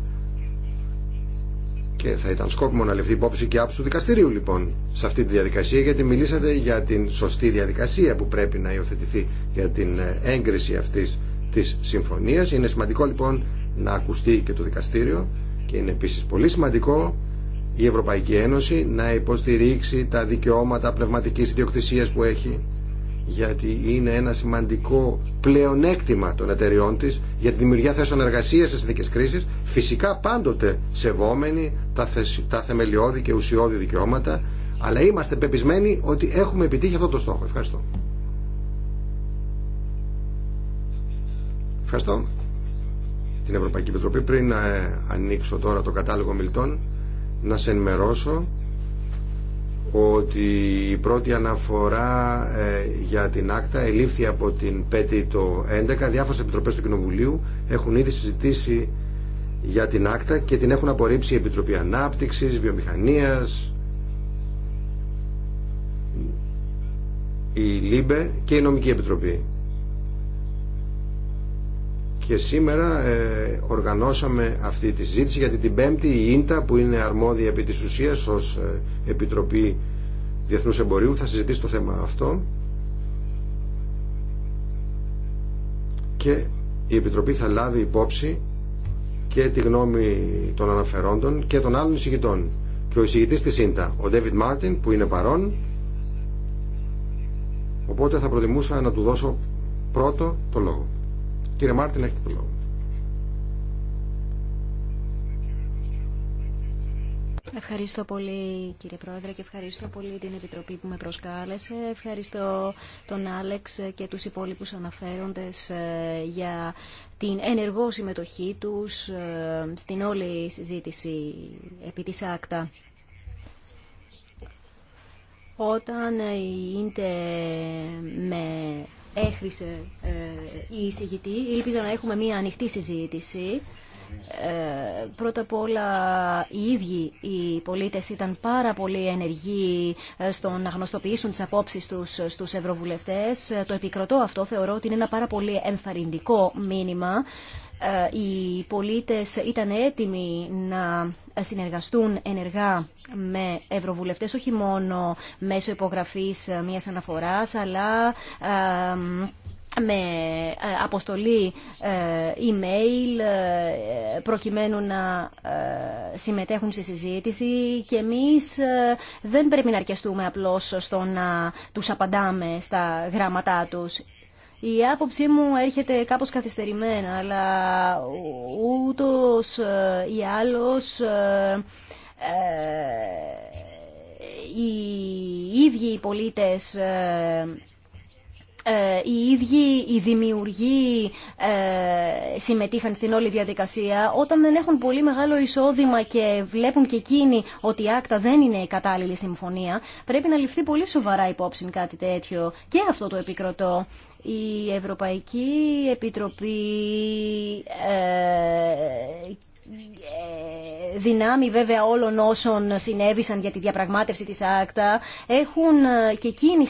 [SPEAKER 2] και θα ήταν σκόπιμο να λεφθεί υπόψη και άψη του δικαστηρίου λοιπόν σε αυτή τη διαδικασία γιατί μιλήσατε για την σωστή διαδικασία που πρέπει να υιοθετηθεί για την ε, έγκριση αυτής της συμφωνίας. Είναι σημαντικό λοιπόν να ακουστεί και το δικαστήριο και είναι επίσης πολύ σημαντικό η Ευρωπαϊκή Ένωση να υποστηρίξει τα δικαιώματα πνευματικής ιδιοκτησίας που έχει γιατί είναι ένα σημαντικό πλεονέκτημα των εταιριών της για τη δημιουργία θέσεων εργασίας σε συνθήκες κρίσης, φυσικά πάντοτε σεβόμενοι τα, θεμελιώδη και ουσιώδη δικαιώματα, αλλά είμαστε πεπισμένοι ότι έχουμε επιτύχει αυτό το στόχο. Ευχαριστώ. Ευχαριστώ την Ευρωπαϊκή Επιτροπή. Πριν να ε, ανοίξω τώρα το κατάλογο μιλτών, να σε ενημερώσω ότι η πρώτη αναφορά ε, για την άκτα ελήφθη από την ΠΕΤΗ το 11. Διάφορες επιτροπές του Κοινοβουλίου έχουν ήδη συζητήσει για την άκτα και την έχουν απορρίψει η Επιτροπή Ανάπτυξης, Βιομηχανίας, η ΛΥΜΠΕ και η Νομική Επιτροπή και σήμερα ε, οργανώσαμε αυτή τη συζήτηση γιατί την Πέμπτη η ΙΝΤΑ που είναι αρμόδια επί της ουσίας ως ε, Επιτροπή Διεθνούς Εμπορίου θα συζητήσει το θέμα αυτό και η Επιτροπή θα λάβει υπόψη και τη γνώμη των αναφερόντων και των άλλων εισηγητών και ο εισηγητής της ΙΝΤΑ, ο Ντέβιτ Μάρτιν που είναι παρόν οπότε θα προτιμούσα να του δώσω πρώτο το λόγο. Κύριε Μάρτιν, έχετε το λόγο.
[SPEAKER 4] Ευχαριστώ πολύ κύριε Πρόεδρε και ευχαριστώ πολύ την Επιτροπή που με προσκάλεσε. Ευχαριστώ τον Άλεξ και τους υπόλοιπους αναφέροντες ε, για την ενεργό συμμετοχή τους ε, στην όλη συζήτηση επί της άκτα. Όταν η ε, με έχρισε ε, η εισηγητή. Ελπίζω να έχουμε μία ανοιχτή συζήτηση. Ε, πρώτα απ' όλα οι ίδιοι οι πολίτες ήταν πάρα πολύ ενεργοί ε, στο να γνωστοποιήσουν τις απόψεις τους στους ευρωβουλευτές. Ε, το επικροτώ αυτό, θεωρώ ότι είναι ένα πάρα πολύ ενθαρρυντικό μήνυμα ε, οι πολίτες ήταν έτοιμοι να συνεργαστούν ενεργά με ευρωβουλευτές, όχι μόνο μέσω υπογραφής μιας αναφοράς, αλλά με ε, αποστολή ε, email προκειμένου να συμμετέχουν στη συζήτηση και εμείς δεν πρέπει να αρκεστούμε απλώς στο να τους απαντάμε στα γράμματά τους. Η άποψή μου έρχεται κάπως καθυστερημένα, αλλά ούτως ε, ή άλλως ε, ε, οι ίδιοι οι πολίτες ε, οι ίδιοι οι δημιουργοί ε, συμμετείχαν στην όλη διαδικασία. Όταν δεν έχουν πολύ μεγάλο εισόδημα και βλέπουν και εκείνοι ότι η άκτα δεν είναι η κατάλληλη συμφωνία, πρέπει να ληφθεί πολύ σοβαρά υπόψη κάτι τέτοιο. Και αυτό το επικροτώ. Η Ευρωπαϊκή Επιτροπή ε, ε, δυνάμει βέβαια όλων όσων συνέβησαν για τη διαπραγμάτευση της ΑΚΤΑ έχουν ε, και εκείνοι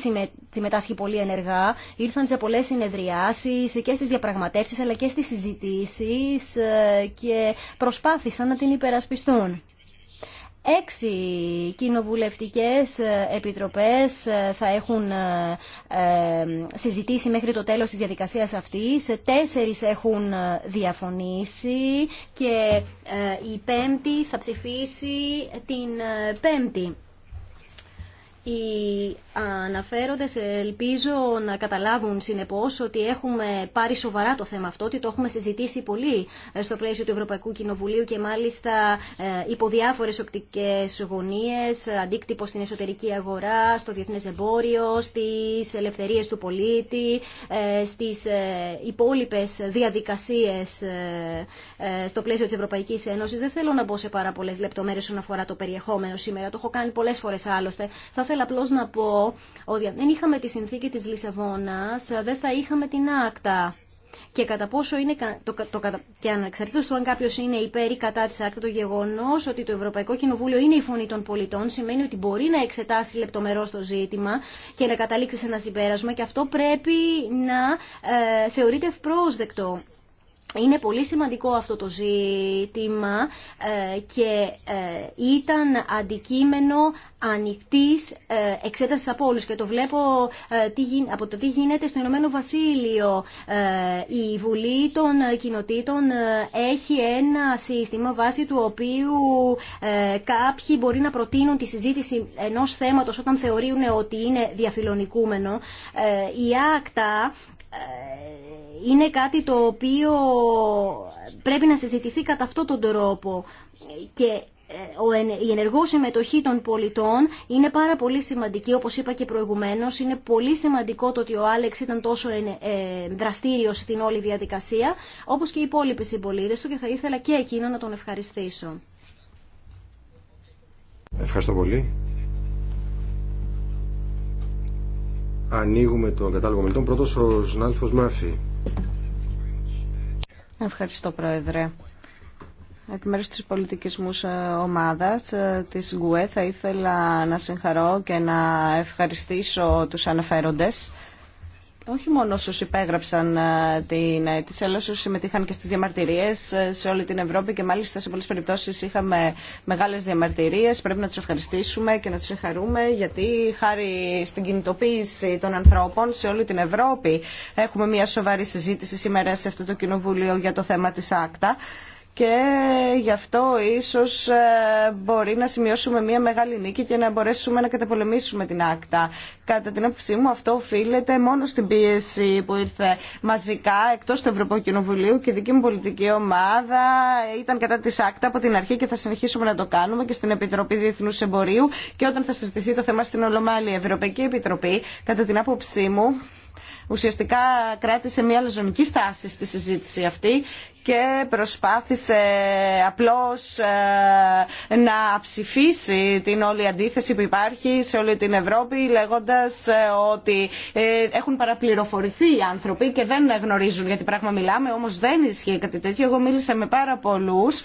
[SPEAKER 4] συμμετάσχει πολύ ενεργά, ήρθαν σε πολλές συνεδριάσεις και στις διαπραγματεύσεις αλλά και στις συζητήσεις ε, και προσπάθησαν να την υπερασπιστούν. Έξι κοινοβουλευτικές ε, επιτροπές ε, θα έχουν ε, συζητήσει μέχρι το τέλος της διαδικασίας αυτής. Τέσσερις έχουν διαφωνήσει και η πέμπτη θα ψηφίσει την πέμπτη οι αναφέροντες ελπίζω να καταλάβουν συνεπώς ότι έχουμε πάρει σοβαρά το θέμα αυτό, ότι το έχουμε συζητήσει πολύ στο πλαίσιο του Ευρωπαϊκού Κοινοβουλίου και μάλιστα ε, υπό διάφορε οπτικές γωνίες, αντίκτυπο στην εσωτερική αγορά, στο διεθνές εμπόριο, στις ελευθερίες του πολίτη, ε, στις ε, υπόλοιπε διαδικασίες στο πλαίσιο της Ευρωπαϊκής Ένωσης. Δεν θέλω να μπω σε πάρα πολλέ λεπτομέρειες όσον αφορά το περιεχόμενο σήμερα, το έχω κάνει πολλές φορές άλλωστε. Θα ήθελα απλώ να πω ότι αν δεν είχαμε τη συνθήκη της Λισαβόνας, δεν θα είχαμε την άκτα. Και κατά πόσο είναι, το, το, και του αν κάποιος είναι υπέρ ή κατά της άκτα, το γεγονός ότι το Ευρωπαϊκό Κοινοβούλιο είναι η φωνή των πολιτών σημαίνει ότι μπορεί να εξετάσει λεπτομερώς το ζήτημα και να καταλήξει σε ένα συμπέρασμα και αυτό πρέπει να ε, θεωρείται ευπρόσδεκτο. Είναι πολύ σημαντικό αυτό το ζήτημα ε, και ε, ήταν αντικείμενο ανοιχτή ε, εξέταση από όλου. Και το βλέπω από το τι γίνεται στο Ηνωμένο Βασίλειο. Η Βουλή των Κοινοτήτων έχει ένα σύστημα βάσει του οποίου κάποιοι μπορεί να προτείνουν τη συζήτηση ενό θέματος όταν θεωρούν ότι είναι διαφιλονικούμενο. Η άκτα είναι κάτι το οποίο πρέπει να συζητηθεί κατά αυτόν τον τρόπο και ε, η ενεργό συμμετοχή των πολιτών είναι πάρα πολύ σημαντική, όπως είπα και προηγουμένως. Είναι πολύ σημαντικό το ότι ο Άλεξ ήταν τόσο ε, δραστήριος στην όλη διαδικασία, όπως και οι υπόλοιποι συμπολίτε του και θα ήθελα και εκείνο να τον ευχαριστήσω.
[SPEAKER 2] Ευχαριστώ πολύ. Ανοίγουμε τον κατάλογο μελετών. Πρώτος ο συνάδελφος Μάφη.
[SPEAKER 1] Ευχαριστώ, Πρόεδρε. Εκ μέρους της πολιτικής μου ομάδας ε, της ΓΚΟΕ θα ήθελα να συγχαρώ και να ευχαριστήσω τους αναφέροντες όχι μόνο όσου υπέγραψαν ε, την αίτηση, ε, αλλά όσου συμμετείχαν και στι διαμαρτυρίε ε, σε όλη την Ευρώπη και μάλιστα σε πολλέ περιπτώσει είχαμε μεγάλε διαμαρτυρίε. Πρέπει να του ευχαριστήσουμε και να του εχαρούμε, γιατί χάρη στην κινητοποίηση των ανθρώπων σε όλη την Ευρώπη έχουμε μια σοβαρή συζήτηση σήμερα σε αυτό το κοινοβούλιο για το θέμα τη ΑΚΤΑ και γι' αυτό ίσως ε, μπορεί να σημειώσουμε μια μεγάλη νίκη και να μπορέσουμε να καταπολεμήσουμε την άκτα. Κατά την άποψή μου αυτό οφείλεται μόνο στην πίεση που ήρθε μαζικά εκτός του Ευρωπαϊκού Κοινοβουλίου και η δική μου πολιτική ομάδα ήταν κατά της άκτα από την αρχή και θα συνεχίσουμε να το κάνουμε και στην Επιτροπή Διεθνού Εμπορίου και όταν θα συζητηθεί το θέμα στην Ολομάλη Ευρωπαϊκή Επιτροπή κατά την άποψή μου ουσιαστικά κράτησε μια λαζονική στάση στη συζήτηση αυτή και προσπάθησε απλώς ε, να ψηφίσει την όλη αντίθεση που υπάρχει σε όλη την Ευρώπη λέγοντας ε, ότι ε, έχουν παραπληροφορηθεί οι άνθρωποι και δεν γνωρίζουν γιατί πράγμα μιλάμε όμως δεν ισχύει κάτι τέτοιο. Εγώ μίλησα με πάρα πολλούς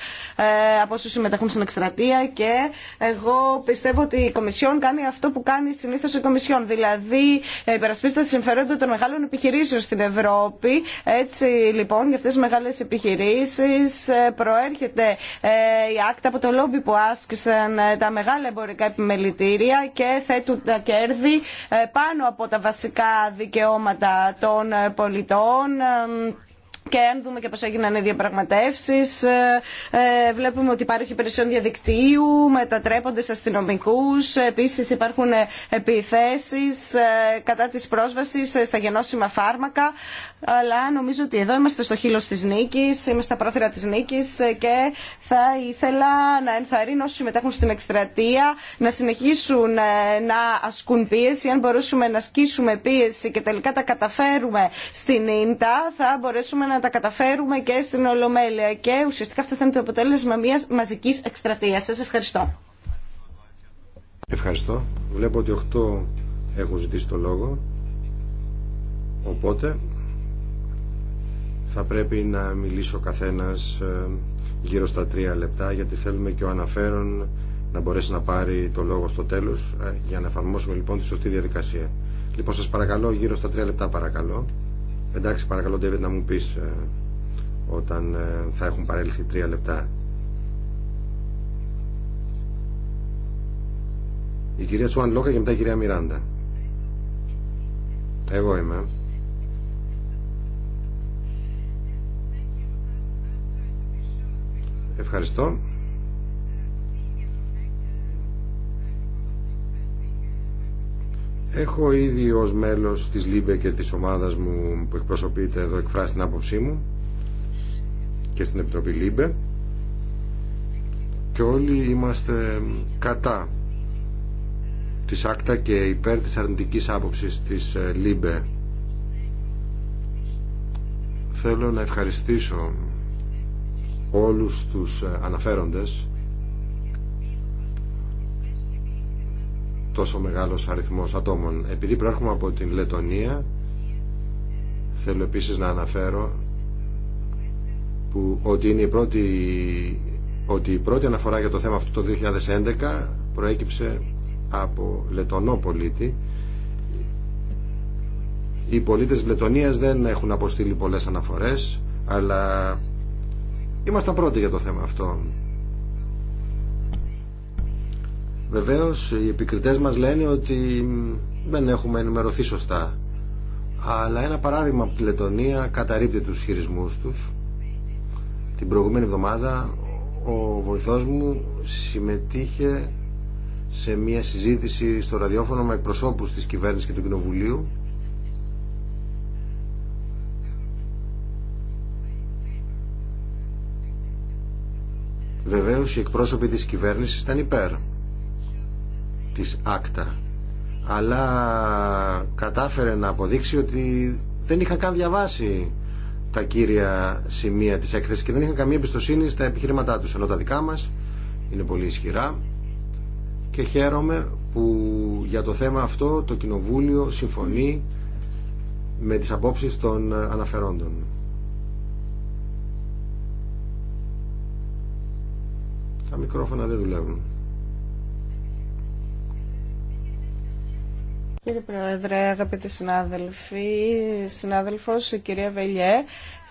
[SPEAKER 1] από όσους συμμετέχουν στην εκστρατεία και εγώ πιστεύω ότι η Κομισιόν κάνει αυτό που κάνει συνήθως η Κομισιόν δηλαδή υπερασπίζεται τα συμφέροντα των μεγάλων επιχειρήσεων στην Ευρώπη έτσι λοιπόν για αυτές τις μεγάλες επιχειρήσεις επιχειρήσεις ε, προέρχεται ε, η άκτα από το λόμπι που άσκησαν ε, τα μεγάλα εμπορικά επιμελητήρια και θέτουν τα κέρδη πάνω από τα βασικά δικαιώματα των πολιτών και αν δούμε και πώ έγιναν οι διαπραγματεύσει, ε, ε, βλέπουμε ότι υπάρχει περισσότερο διαδικτύου, μετατρέπονται σε αστυνομικού. Επίση υπάρχουν επιθέσει ε, κατά τη πρόσβαση στα γενώσιμα φάρμακα. Αλλά νομίζω ότι εδώ είμαστε στο χείλο τη νίκη, είμαστε στα πρόθυρα τη νίκη και θα ήθελα να ενθαρρύνω όσοι συμμετέχουν στην εκστρατεία να συνεχίσουν να ασκούν πίεση. Αν μπορούσαμε να ασκήσουμε πίεση και τελικά τα καταφέρουμε στην ΙΝΤΑ, θα μπορέσουμε να να τα καταφέρουμε και στην Ολομέλεια. Και ουσιαστικά αυτό θα είναι το αποτέλεσμα μια μαζική εκστρατεία. Σα ευχαριστώ.
[SPEAKER 2] Ευχαριστώ. Βλέπω ότι 8 έχουν ζητήσει το λόγο. Οπότε θα πρέπει να μιλήσω καθένας ε, γύρω στα τρία λεπτά γιατί θέλουμε και ο αναφέρον να μπορέσει να πάρει το λόγο στο τέλος ε, για να εφαρμόσουμε λοιπόν τη σωστή διαδικασία. Λοιπόν σας παρακαλώ γύρω στα τρία λεπτά παρακαλώ Εντάξει, παρακαλώ, Ντέβιτ, να μου πεις ε, όταν ε, θα έχουν παρέλθει τρία λεπτά. Η κυρία Τσουάν Λόκα και μετά η κυρία Μιράντα. Εγώ είμαι. Ευχαριστώ. Έχω ήδη ως μέλος της ΛΥΜΠΕ και της ομάδας μου που εκπροσωπείται εδώ εκφράσει την άποψή μου και στην Επιτροπή ΛΥΜΠΕ και όλοι είμαστε κατά της άκτα και υπέρ της αρνητικής άποψης της ε, ΛΥΜΠΕ. Θέλω να ευχαριστήσω όλους τους ε, αναφέροντες τόσο μεγάλος αριθμός ατόμων. Επειδή προέρχομαι από την Λετωνία, θέλω επίσης να αναφέρω που, ότι, είναι η πρώτη, ότι η πρώτη αναφορά για το θέμα αυτό το 2011 προέκυψε από Λετωνό πολίτη. Οι πολίτες της Λετωνίας δεν έχουν αποστείλει πολλές αναφορές, αλλά ήμασταν πρώτοι για το θέμα αυτό. Βεβαίως οι επικριτές μας λένε ότι δεν έχουμε ενημερωθεί σωστά. Αλλά ένα παράδειγμα από τη Λετωνία καταρρύπτει τους χειρισμούς τους. Την προηγούμενη εβδομάδα ο βοηθός μου συμμετείχε σε μια συζήτηση στο ραδιόφωνο με εκπροσώπους της κυβέρνησης και του Κοινοβουλίου Βεβαίως οι εκπρόσωποι της κυβέρνησης ήταν υπέρ της Άκτα αλλά κατάφερε να αποδείξει ότι δεν είχαν καν διαβάσει τα κύρια σημεία της έκθεσης και δεν είχαν καμία εμπιστοσύνη στα επιχειρήματά τους ενώ τα δικά μας είναι πολύ ισχυρά και χαίρομαι που για το θέμα αυτό το Κοινοβούλιο συμφωνεί με τις απόψεις των αναφερόντων. Τα μικρόφωνα δεν δουλεύουν.
[SPEAKER 1] Κύριε Πρόεδρε, αγαπητοί συνάδελφοι, συνάδελφος η κυρία Βελιέ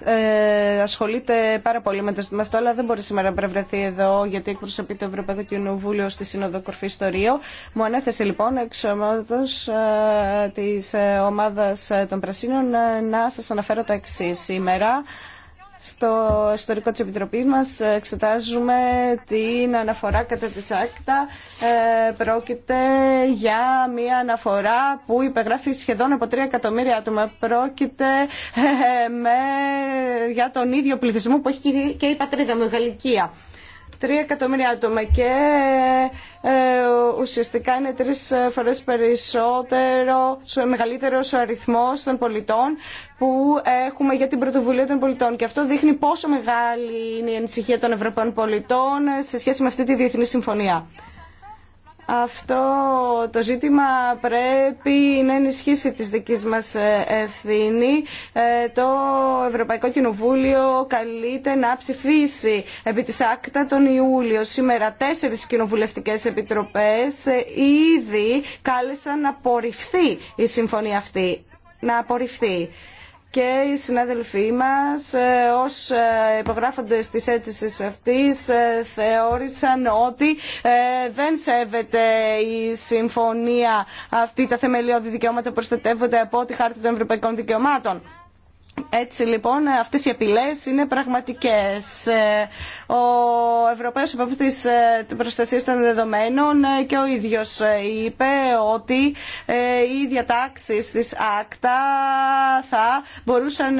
[SPEAKER 1] ε, ασχολείται πάρα πολύ με, το, αυτό, αλλά δεν μπορεί σήμερα να βρεθεί εδώ γιατί εκπροσωπεί το Ευρωπαϊκό Κοινοβούλιο στη Σύνοδο Κορφή στο Ρίο. Μου ανέθεσε λοιπόν εξ ε, της ε, ομάδας ε, των Πρασίνων ε, να σας αναφέρω το εξή σήμερα στο ιστορικό της Επιτροπής μας εξετάζουμε την αναφορά κατά της άκτα. Ε, πρόκειται για μια αναφορά που υπεγράφει σχεδόν από 3 εκατομμύρια άτομα. Πρόκειται ε, με, για τον ίδιο πληθυσμό που έχει και η πατρίδα μου, η Γαλλικία. Τρία εκατομμύρια άτομα και ε, ουσιαστικά είναι τρεις φορές περισσότερο, μεγαλύτερος ο αριθμός των πολιτών που έχουμε για την πρωτοβουλία των πολιτών. Και αυτό δείχνει πόσο μεγάλη είναι η ανησυχία των Ευρωπαίων πολιτών σε σχέση με αυτή τη Διεθνή Συμφωνία αυτό το ζήτημα πρέπει να ενισχύσει τις δικές μας ε, ευθύνη. Ε, το Ευρωπαϊκό Κοινοβούλιο καλείται να ψηφίσει επί της άκτα τον Ιούλιο. Σήμερα τέσσερις κοινοβουλευτικές επιτροπές ε, ήδη κάλεσαν να απορριφθεί η συμφωνία αυτή. Να απορριφθεί και οι συνάδελφοί μας ε, ως ε, υπογράφοντες της αίτηση αυτής ε, θεώρησαν ότι δεν σέβεται η συμφωνία αυτή τα θεμελιώδη δικαιώματα προστατεύονται από τη Χάρτη των Ευρωπαϊκών Δικαιωμάτων έτσι λοιπόν αυτές οι επιλές είναι πραγματικές. Ε, ο Ευρωπαίος Υποπτής ε, Προστασίας των Δεδομένων ε, και ο ίδιος είπε ότι οι διατάξεις της ΑΚΤΑ θα μπορούσαν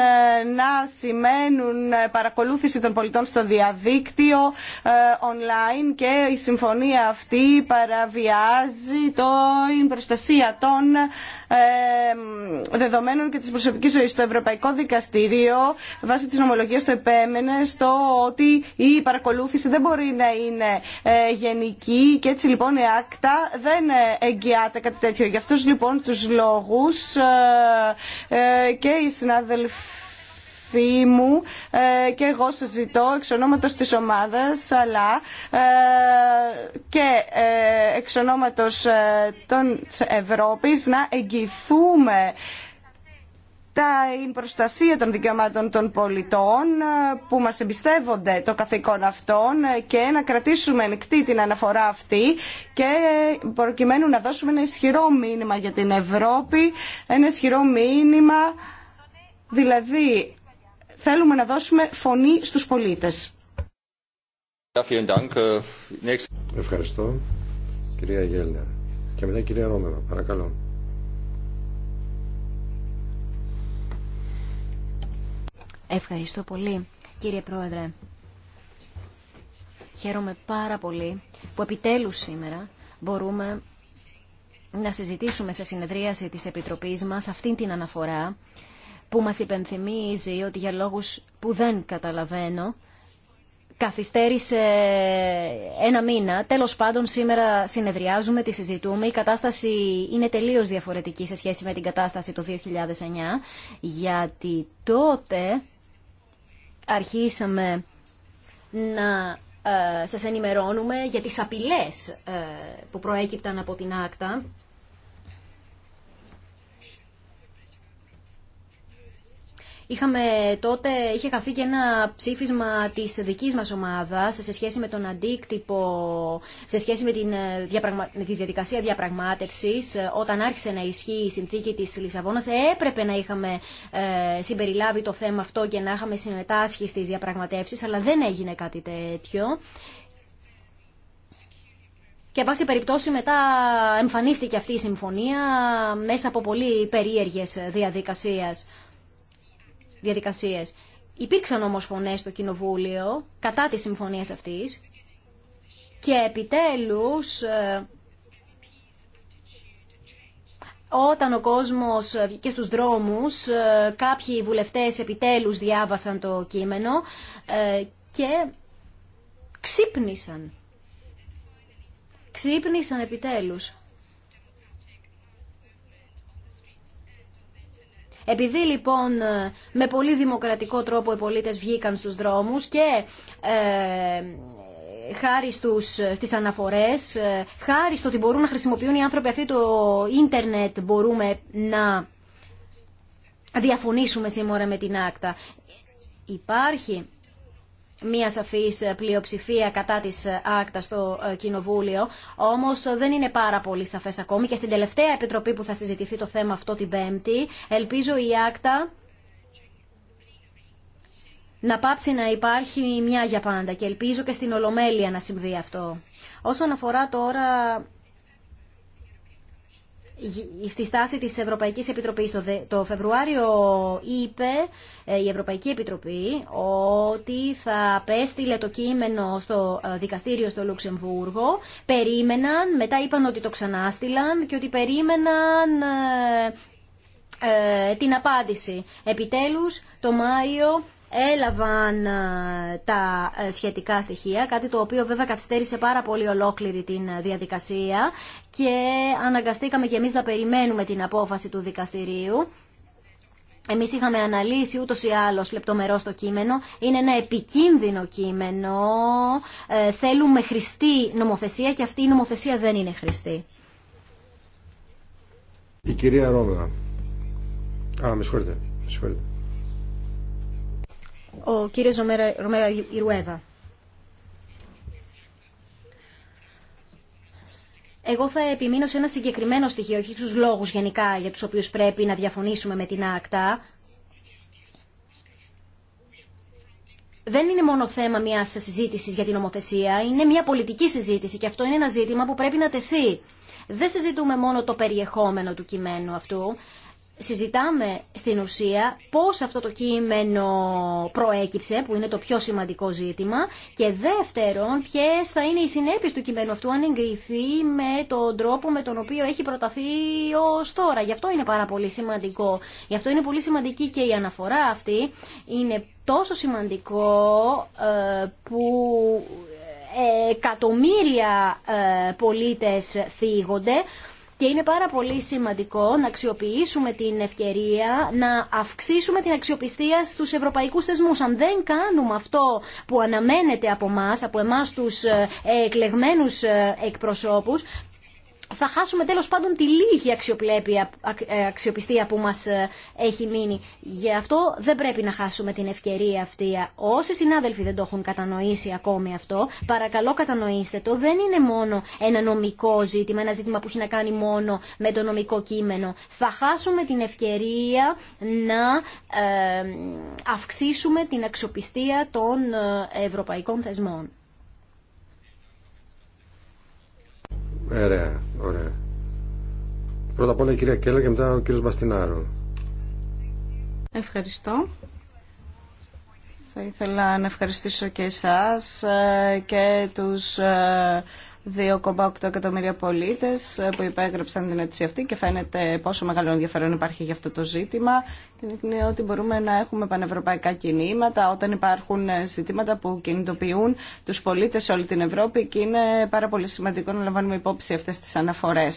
[SPEAKER 1] να σημαίνουν παρακολούθηση των πολιτών στο διαδίκτυο online και η συμφωνία αυτή παραβιάζει την προστασία των δεδομένων και της προσωπικής ζωής στο Ευρωπαϊκό δικαστήριο βάσει της νομολογίας το επέμενε στο ότι η παρακολούθηση δεν μπορεί να είναι ε, γενική και έτσι λοιπόν η άκτα δεν ε, εγγυάται κάτι τέτοιο. Γι' αυτούς λοιπόν τους λόγους ε, και οι συνάδελφοι μου και εγώ ζητώ εξ ονόματος της ομάδας αλλά και εξ ονόματος των, της Ευρώπης να εγγυηθούμε τα προστασία των δικαιωμάτων των πολιτών ε, που μας εμπιστεύονται το καθήκον αυτών ε, και να κρατήσουμε ανοιχτή την αναφορά αυτή και ε, προκειμένου να δώσουμε ένα ισχυρό μήνυμα για την Ευρώπη, ένα ισχυρό μήνυμα, δηλαδή θέλουμε να δώσουμε φωνή στους πολίτες. Äh,
[SPEAKER 2] Ευχαριστώ. Κυρία Γέλνια Και μετά κυρία Ρόμενα παρακαλώ.
[SPEAKER 4] Ευχαριστώ πολύ, κύριε Πρόεδρε. Χαίρομαι πάρα πολύ που επιτέλους σήμερα μπορούμε να συζητήσουμε σε συνεδρίαση της Επιτροπής μας αυτήν την αναφορά που μας υπενθυμίζει ότι για λόγους που δεν καταλαβαίνω καθυστέρησε ένα μήνα. Τέλος πάντων σήμερα συνεδριάζουμε, τη συζητούμε. Η κατάσταση είναι τελείως διαφορετική σε σχέση με την κατάσταση το 2009 γιατί τότε αρχίσαμε να ε, σας ενημερώνουμε για τις απειλές ε, που προέκυπταν από την άκτα Είχαμε τότε, είχε χαθεί και ένα ψήφισμα της δικής μας ομάδας σε σχέση με τον αντίκτυπο, σε σχέση με, την, ε, τη διαδικασία διαπραγμάτευσης όταν άρχισε να ισχύει η συνθήκη της Λισαβόνας. Έπρεπε να είχαμε ε, συμπεριλάβει το θέμα αυτό και να είχαμε συμμετάσχει στις διαπραγματεύσεις, αλλά δεν έγινε κάτι τέτοιο. Και βάση περιπτώσει μετά εμφανίστηκε αυτή η συμφωνία μέσα από πολύ περίεργες διαδικασίες διαδικασίες. Υπήρξαν όμω φωνέ στο Κοινοβούλιο κατά τη συμφωνία αυτής και επιτέλους ε, όταν ο κόσμος βγήκε στους δρόμους ε, κάποιοι βουλευτές επιτέλους διάβασαν το κείμενο ε, και ξύπνησαν. Ξύπνησαν επιτέλους. Επειδή λοιπόν ε, με πολύ δημοκρατικό τρόπο οι πολίτες βγήκαν στους δρόμους και ε, χάρη στους, στις αναφορές, ε, χάρη στο ότι μπορούν να χρησιμοποιούν οι άνθρωποι αυτοί το ίντερνετ μπορούμε να διαφωνήσουμε σήμερα με την άκτα. Υπάρχει μια σαφής πλειοψηφία κατά τη άκτα στο ε, Κοινοβούλιο, όμως δεν είναι πάρα πολύ σαφές ακόμη και στην τελευταία επιτροπή που θα συζητηθεί το θέμα αυτό την Πέμπτη, ελπίζω η άκτα να πάψει να υπάρχει μια για πάντα και ελπίζω και στην Ολομέλεια να συμβεί αυτό. Όσον αφορά τώρα στη στάση της Ευρωπαϊκής Επιτροπής το, Φεβρουάριο είπε ε, η Ευρωπαϊκή Επιτροπή ότι θα απέστειλε το κείμενο στο ε, δικαστήριο στο Λουξεμβούργο. Περίμεναν, μετά είπαν ότι το ξανάστηλαν και ότι περίμεναν ε, την απάντηση. Επιτέλους το Μάιο έλαβαν ε, τα ε, σχετικά στοιχεία, κάτι το οποίο βέβαια καθυστέρησε πάρα πολύ ολόκληρη την ε, διαδικασία και αναγκαστήκαμε και εμείς να περιμένουμε την απόφαση του δικαστηρίου. Εμείς είχαμε αναλύσει ούτως ή άλλως λεπτομερώς το κείμενο. Είναι ένα επικίνδυνο κείμενο. Ε, θέλουμε χρηστή νομοθεσία και αυτή η νομοθεσία δεν κειμενο θελουμε χρηστη χρηστή.
[SPEAKER 2] Η κυρία η κυρια Α, με συγχωρείτε. συγχωρείτε
[SPEAKER 4] ο κύριος Ρωμέρα Ιρουέβα. Εγώ θα επιμείνω σε ένα συγκεκριμένο στοιχείο, όχι στους λόγους γενικά για τους οποίους πρέπει να διαφωνήσουμε με την ΑΚΤΑ. Δεν είναι μόνο θέμα μιας συζήτηση για την ομοθεσία, είναι μια πολιτική συζήτηση και αυτό είναι ένα ζήτημα που πρέπει να τεθεί. Δεν συζητούμε μόνο το περιεχόμενο του κειμένου αυτού, συζητάμε στην ουσία πώς αυτό το κείμενο προέκυψε, που είναι το πιο σημαντικό ζήτημα, και δεύτερον, ποιες θα είναι οι συνέπειες του κειμένου αυτού αν εγκριθεί με τον τρόπο με τον οποίο έχει προταθεί ω τώρα. Γι' αυτό είναι πάρα πολύ σημαντικό. Γι' αυτό είναι πολύ σημαντική και η αναφορά αυτή. Είναι τόσο σημαντικό ε, που ε, εκατομμύρια ε, πολίτες θίγονται και είναι πάρα πολύ σημαντικό να αξιοποιήσουμε την ευκαιρία να αυξήσουμε την αξιοπιστία στους ευρωπαϊκούς θεσμούς. Αν δεν κάνουμε αυτό που αναμένεται από εμά, από εμάς τους ε, εκλεγμένους ε, εκπροσώπους, θα χάσουμε τέλος πάντων τη λίγη ε, αξιοπιστία που μας ε, έχει μείνει. Γι' αυτό δεν πρέπει να χάσουμε την ευκαιρία αυτή. Όσοι συνάδελφοι δεν το έχουν κατανοήσει ακόμη αυτό, παρακαλώ κατανοήστε το. Δεν είναι μόνο ένα νομικό ζήτημα, ένα ζήτημα που έχει να κάνει μόνο με το νομικό κείμενο. Θα χάσουμε την ευκαιρία να ε, αυξήσουμε την αξιοπιστία των ευρωπαϊκών θεσμών.
[SPEAKER 2] Ωραία, ε, ωραία. Πρώτα απ' όλα η κυρία Κέλλα και μετά ο κύριος Μπαστινάρο.
[SPEAKER 1] Ευχαριστώ. Θα ήθελα να ευχαριστήσω και εσάς ε, και τους ε, 2,8 εκατομμύρια πολίτε ε, που υπέγραψαν την αίτηση αυτή και φαίνεται πόσο μεγάλο ενδιαφέρον υπάρχει για αυτό το ζήτημα. δείχνει ότι μπορούμε να έχουμε πανευρωπαϊκά κινήματα όταν υπάρχουν ε, ζητήματα που κινητοποιούν του πολίτε σε όλη την Ευρώπη και είναι πάρα πολύ σημαντικό να λαμβάνουμε υπόψη αυτέ τι αναφορέ,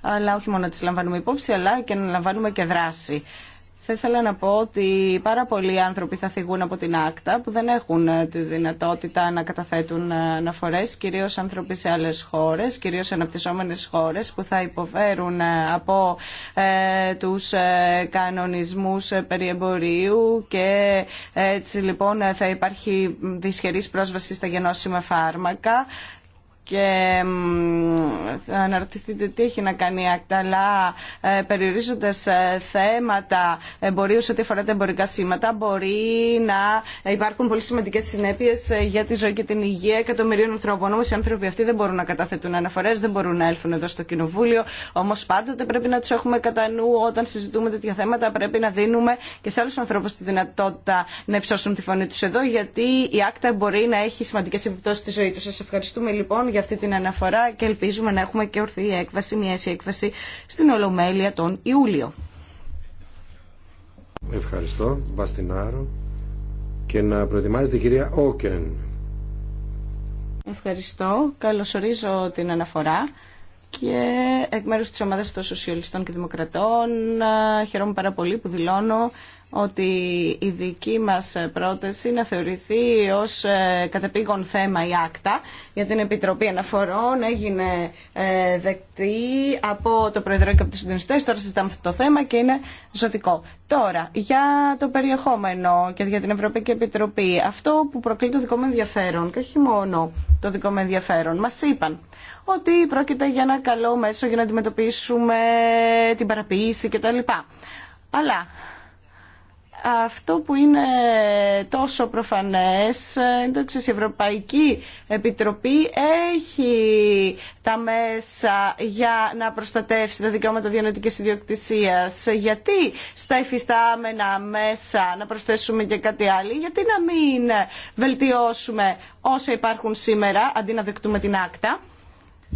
[SPEAKER 1] Αλλά όχι μόνο να τι λαμβάνουμε υπόψη αλλά και να λαμβάνουμε και δράση. Θα ήθελα να πω ότι πάρα πολλοί άνθρωποι θα θυγούν από την άκτα που δεν έχουν ε, τη δυνατότητα να καταθέτουν ε, αναφορές, κυρίως άνθρωποι σε άλλες χώρες, κυρίως αναπτυσσόμενες χώρες που θα υποφέρουν ε, από τους κανονισμούς περί και έτσι λοιπόν θα υπάρχει δυσχερής πρόσβαση στα γενώσιμα φάρμακα και θα αναρωτηθείτε τι έχει να κάνει η ΑΚΤΑ, αλλά ε, περιορίζοντας ε, θέματα εμπορίου σε ό,τι αφορά τα εμπορικά σήματα, μπορεί να υπάρχουν πολύ σημαντικές συνέπειες ε, για τη ζωή και την υγεία εκατομμυρίων ανθρώπων. Όμως οι άνθρωποι αυτοί δεν μπορούν να καταθέτουν αναφορές, δεν μπορούν να έλθουν εδώ στο Κοινοβούλιο, όμως πάντοτε πρέπει να τους έχουμε κατά νου όταν συζητούμε τέτοια θέματα, πρέπει να δίνουμε και σε άλλους ανθρώπους τη δυνατότητα να υψώσουν τη φωνή τους εδώ, γιατί η ΑΚΤΑ μπορεί να έχει σημαντικές επιπτώσεις στη ζωή τους. Σας ευχαριστούμε λοιπόν για αυτή την αναφορά και ελπίζουμε να έχουμε και ορθή έκβαση, μια αίσια έκβαση στην Ολομέλεια τον Ιούλιο.
[SPEAKER 2] Ευχαριστώ, Μπαστινάρο. Και να προετοιμάζεται η κυρία Όκεν.
[SPEAKER 1] Ευχαριστώ. Καλωσορίζω την αναφορά και εκ μέρους της ομάδας των Σοσιαλιστών και Δημοκρατών χαιρόμαι πάρα πολύ που δηλώνω ότι η δική μας πρόταση να θεωρηθεί ως ε, κατεπήγον θέμα η άκτα για την Επιτροπή Αναφορών έγινε ε, δεκτή από το Προεδρό και από τους συντονιστές. Τώρα συζητάμε αυτό το θέμα και είναι ζωτικό. Τώρα, για το περιεχόμενο και για την Ευρωπαϊκή Επιτροπή, αυτό που προκλεί το δικό μου ενδιαφέρον και όχι μόνο το δικό μου ενδιαφέρον, μας είπαν ότι πρόκειται για ένα καλό μέσο για να αντιμετωπίσουμε την παραποίηση κτλ. Αλλά αυτό που είναι τόσο προφανές είναι Η Ευρωπαϊκή Επιτροπή έχει τα μέσα για να προστατεύσει τα δικαιώματα διανοητικής ιδιοκτησίας. Γιατί στα υφιστάμενα μέσα να προσθέσουμε και κάτι άλλο, γιατί να μην βελτιώσουμε όσα υπάρχουν σήμερα αντί να δεκτούμε την άκτα.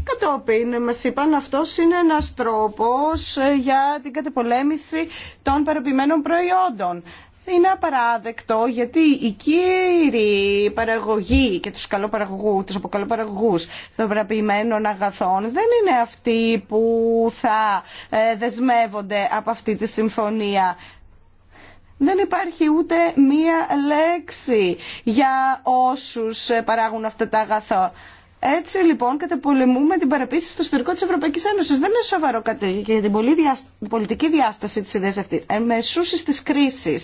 [SPEAKER 1] Κατόπιν μα είπαν αυτό είναι ένας τρόπος ε, για την κατεπολέμηση των παροπημένων προϊόντων. Είναι απαράδεκτο γιατί οι κύριοι παραγωγοί και τους καλοπαραγωγούς, τους αποκαλοπαραγωγούς των παραποιημένων αγαθών δεν είναι αυτοί που θα ε, δεσμεύονται από αυτή τη συμφωνία. Δεν υπάρχει ούτε μία λέξη για όσους παράγουν αυτά τα αγαθά. Έτσι λοιπόν καταπολεμούμε την παραπίστηση στο ιστορικό τη Ευρωπαϊκή Ένωση. Δεν είναι σοβαρό κάτι για την πολιτική διάσταση τη ιδέα αυτή. Εμεσούσει τη κρίση.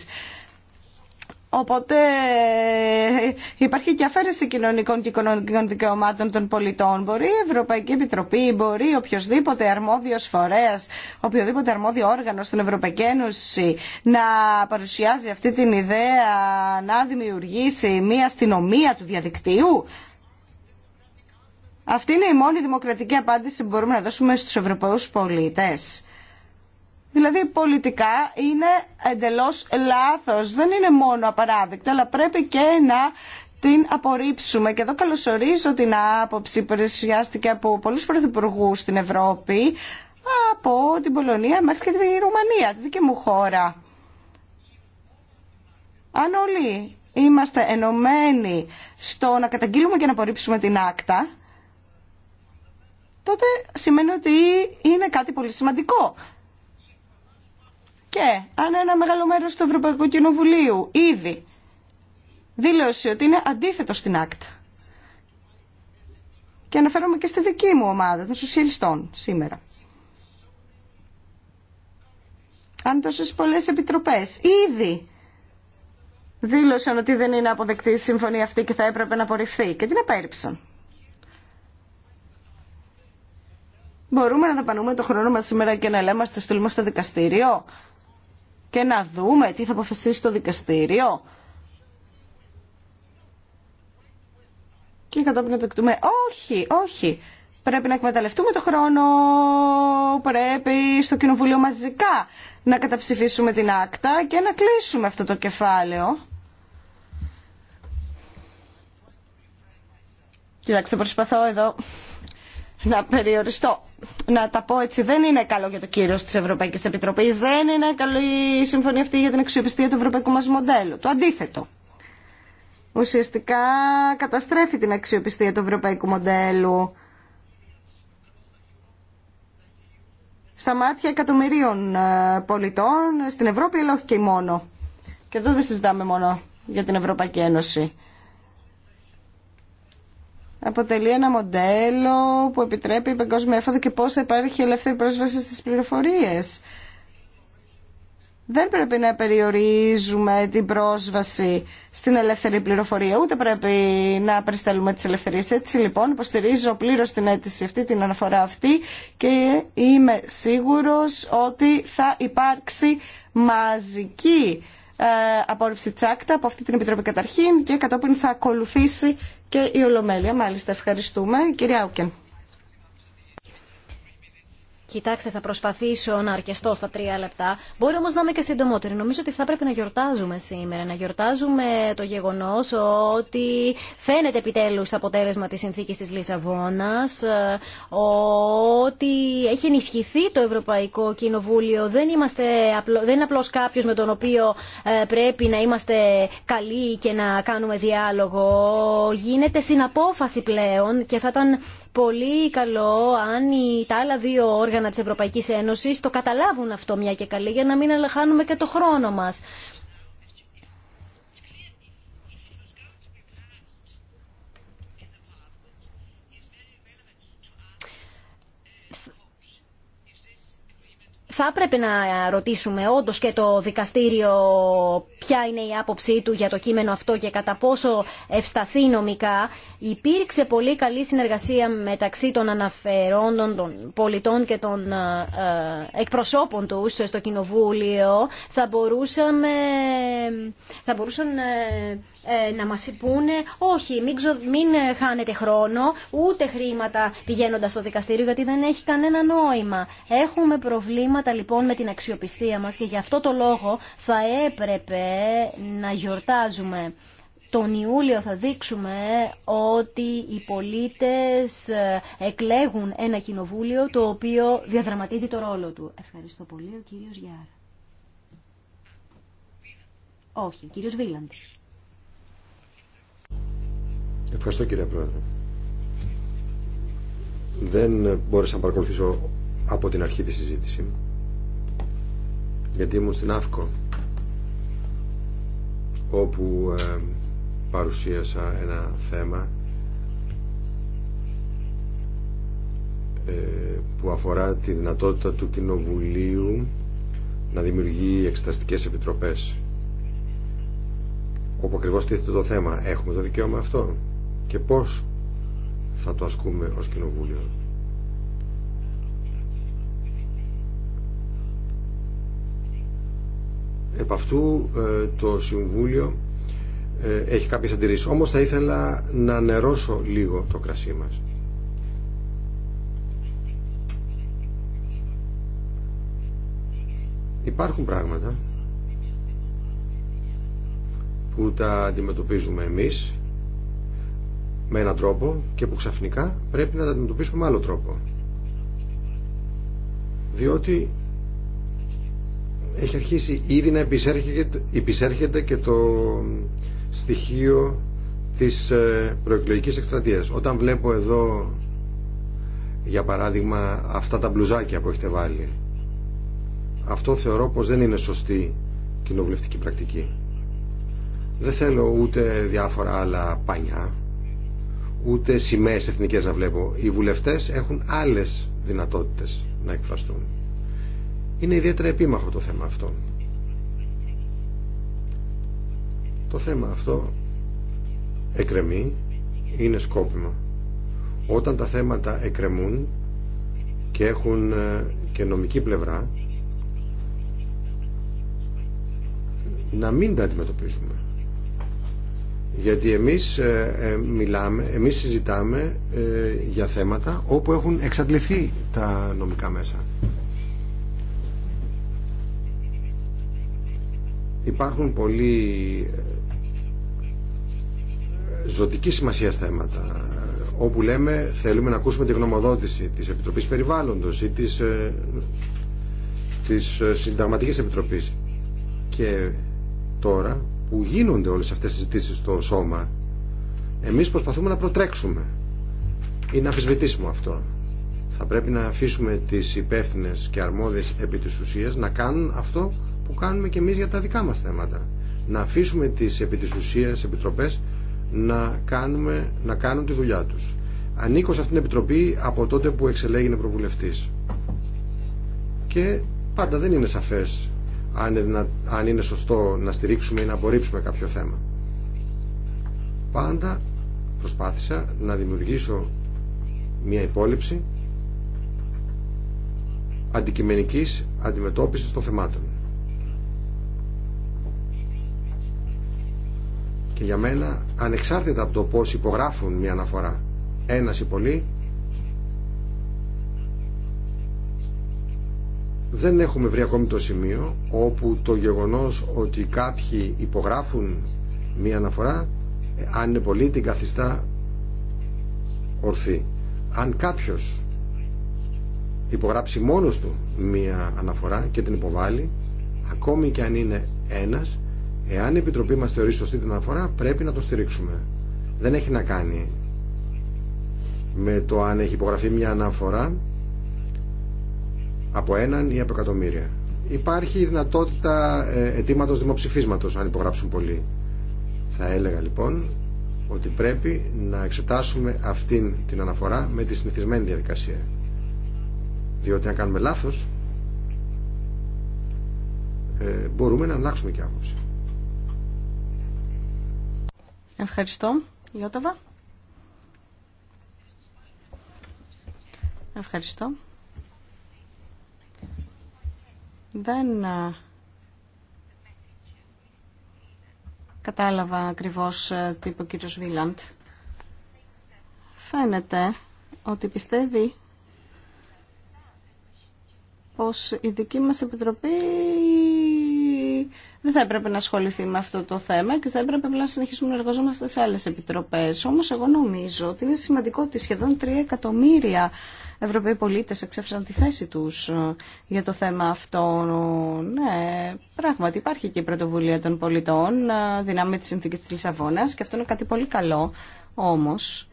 [SPEAKER 1] Οπότε ε, υπάρχει και αφαίρεση κοινωνικών και οικονομικών δικαιωμάτων των πολιτών. Μπορεί η Ευρωπαϊκή Επιτροπή, μπορεί οποιοδήποτε αρμόδιο φορέα, οποιοδήποτε αρμόδιο όργανο στην Ευρωπαϊκή Ένωση να παρουσιάζει αυτή την ιδέα να δημιουργήσει μια αστυνομία του διαδικτύου. Αυτή είναι η μόνη δημοκρατική απάντηση που μπορούμε να δώσουμε στους Ευρωπαίους πολίτες. Δηλαδή πολιτικά είναι εντελώς λάθος. Δεν είναι μόνο απαράδεκτο, αλλά πρέπει και να την απορρίψουμε. Και εδώ καλωσορίζω την άποψη που παρουσιάστηκε από πολλούς πρωθυπουργούς στην Ευρώπη, από την Πολωνία μέχρι και τη Ρουμανία, τη δική μου χώρα. Αν όλοι είμαστε ενωμένοι στο να καταγγείλουμε και να απορρίψουμε την άκτα, τότε σημαίνει ότι είναι κάτι πολύ σημαντικό. Και αν ένα μεγάλο μέρος του Ευρωπαϊκού Κοινοβουλίου ήδη δήλωσε ότι είναι αντίθετο στην άκτα. Και αναφέρομαι και στη δική μου ομάδα των σοσιαλιστών σήμερα. Αν τόσες πολλές επιτροπές ήδη δήλωσαν ότι δεν είναι αποδεκτή η συμφωνία αυτή και θα έπρεπε να απορριφθεί και την απέρριψαν. Μπορούμε να δαπανούμε το χρόνο μας σήμερα και να λέμε στο τα στείλουμε στο δικαστήριο και να δούμε τι θα αποφασίσει το δικαστήριο. Και κατόπιν να το εκτούμε. Όχι, όχι. Πρέπει να εκμεταλλευτούμε το χρόνο, πρέπει στο Κοινοβούλιο μαζικά να καταψηφίσουμε την άκτα και να κλείσουμε αυτό το κεφάλαιο. Κοιτάξτε, προσπαθώ εδώ να περιοριστώ. Να τα πω έτσι, δεν είναι καλό για το κύριο τη Ευρωπαϊκή Επιτροπή, δεν είναι καλή η συμφωνία αυτή για την αξιοπιστία του ευρωπαϊκού μα μοντέλου. Το αντίθετο. Ουσιαστικά καταστρέφει την αξιοπιστία του ευρωπαϊκού μοντέλου στα μάτια εκατομμυρίων ε, πολιτών στην Ευρώπη, αλλά όχι και μόνο. Και εδώ δεν συζητάμε μόνο για την Ευρωπαϊκή Ένωση αποτελεί ένα μοντέλο που επιτρέπει παγκόσμια έφοδο και πώς θα υπάρχει ελεύθερη πρόσβαση στις πληροφορίες. Δεν πρέπει να περιορίζουμε την πρόσβαση στην ελεύθερη πληροφορία, ούτε πρέπει να περιστέλουμε τις ελευθερίες. Έτσι λοιπόν υποστηρίζω πλήρως την αίτηση αυτή, την αναφορά αυτή και είμαι σίγουρος ότι θα υπάρξει μαζική ε, απόρριψη τσάκτα από αυτή την Επιτροπή καταρχήν και κατόπιν θα ακολουθήσει και η Ολομέλεια. Μάλιστα, ευχαριστούμε. Κυρία Άουκεν.
[SPEAKER 4] Κοιτάξτε, θα προσπαθήσω να αρκεστώ στα τρία λεπτά. Μπορεί όμω να είμαι και συντομότερη. Νομίζω ότι θα πρέπει να γιορτάζουμε σήμερα. Να γιορτάζουμε το γεγονό ότι φαίνεται επιτέλου το αποτέλεσμα τη συνθήκη τη Λισαβόνα, ε, ότι έχει ενισχυθεί το Ευρωπαϊκό Κοινοβούλιο. Δεν, είμαστε, δεν είναι απλώ κάποιο με τον οποίο ε, πρέπει να είμαστε καλοί και να κάνουμε διάλογο. Γίνεται συναπόφαση πλέον και θα ήταν πολύ καλό αν οι, τα άλλα δύο όργανα της Ευρωπαϊκής Ένωσης το καταλάβουν αυτό μια και καλή για να μην αλλαχάνουμε και το χρόνο μας. θα έπρεπε να ρωτήσουμε όντως και το δικαστήριο ποια είναι η άποψή του για το κείμενο αυτό και κατά πόσο ευσταθεί νομικά. Υπήρξε πολύ καλή συνεργασία μεταξύ των αναφερόντων, των πολιτών και των ε, εκπροσώπων τους στο Κοινοβούλιο. Θα, μπορούσαμε, θα μπορούσαν ε, ε, να μας πούνε όχι, μην, ξο... μην ε, χάνετε χρόνο ούτε χρήματα πηγαίνοντας στο δικαστήριο γιατί δεν έχει κανένα νόημα. Έχουμε προβλήματα λοιπόν με την αξιοπιστία μας και γι' αυτό το λόγο θα έπρεπε να γιορτάζουμε. Τον Ιούλιο θα δείξουμε ότι οι πολίτες ε, εκλέγουν ένα κοινοβούλιο το οποίο διαδραματίζει το ρόλο του. Ευχαριστώ πολύ, ο κύριος Γιάρα. Όχι, ο κύριος Βίλαντ.
[SPEAKER 2] Ευχαριστώ κύριε Πρόεδρε. Δεν μπόρεσα να παρακολουθήσω από την αρχή τη συζήτηση γιατί ήμουν στην ΑΦΚΟ όπου ε, παρουσίασα ένα θέμα ε, που αφορά τη δυνατότητα του Κοινοβουλίου να δημιουργεί εξεταστικές επιτροπές όπου ακριβώ τίθεται το θέμα. Έχουμε το δικαίωμα αυτό και πώς θα το ασκούμε ως κοινοβούλιο. Επ' αυτού ε, το Συμβούλιο ε, έχει κάποιες αντιρρήσεις. Όμως θα ήθελα να νερώσω λίγο το κρασί μας. Υπάρχουν πράγματα που τα αντιμετωπίζουμε εμείς με έναν τρόπο και που ξαφνικά πρέπει να τα αντιμετωπίσουμε με άλλο τρόπο. Διότι έχει αρχίσει ήδη να επισέρχεται και το στοιχείο της ε, προεκλογικής εκστρατείας. Όταν βλέπω εδώ, για παράδειγμα, αυτά τα μπλουζάκια που έχετε βάλει, αυτό θεωρώ πως δεν είναι σωστή κοινοβουλευτική πρακτική. Δεν θέλω ούτε διάφορα άλλα πανιά, ούτε σημαίες εθνικές να βλέπω. Οι βουλευτές έχουν άλλες δυνατότητες να εκφραστούν. Είναι ιδιαίτερα επίμαχο το θέμα αυτό. Το θέμα αυτό εκρεμεί, είναι σκόπιμο. Όταν τα θέματα εκρεμούν και έχουν ε, και νομική πλευρά, να μην τα αντιμετωπίζουμε. Γιατί εμείς, ε, ε, μιλάμε, εμείς συζητάμε ε, για θέματα όπου έχουν εξαντληθεί τα νομικά μέσα. Υπάρχουν πολλοί ζωτική σημασία θέματα όπου λέμε θέλουμε να ακούσουμε τη γνωμοδότηση της Επιτροπής Περιβάλλοντος ή της, της Συνταγματικής Επιτροπής και τώρα που γίνονται όλες αυτές οι συζητήσεις στο σώμα, εμείς προσπαθούμε να προτρέξουμε. να αμφισβητήσιμο αυτό. Θα πρέπει να αφήσουμε τις υπεύθυνε και αρμόδιες επί να κάνουν αυτό που κάνουμε και εμείς για τα δικά μας θέματα. Να αφήσουμε τις επί της επιτροπές να, κάνουμε, να κάνουν τη δουλειά τους. Ανήκω σε αυτήν την επιτροπή από τότε που εξελέγει προβουλευτή. Και πάντα δεν είναι σαφές αν είναι σωστό να στηρίξουμε ή να απορρίψουμε κάποιο θέμα. Πάντα προσπάθησα να δημιουργήσω μια υπόλοιψη αντικειμενικής αντιμετώπισης των θεμάτων. Και για μένα, ανεξάρτητα από το πώς υπογράφουν μια αναφορά ένας ή πολλοί, δεν έχουμε βρει ακόμη το σημείο όπου το γεγονός ότι κάποιοι υπογράφουν μία αναφορά αν είναι την καθιστά ορθή. Αν κάποιος υπογράψει μόνος του μία αναφορά και την υποβάλει ακόμη και αν είναι ένας εάν η Επιτροπή μας θεωρεί σωστή την αναφορά πρέπει να το στηρίξουμε. Δεν έχει να κάνει με το αν έχει υπογραφεί μία αναφορά από έναν ή από εκατομμύρια. Υπάρχει η δυνατότητα αιτήματο ε, δημοψηφίσματος αν υπογράψουν πολλοί. Θα έλεγα λοιπόν ότι πρέπει να εξετάσουμε αυτήν την αναφορά με τη συνηθισμένη διαδικασία. Διότι αν κάνουμε λάθος ε, μπορούμε να αλλάξουμε και άποψη.
[SPEAKER 1] Ευχαριστώ. Ευχαριστώ. Δεν ε, κατάλαβα ακριβώς ε, τι είπε ο κύριος Βίλαντ. Φαίνεται ότι πιστεύει πως η δική μας Επιτροπή δεν θα έπρεπε να ασχοληθεί με αυτό το θέμα και θα έπρεπε να συνεχίσουμε να εργαζόμαστε σε άλλες επιτροπές. Όμως εγώ νομίζω ότι είναι σημαντικό ότι σχεδόν 3 εκατομμύρια Ευρωπαίοι πολίτες εξέφρασαν τη θέση τους ε, για το θέμα αυτό. Ναι, πράγματι υπάρχει και η πρωτοβουλία των πολιτών, ε, δυνάμει τη συνθήκη της Λισαβόνας και αυτό είναι κάτι πολύ καλό. Όμως,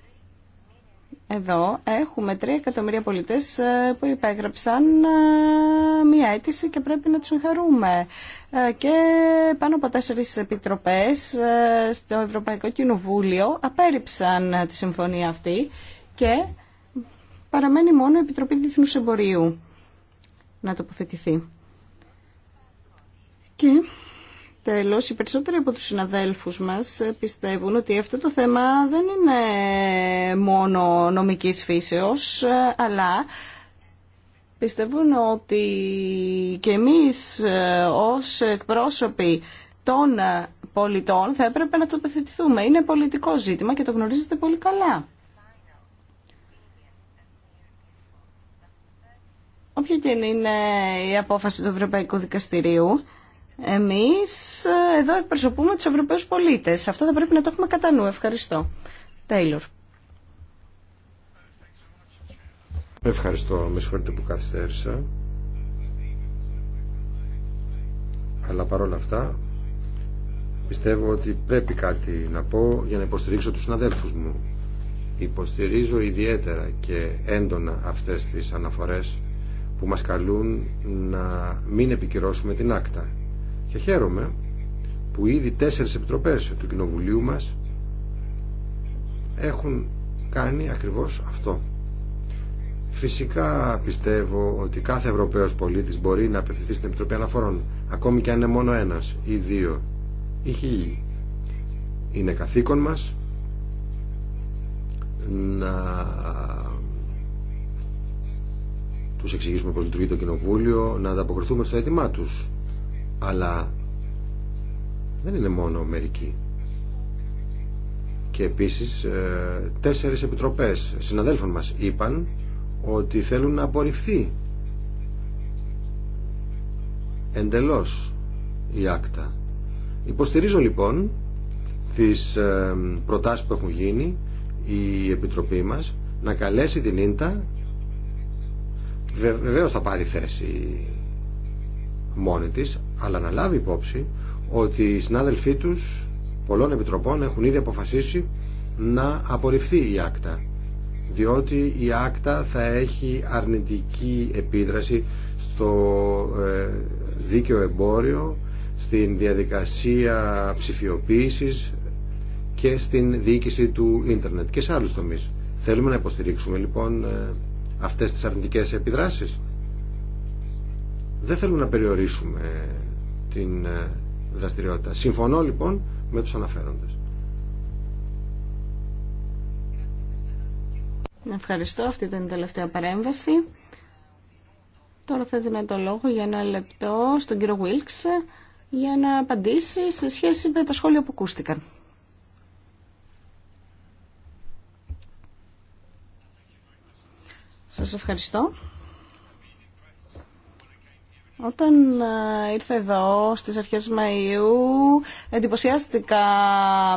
[SPEAKER 1] εδώ έχουμε τρία εκατομμύρια πολίτες ε, που υπέγραψαν μία αίτηση και πρέπει να τους χαρούμε. Και πάνω από τέσσερις επιτροπές στο Ευρωπαϊκό Κοινοβούλιο απέρριψαν τη συμφωνία αυτή και παραμένει μόνο η Επιτροπή Διεθνούς Εμπορίου να τοποθετηθεί. Και τέλος, οι περισσότεροι από τους συναδέλφους μας πιστεύουν ότι αυτό το θέμα δεν είναι μόνο νομικής φύσεως, αλλά πιστεύουν ότι και εμείς ε, ως εκπρόσωποι των πολιτών θα έπρεπε να τοποθετηθούμε. Είναι πολιτικό ζήτημα και το γνωρίζετε πολύ καλά. Όποια και είναι η απόφαση του Ευρωπαϊκού Δικαστηρίου, εμείς ε, εδώ εκπροσωπούμε τους Ευρωπαίους πολίτες. Αυτό θα πρέπει να το έχουμε κατά νου. Ευχαριστώ. Τέιλορ.
[SPEAKER 2] Ευχαριστώ. Με συγχωρείτε που καθυστέρησα. Αλλά παρόλα αυτά πιστεύω ότι πρέπει κάτι να πω για να υποστηρίξω τους συναδέλφους μου. Υποστηρίζω ιδιαίτερα και έντονα αυτές τις αναφορές που μας καλούν να μην επικυρώσουμε την άκτα. Και χαίρομαι που ήδη τέσσερις επιτροπές του Κοινοβουλίου μας έχουν κάνει ακριβώς αυτό. Φυσικά πιστεύω ότι κάθε Ευρωπαίος πολίτης μπορεί να απευθυνθεί στην Επιτροπή Αναφορών, ακόμη και αν είναι μόνο ένας ή δύο ή χίλιοι. Είναι καθήκον μας να τους εξηγήσουμε πώς λειτουργεί το κοινοβούλιο, να ανταποκριθούμε στο αίτημά τους. Αλλά δεν είναι μόνο μερικοί. Και επίσης ε, τέσσερις επιτροπές συναδέλφων μας είπαν ότι θέλουν να απορριφθεί εντελώς η άκτα. Υποστηρίζω λοιπόν τις ε, προτάσεις που έχουν γίνει η Επιτροπή μας να καλέσει την Ίντα Βεβαίω θα πάρει θέση μόνη της, αλλά να λάβει υπόψη ότι οι συνάδελφοί τους πολλών επιτροπών έχουν ήδη αποφασίσει να απορριφθεί η άκτα διότι η άκτα θα έχει αρνητική επίδραση στο ε, δίκαιο εμπόριο, στην διαδικασία ψηφιοποίησης και στην διοίκηση του ίντερνετ και σε άλλους τομείς. Θέλουμε να υποστηρίξουμε λοιπόν ε, αυτές τις αρνητικές επιδράσεις. Δεν θέλουμε να περιορίσουμε την ε, δραστηριότητα. Συμφωνώ λοιπόν με τους αναφέροντες.
[SPEAKER 1] Ευχαριστώ. Αυτή ήταν η τελευταία παρέμβαση. Τώρα θα δίνω το λόγο για ένα λεπτό στον κύριο Βίλξ για να απαντήσει σε σχέση με τα σχόλια που ακούστηκαν. Σας ευχαριστώ. Όταν ε, ήρθε εδώ στις αρχές Μαΐου εντυπωσιάστηκα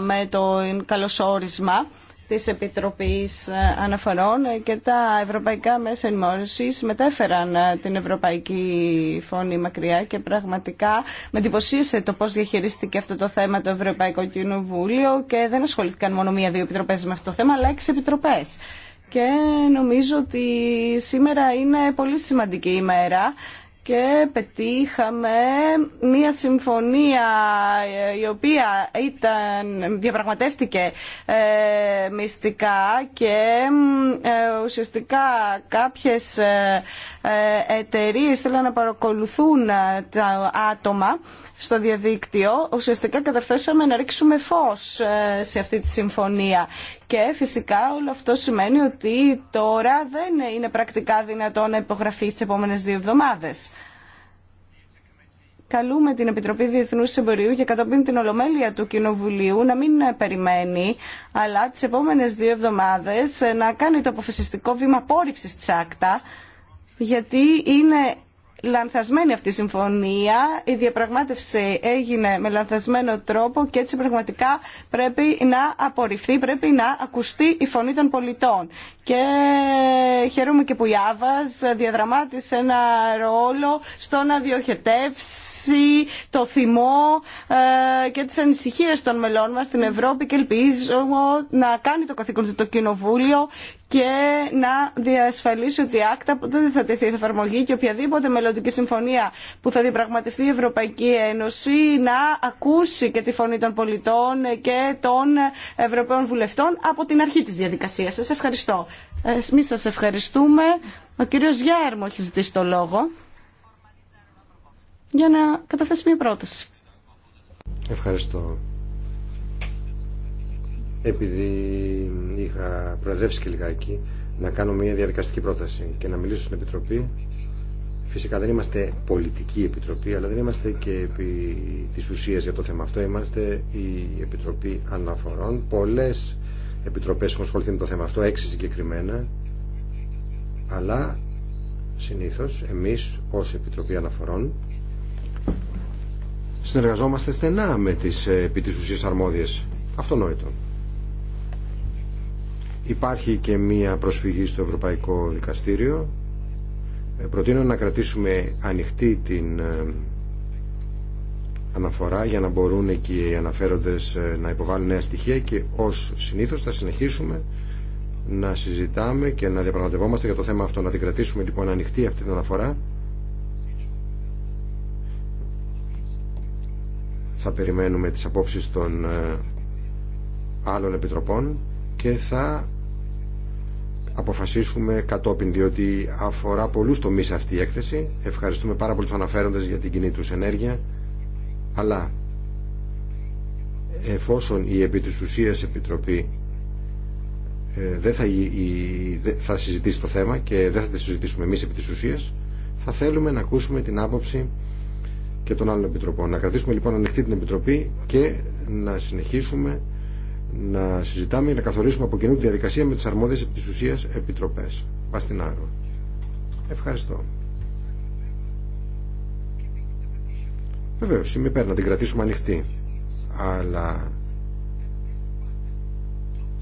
[SPEAKER 1] με το καλωσόρισμα της Επιτροπής ε, Αναφορών και τα ευρωπαϊκά μέσα ενημέρωσης μετέφεραν ε, την ευρωπαϊκή φωνή μακριά και πραγματικά με εντυπωσίασε το πώς διαχειρίστηκε αυτό το θέμα το Ευρωπαϊκό Κοινοβούλιο και δεν ασχολήθηκαν μόνο μία-δύο επιτροπές με αυτό το θέμα αλλά έξι επιτροπές και νομίζω ότι σήμερα είναι πολύ σημαντική ημέρα και πετύχαμε μία συμφωνία ε, η οποία ήταν, διαπραγματεύτηκε ε, μυστικά και ε, ουσιαστικά κάποιες ε, εταιρείες να παρακολουθούν τα άτομα στο διαδίκτυο. Ουσιαστικά καταφέσαμε να ρίξουμε φως σε αυτή τη συμφωνία και φυσικά όλο αυτό σημαίνει ότι τώρα δεν είναι πρακτικά δυνατόν να υπογραφεί στις επόμενε δύο εβδομάδε. Καλούμε την Επιτροπή Διεθνού Εμπορίου και κατόπιν την Ολομέλεια του Κοινοβουλίου να μην περιμένει, αλλά τι επόμενε δύο εβδομάδε να κάνει το αποφασιστικό βήμα απόρριψη τη άκτα, γιατί είναι λανθασμένη αυτή η συμφωνία, η διαπραγμάτευση έγινε με λανθασμένο τρόπο και έτσι πραγματικά πρέπει να απορριφθεί, πρέπει να ακουστεί η φωνή των πολιτών. Και χαίρομαι και που η Άβας διαδραμάτισε ένα ρόλο στο να διοχετεύσει το θυμό ε, και τις ανησυχίες των μελών μας στην Ευρώπη και ελπίζω να κάνει το καθήκον του το Κοινοβούλιο και να διασφαλίσει ότι η άκτα δεν θα τεθεί εφαρμογή και οποιαδήποτε μελλοντική συμφωνία που θα διαπραγματευτεί η Ευρωπαϊκή Ένωση να ακούσει και τη φωνή των πολιτών και των Ευρωπαίων Βουλευτών από την αρχή της διαδικασίας. Σας ευχαριστώ. Ε, εμείς σας ευχαριστούμε. Ο κύριος Γιάρμο έχει ζητήσει το λόγο για να καταθέσει μια πρόταση.
[SPEAKER 2] Ευχαριστώ επειδή είχα προεδρεύσει και λιγάκι, να κάνω μια διαδικαστική πρόταση και να μιλήσω στην Επιτροπή. Φυσικά δεν είμαστε πολιτική επιτροπή, αλλά δεν είμαστε και επί της ουσίας για το θέμα αυτό. Είμαστε η Επιτροπή Αναφορών. Πολλές επιτροπές έχουν ασχοληθεί με το θέμα αυτό, έξι συγκεκριμένα. Αλλά συνήθως εμείς ως Επιτροπή Αναφορών συνεργαζόμαστε στενά με τις επί της ουσίας αρμόδιες. Αυτονόητο. Υπάρχει και μία προσφυγή στο Ευρωπαϊκό Δικαστήριο. Ε, προτείνω να κρατήσουμε ανοιχτή την ε, αναφορά για να μπορούν και οι αναφέροντες ε, να υποβάλουν νέα στοιχεία και ως συνήθως θα συνεχίσουμε να συζητάμε και να διαπραγματευόμαστε για το θέμα αυτό. Να την κρατήσουμε λοιπόν ανοιχτή αυτή την αναφορά. Θα περιμένουμε τις απόψεις των άλλων επιτροπών και θα αποφασίσουμε κατόπιν διότι αφορά πολλούς τομείς αυτή η έκθεση ευχαριστούμε πάρα πολύ τους αναφέροντες για την κοινή τους ενέργεια αλλά εφόσον η επί της ουσίας Επιτροπή ε, δεν θα, η, θα συζητήσει το θέμα και δεν θα τη συζητήσουμε εμείς επί της ουσίας θα θέλουμε να ακούσουμε την άποψη και των άλλων επιτροπών. Να κρατήσουμε λοιπόν ανοιχτή την επιτροπή και να συνεχίσουμε να συζητάμε και να καθορίσουμε από κοινού τη διαδικασία με τις αρμόδιες της ουσίας επιτροπές. Παστινάρο. Ευχαριστώ. Βεβαίω, είμαι υπέρ να την κρατήσουμε ανοιχτή. Αλλά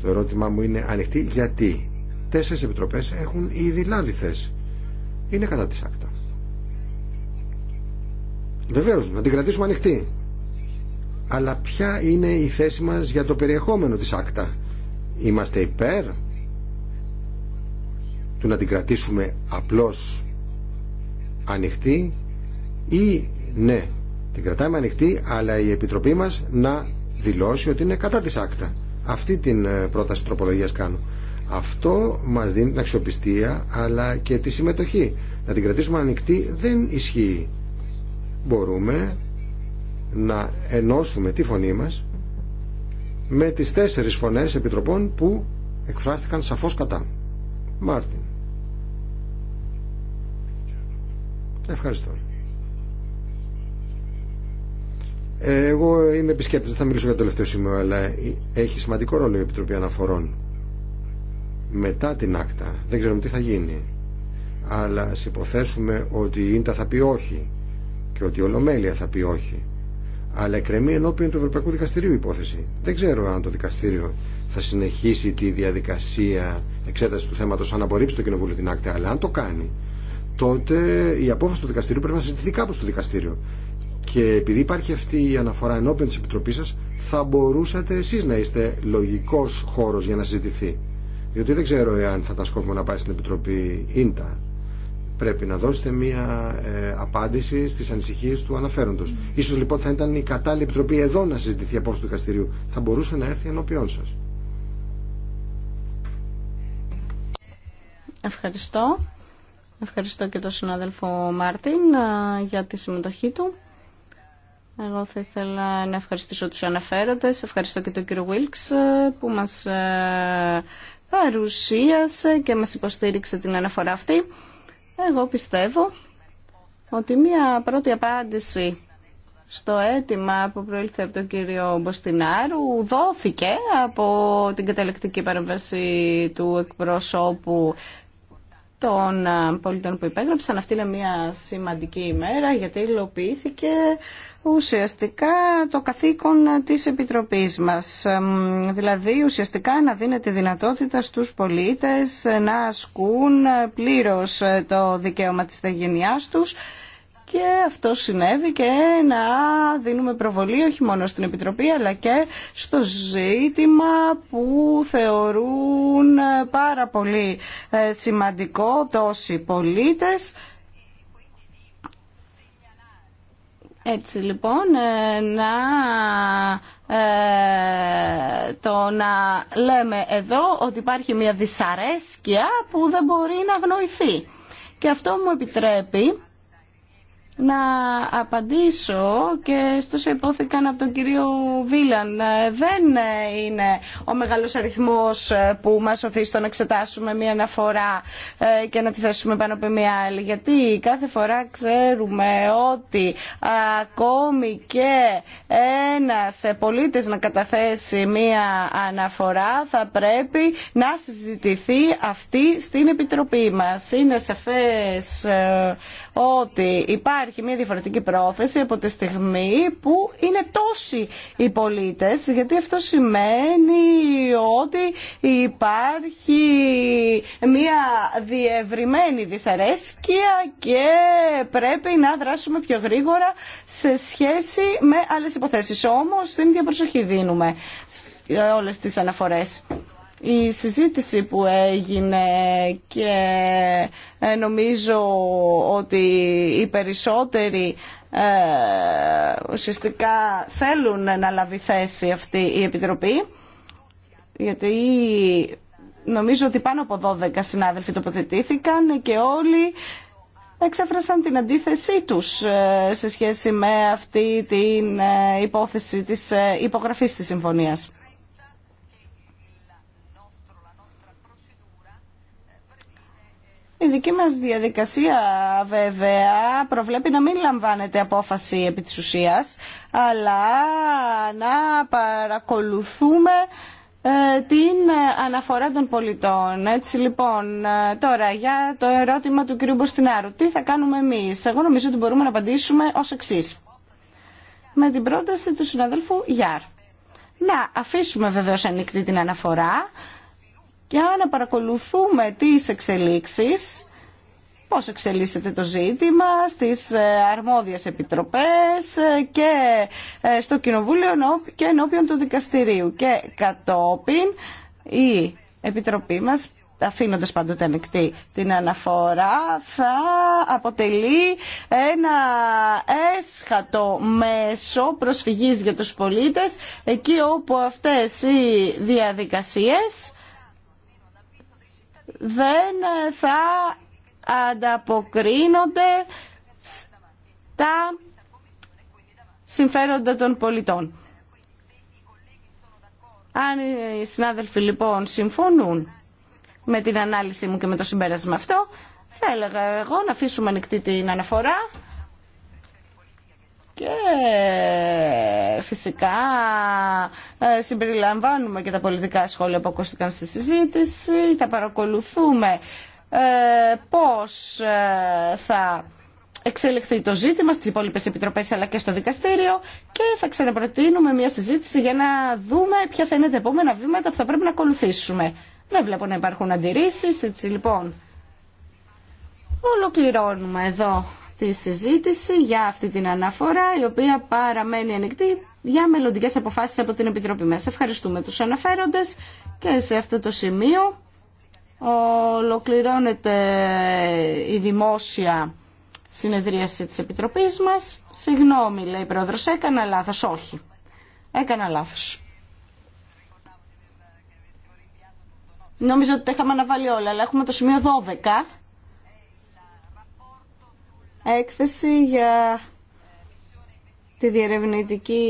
[SPEAKER 2] το ερώτημά μου είναι ανοιχτή γιατί τέσσερι επιτροπές έχουν ήδη λάβει θέση. Είναι κατά τη άκτα. Βεβαίω, να την κρατήσουμε ανοιχτή αλλά ποια είναι η θέση μας για το περιεχόμενο της άκτα. Είμαστε υπέρ του να την κρατήσουμε απλώς ανοιχτή ή ναι, την κρατάμε ανοιχτή αλλά η Επιτροπή μας να δηλώσει ότι είναι κατά της άκτα. Αυτή την ε, πρόταση τροπολογίας κάνω. Αυτό μας δίνει την αξιοπιστία αλλά και τη συμμετοχή. Να την κρατήσουμε ανοιχτή δεν ισχύει. Μπορούμε να ενώσουμε τη φωνή μας με τις τέσσερις φωνές επιτροπών που εκφράστηκαν σαφώς κατά. Μάρτιν. Ευχαριστώ. Εγώ είμαι επισκέπτης, δεν θα μιλήσω για το τελευταίο σημείο, αλλά έχει σημαντικό ρόλο η Επιτροπή Αναφορών. Μετά την άκτα, δεν ξέρουμε τι θα γίνει, αλλά ας υποθέσουμε ότι η ΙΝΤΑ θα πει όχι και ότι η Ολομέλεια θα πει όχι αλλά εκκρεμεί ενώπιον του Ευρωπαϊκού Δικαστηρίου υπόθεση. Δεν ξέρω αν το δικαστήριο θα συνεχίσει τη διαδικασία εξέταση του θέματο αν απορρίψει το Κοινοβούλιο την άκτα, αλλά αν το κάνει, τότε η απόφαση του δικαστηρίου πρέπει να συζητηθεί κάπου στο δικαστήριο. Και επειδή υπάρχει αυτή η αναφορά ενώπιον τη Επιτροπή σα, θα μπορούσατε εσεί να είστε λογικό χώρο για να συζητηθεί. Διότι δεν ξέρω εάν θα ήταν σκόπιμο να πάει στην Επιτροπή ΙΝΤΑ πρέπει να δώσετε μία ε, απάντηση στις ανησυχίες του αναφέροντος. Ίσως λοιπόν θα ήταν η κατάλληλη επιτροπή εδώ να συζητηθεί από του δικαστηρίου. Θα μπορούσε να έρθει ενώπιόν σας.
[SPEAKER 1] Ευχαριστώ. Ευχαριστώ και τον συνάδελφο Μάρτιν ε, για τη συμμετοχή του. Εγώ θα ήθελα να ευχαριστήσω τους αναφέροντες. Ευχαριστώ και τον κύριο Βίλξ ε, που μας παρουσίασε και μας υποστήριξε την αναφορά αυτή. Εγώ πιστεύω ότι μία πρώτη απάντηση στο αίτημα που προήλθε από τον κύριο Μποστινάρου δόθηκε από την καταληκτική παρέμβαση του εκπροσώπου των ε, πολιτών που υπέγραψαν. Αυτή είναι μια σημαντική ημέρα γιατί υλοποιήθηκε ουσιαστικά το καθήκον της Επιτροπής μας. Δηλαδή ουσιαστικά να δίνεται δυνατότητα στους πολίτες να ασκούν πλήρως το δικαίωμα της θεγενειάς τους και αυτό συνέβη και να δίνουμε προβολή όχι μόνο στην Επιτροπή αλλά και στο ζήτημα που θεωρούν πάρα πολύ ε, σημαντικό τόσοι πολίτες. Έτσι λοιπόν, ε, να, ε, το να λέμε εδώ ότι υπάρχει μια δυσαρέσκεια που δεν μπορεί να γνωριθεί. Και αυτό μου επιτρέπει να απαντήσω και στο υπόθηκαν από τον κύριο Βίλαν. Ε, δεν είναι ο μεγάλος αριθμός ε, που μας οθεί στο να εξετάσουμε μία αναφορά ε, και να τη θέσουμε πάνω από μία άλλη. Γιατί κάθε φορά ξέρουμε ότι ακόμη και ένας πολίτης να καταθέσει μία αναφορά θα πρέπει να συζητηθεί αυτή στην Επιτροπή μας. Είναι σαφές ότι υπάρχει υπάρχει μια διαφορετική πρόθεση από τη στιγμή που είναι τόσοι οι πολίτες, γιατί αυτό σημαίνει ότι υπάρχει μια διευρυμένη δυσαρέσκεια και πρέπει να δράσουμε πιο γρήγορα σε σχέση με άλλες υποθέσεις. Όμως την ίδια προσοχή δίνουμε όλες τις αναφορές η συζήτηση που έγινε και ε, νομίζω ότι οι περισσότεροι ε, ουσιαστικά θέλουν να λάβει θέση αυτή η Επιτροπή γιατί νομίζω ότι πάνω από 12 συνάδελφοι τοποθετήθηκαν και όλοι εξέφρασαν την αντίθεσή τους ε, σε σχέση με αυτή την υπόθεση της υπογραφής της συμφωνίας. Η δική μας διαδικασία βέβαια προβλέπει να μην λαμβάνεται απόφαση επί της ουσίας, αλλά να παρακολουθούμε ε, την αναφορά των πολιτών. Έτσι λοιπόν, ε, τώρα για το ερώτημα του κ. Μποστινάρου, τι θα κάνουμε εμείς. Εγώ νομίζω ότι μπορούμε να απαντήσουμε ως εξή. Με την πρόταση του συναδέλφου Γιάρ. Να αφήσουμε βεβαίως ανοιχτή την αναφορά, και να παρακολουθούμε τις εξελίξεις, πώς εξελίσσεται το ζήτημα στις ε, αρμόδιες επιτροπές ε, και ε, στο Κοινοβούλιο και ενώπιον του δικαστηρίου. Και κατόπιν η Επιτροπή μας αφήνοντα πάντοτε ανοιχτή την αναφορά, θα αποτελεί ένα έσχατο μέσο προσφυγής για τους πολίτες, εκεί όπου αυτές οι διαδικασίες δεν θα ανταποκρίνονται στα συμφέροντα των πολιτών. Αν οι συνάδελφοι λοιπόν συμφωνούν με την ανάλυση μου και με το συμπέρασμα αυτό, θα έλεγα εγώ να αφήσουμε ανοιχτή την αναφορά και φυσικά ε, συμπεριλαμβάνουμε και τα πολιτικά σχόλια που ακούστηκαν στη συζήτηση, θα παρακολουθούμε ε, πώς ε, θα εξελιχθεί το ζήτημα στις υπόλοιπες επιτροπές αλλά και στο δικαστήριο και θα ξαναπροτείνουμε μια συζήτηση για να δούμε ποια θα είναι τα επόμενα βήματα που θα πρέπει να ακολουθήσουμε. Δεν βλέπω να υπάρχουν αντιρρήσεις, έτσι λοιπόν. Ολοκληρώνουμε εδώ τη συζήτηση για αυτή την αναφορά, η οποία παραμένει ανοιχτή για μελλοντικέ αποφάσει από την Επιτροπή μα. Ευχαριστούμε του αναφέροντε και σε αυτό το σημείο ολοκληρώνεται η δημόσια συνεδρίαση της Επιτροπής μας. Συγγνώμη, λέει η Πρόεδρος, έκανα λάθο. Όχι, έκανα λάθο. Νομίζω ότι τα είχαμε αναβάλει όλα, αλλά έχουμε το σημείο 12 έκθεση για τη διερευνητική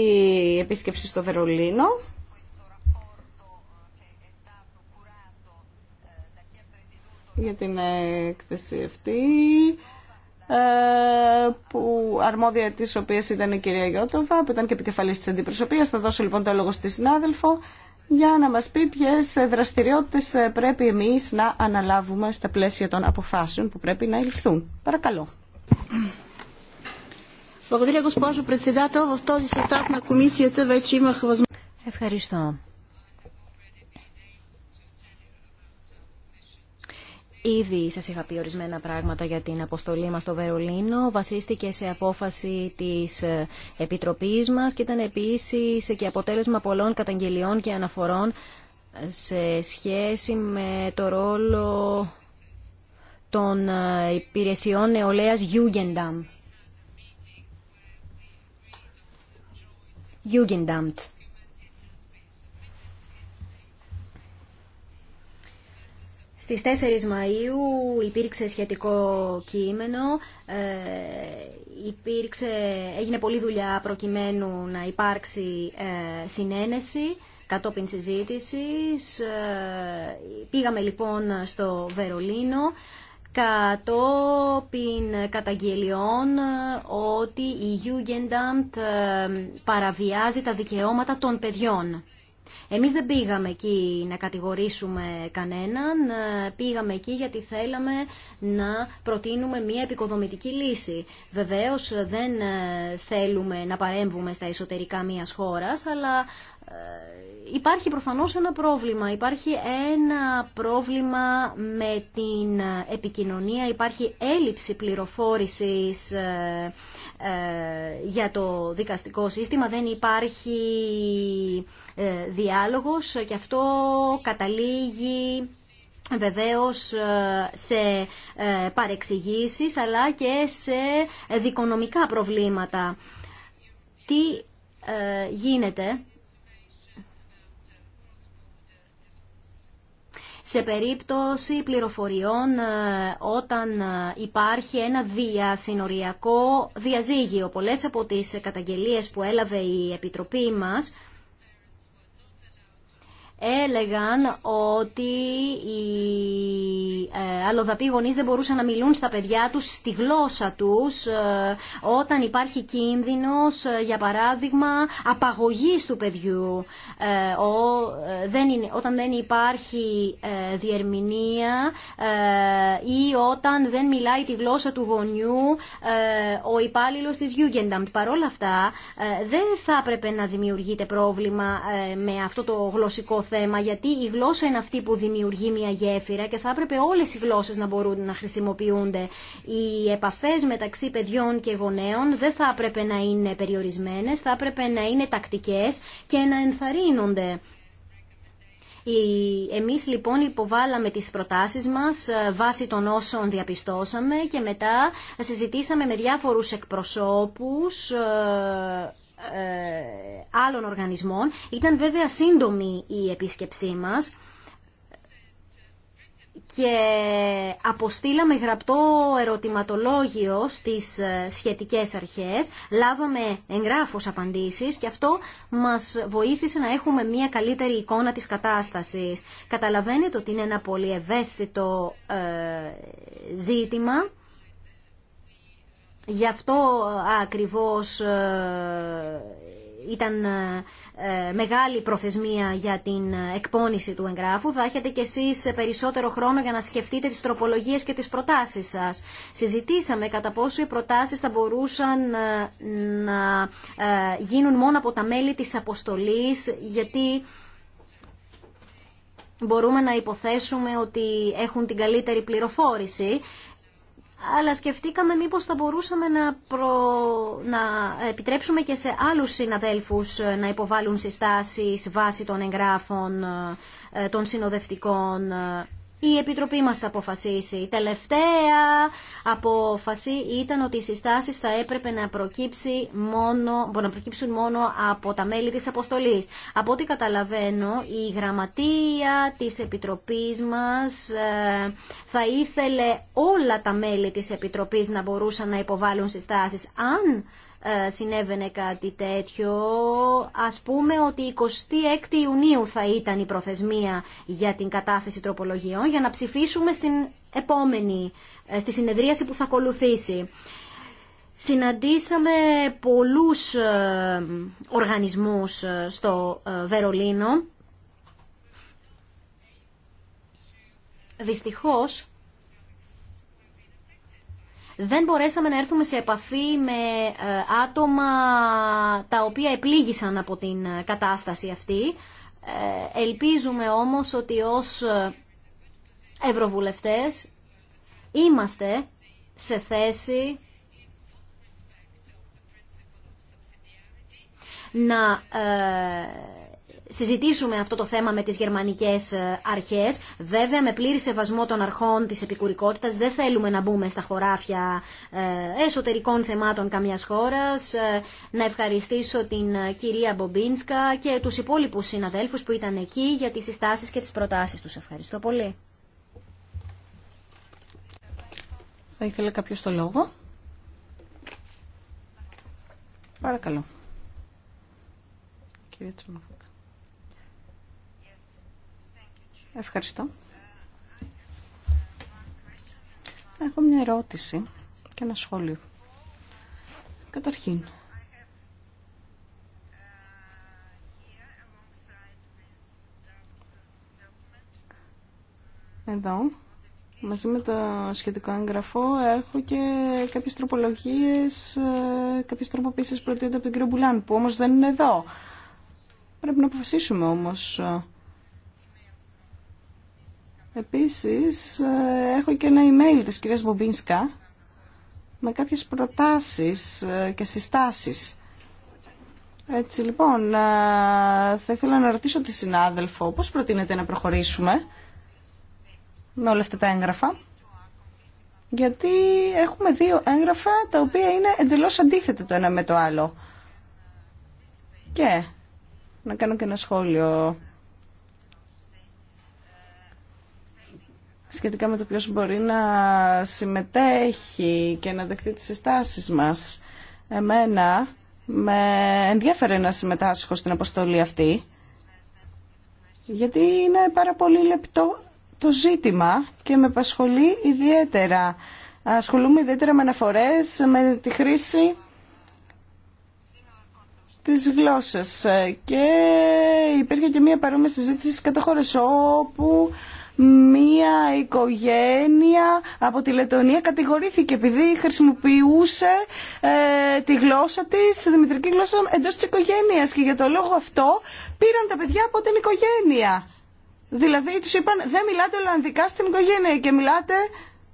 [SPEAKER 1] επίσκεψη στο Βερολίνο. για την έκθεση αυτή ε, που αρμόδια της οποίας ήταν η κυρία Γιώτοβα που ήταν και επικεφαλής της αντιπροσωπείας θα δώσω λοιπόν το λόγο στη συνάδελφο για να μας πει ποιε δραστηριότητες πρέπει εμείς να αναλάβουμε στα πλαίσια των αποφάσεων που πρέπει να ληφθούν. Παρακαλώ.
[SPEAKER 4] Ευχαριστώ. Ήδη σας είχα πει ορισμένα πράγματα για την αποστολή μας στο Βερολίνο. Βασίστηκε σε απόφαση της ε, Επιτροπής μας και ήταν επίσης και αποτέλεσμα πολλών καταγγελιών και αναφορών ε, σε σχέση με το ρόλο των ε, υπηρεσιών νεολαίας Jugendamt. Jugendamt. Στις 4 Μαΐου υπήρξε σχετικό κείμενο, ε, υπήρξε, έγινε πολλή δουλειά προκειμένου να υπάρξει ε, συνένεση κατόπιν συζήτησης. Πήγαμε λοιπόν στο Βερολίνο, κατόπιν καταγγελιών ε, ότι η Jugendamt ε, παραβιάζει τα δικαιώματα των παιδιών. Εμείς δεν πήγαμε εκεί να κατηγορήσουμε κανέναν, ε, πήγαμε εκεί γιατί θέλαμε να προτείνουμε μια επικοδομητική λύση. Βεβαίως δεν θέλουμε να παρέμβουμε στα εσωτερικά μιας χώρας, αλλά ε, υπάρχει προφανώς ένα πρόβλημα. Υπάρχει ένα πρόβλημα με την επικοινωνία, υπάρχει έλλειψη πληροφόρησης ε, ε, για το δικαστικό σύστημα, δεν υπάρχει διάλογος και αυτό καταλήγει βεβαίως σε παρεξηγήσεις αλλά και σε δικονομικά προβλήματα. Τι γίνεται σε περίπτωση πληροφοριών ε, όταν ε, υπάρχει ένα διασυνοριακό διαζύγιο. Πολλές από τις καταγγελίες που έλαβε η Επιτροπή μας έλεγαν ότι οι ε, αλλοδαποί γονείς δεν μπορούσαν να μιλούν στα παιδιά τους στη γλώσσα τους ε, όταν υπάρχει κίνδυνος, ε, για παράδειγμα, απαγωγής του παιδιού. Όταν δεν υπάρχει διερμηνία ή όταν δεν μιλάει τη γλώσσα του γονιού ο υπάλληλος της Jugendamt. Παρόλα όλα αυτά, δεν θα έπρεπε να δημιουργείται πρόβλημα με αυτό το γλωσσικό θέμα θέμα, γιατί η γλώσσα είναι αυτή που δημιουργεί μια γέφυρα και θα έπρεπε όλες οι γλώσσες να μπορούν να χρησιμοποιούνται. Οι επαφές μεταξύ παιδιών και γονέων δεν θα έπρεπε να είναι περιορισμένες, θα έπρεπε να είναι τακτικές και να ενθαρρύνονται. Εμείς λοιπόν υποβάλαμε τις προτάσεις μας ε, βάσει των όσων διαπιστώσαμε και μετά συζητήσαμε με διάφορους εκπροσώπους ε, ε, άλλων οργανισμών. Ήταν βέβαια σύντομη η επίσκεψή μας και αποστήλαμε γραπτό ερωτηματολόγιο στις ε, σχετικές αρχές, λάβαμε εγγράφος απαντήσεις και αυτό μας βοήθησε να έχουμε μια καλύτερη εικόνα της κατάστασης. Καταλαβαίνετε ότι είναι ένα πολύ ευαίσθητο ε, ζήτημα Γι' αυτό ε, ακριβώς ε, ήταν ε, μεγάλη προθεσμία για την εκπόνηση του εγγράφου. Θα έχετε κι εσείς περισσότερο χρόνο για να σκεφτείτε τις τροπολογίες και τις προτάσεις σας. Συζητήσαμε κατά πόσο οι προτάσεις θα μπορούσαν να γίνουν μόνο από τα μέλη της αποστολής, γιατί μπορούμε να υποθέσουμε ότι έχουν την καλύτερη πληροφόρηση αλλά σκεφτήκαμε μήπως θα μπορούσαμε να, προ... να επιτρέψουμε και σε άλλους συναδέλφους ε, να υποβάλουν συστάσεις βάσει των εγγράφων ε, ε, των συνοδευτικών η Επιτροπή μας θα αποφασίσει. Η τελευταία απόφαση ήταν ότι οι συστάσεις θα έπρεπε να, προκύψει μόνο, να προκύψουν μόνο από τα μέλη της αποστολής. Από ό,τι καταλαβαίνω, η γραμματεία της Επιτροπής μας ε, θα ήθελε όλα τα μέλη της Επιτροπής να μπορούσαν να υποβάλουν συστάσεις. Αν ε, συνέβαινε κάτι τέτοιο. Ας πούμε ότι 26 Ιουνίου θα ήταν η προθεσμία για την κατάθεση τροπολογιών για να ψηφίσουμε στην επόμενη, ε, στη συνεδρίαση που θα ακολουθήσει. Συναντήσαμε πολλούς ε, οργανισμούς στο Βερολίνο. Δυστυχώς, δεν μπορέσαμε να έρθουμε σε επαφή με ε, άτομα τα οποία επλήγησαν από την ε, κατάσταση αυτή. Ε, ελπίζουμε όμως ότι ως ευρωβουλευτές είμαστε σε θέση να συζητήσουμε αυτό το θέμα με τις γερμανικές ε, αρχές. Βέβαια με πλήρη σεβασμό των αρχών της επικουρικότητας δεν θέλουμε να μπούμε στα χωράφια ε, εσωτερικών θεμάτων καμιας χώρας. Ε, να ευχαριστήσω την κυρία Μπομπίνσκα και τους υπόλοιπους συναδέλφους που ήταν εκεί για τις συστάσεις και τις προτάσεις τους. Ευχαριστώ πολύ.
[SPEAKER 1] Θα ήθελε κάποιο το λόγο. Παρακαλώ. Κύριε Ευχαριστώ. Έχω μια ερώτηση και ένα σχόλιο. Καταρχήν, εδώ, μαζί με το σχετικό έγγραφο, έχω και κάποιες τροπολογίες, ε, κάποιες τροποποίησεις προτείνονται από τον κύριο Μπουλάν, που όμως δεν είναι εδώ. Πρέπει να αποφασίσουμε όμως ε, Επίσης, ε, έχω και ένα email της κυρίας Μπομπίνσκα με κάποιες προτάσεις ε, και συστάσεις. Έτσι λοιπόν, ε, θα ήθελα να ρωτήσω τη συνάδελφο πώς προτείνεται να προχωρήσουμε με όλα αυτά τα έγγραφα. Γιατί έχουμε δύο έγγραφα τα οποία είναι εντελώς αντίθετα το ένα με το άλλο. Και να κάνω και ένα σχόλιο σχετικά με το ποιος μπορεί να συμμετέχει και να δεχτεί τις συστάσεις μας. Εμένα με ενδιαφέρει να συμμετάσχω στην αποστολή αυτή, γιατί είναι πάρα πολύ λεπτό το ζήτημα και με απασχολεί ιδιαίτερα. Ασχολούμαι ιδιαίτερα με αναφορές, με τη χρήση της γλώσσες και υπήρχε και μία παρόμοια συζήτηση κατά χώρες όπου μία οικογένεια από τη Λετωνία κατηγορήθηκε επειδή χρησιμοποιούσε ε, τη γλώσσα της, τη δημητρική γλώσσα εντός της οικογένειας και για το λόγο αυτό πήραν τα παιδιά από την οικογένεια. Δηλαδή τους είπαν δεν μιλάτε Ολλανδικά στην οικογένεια και μιλάτε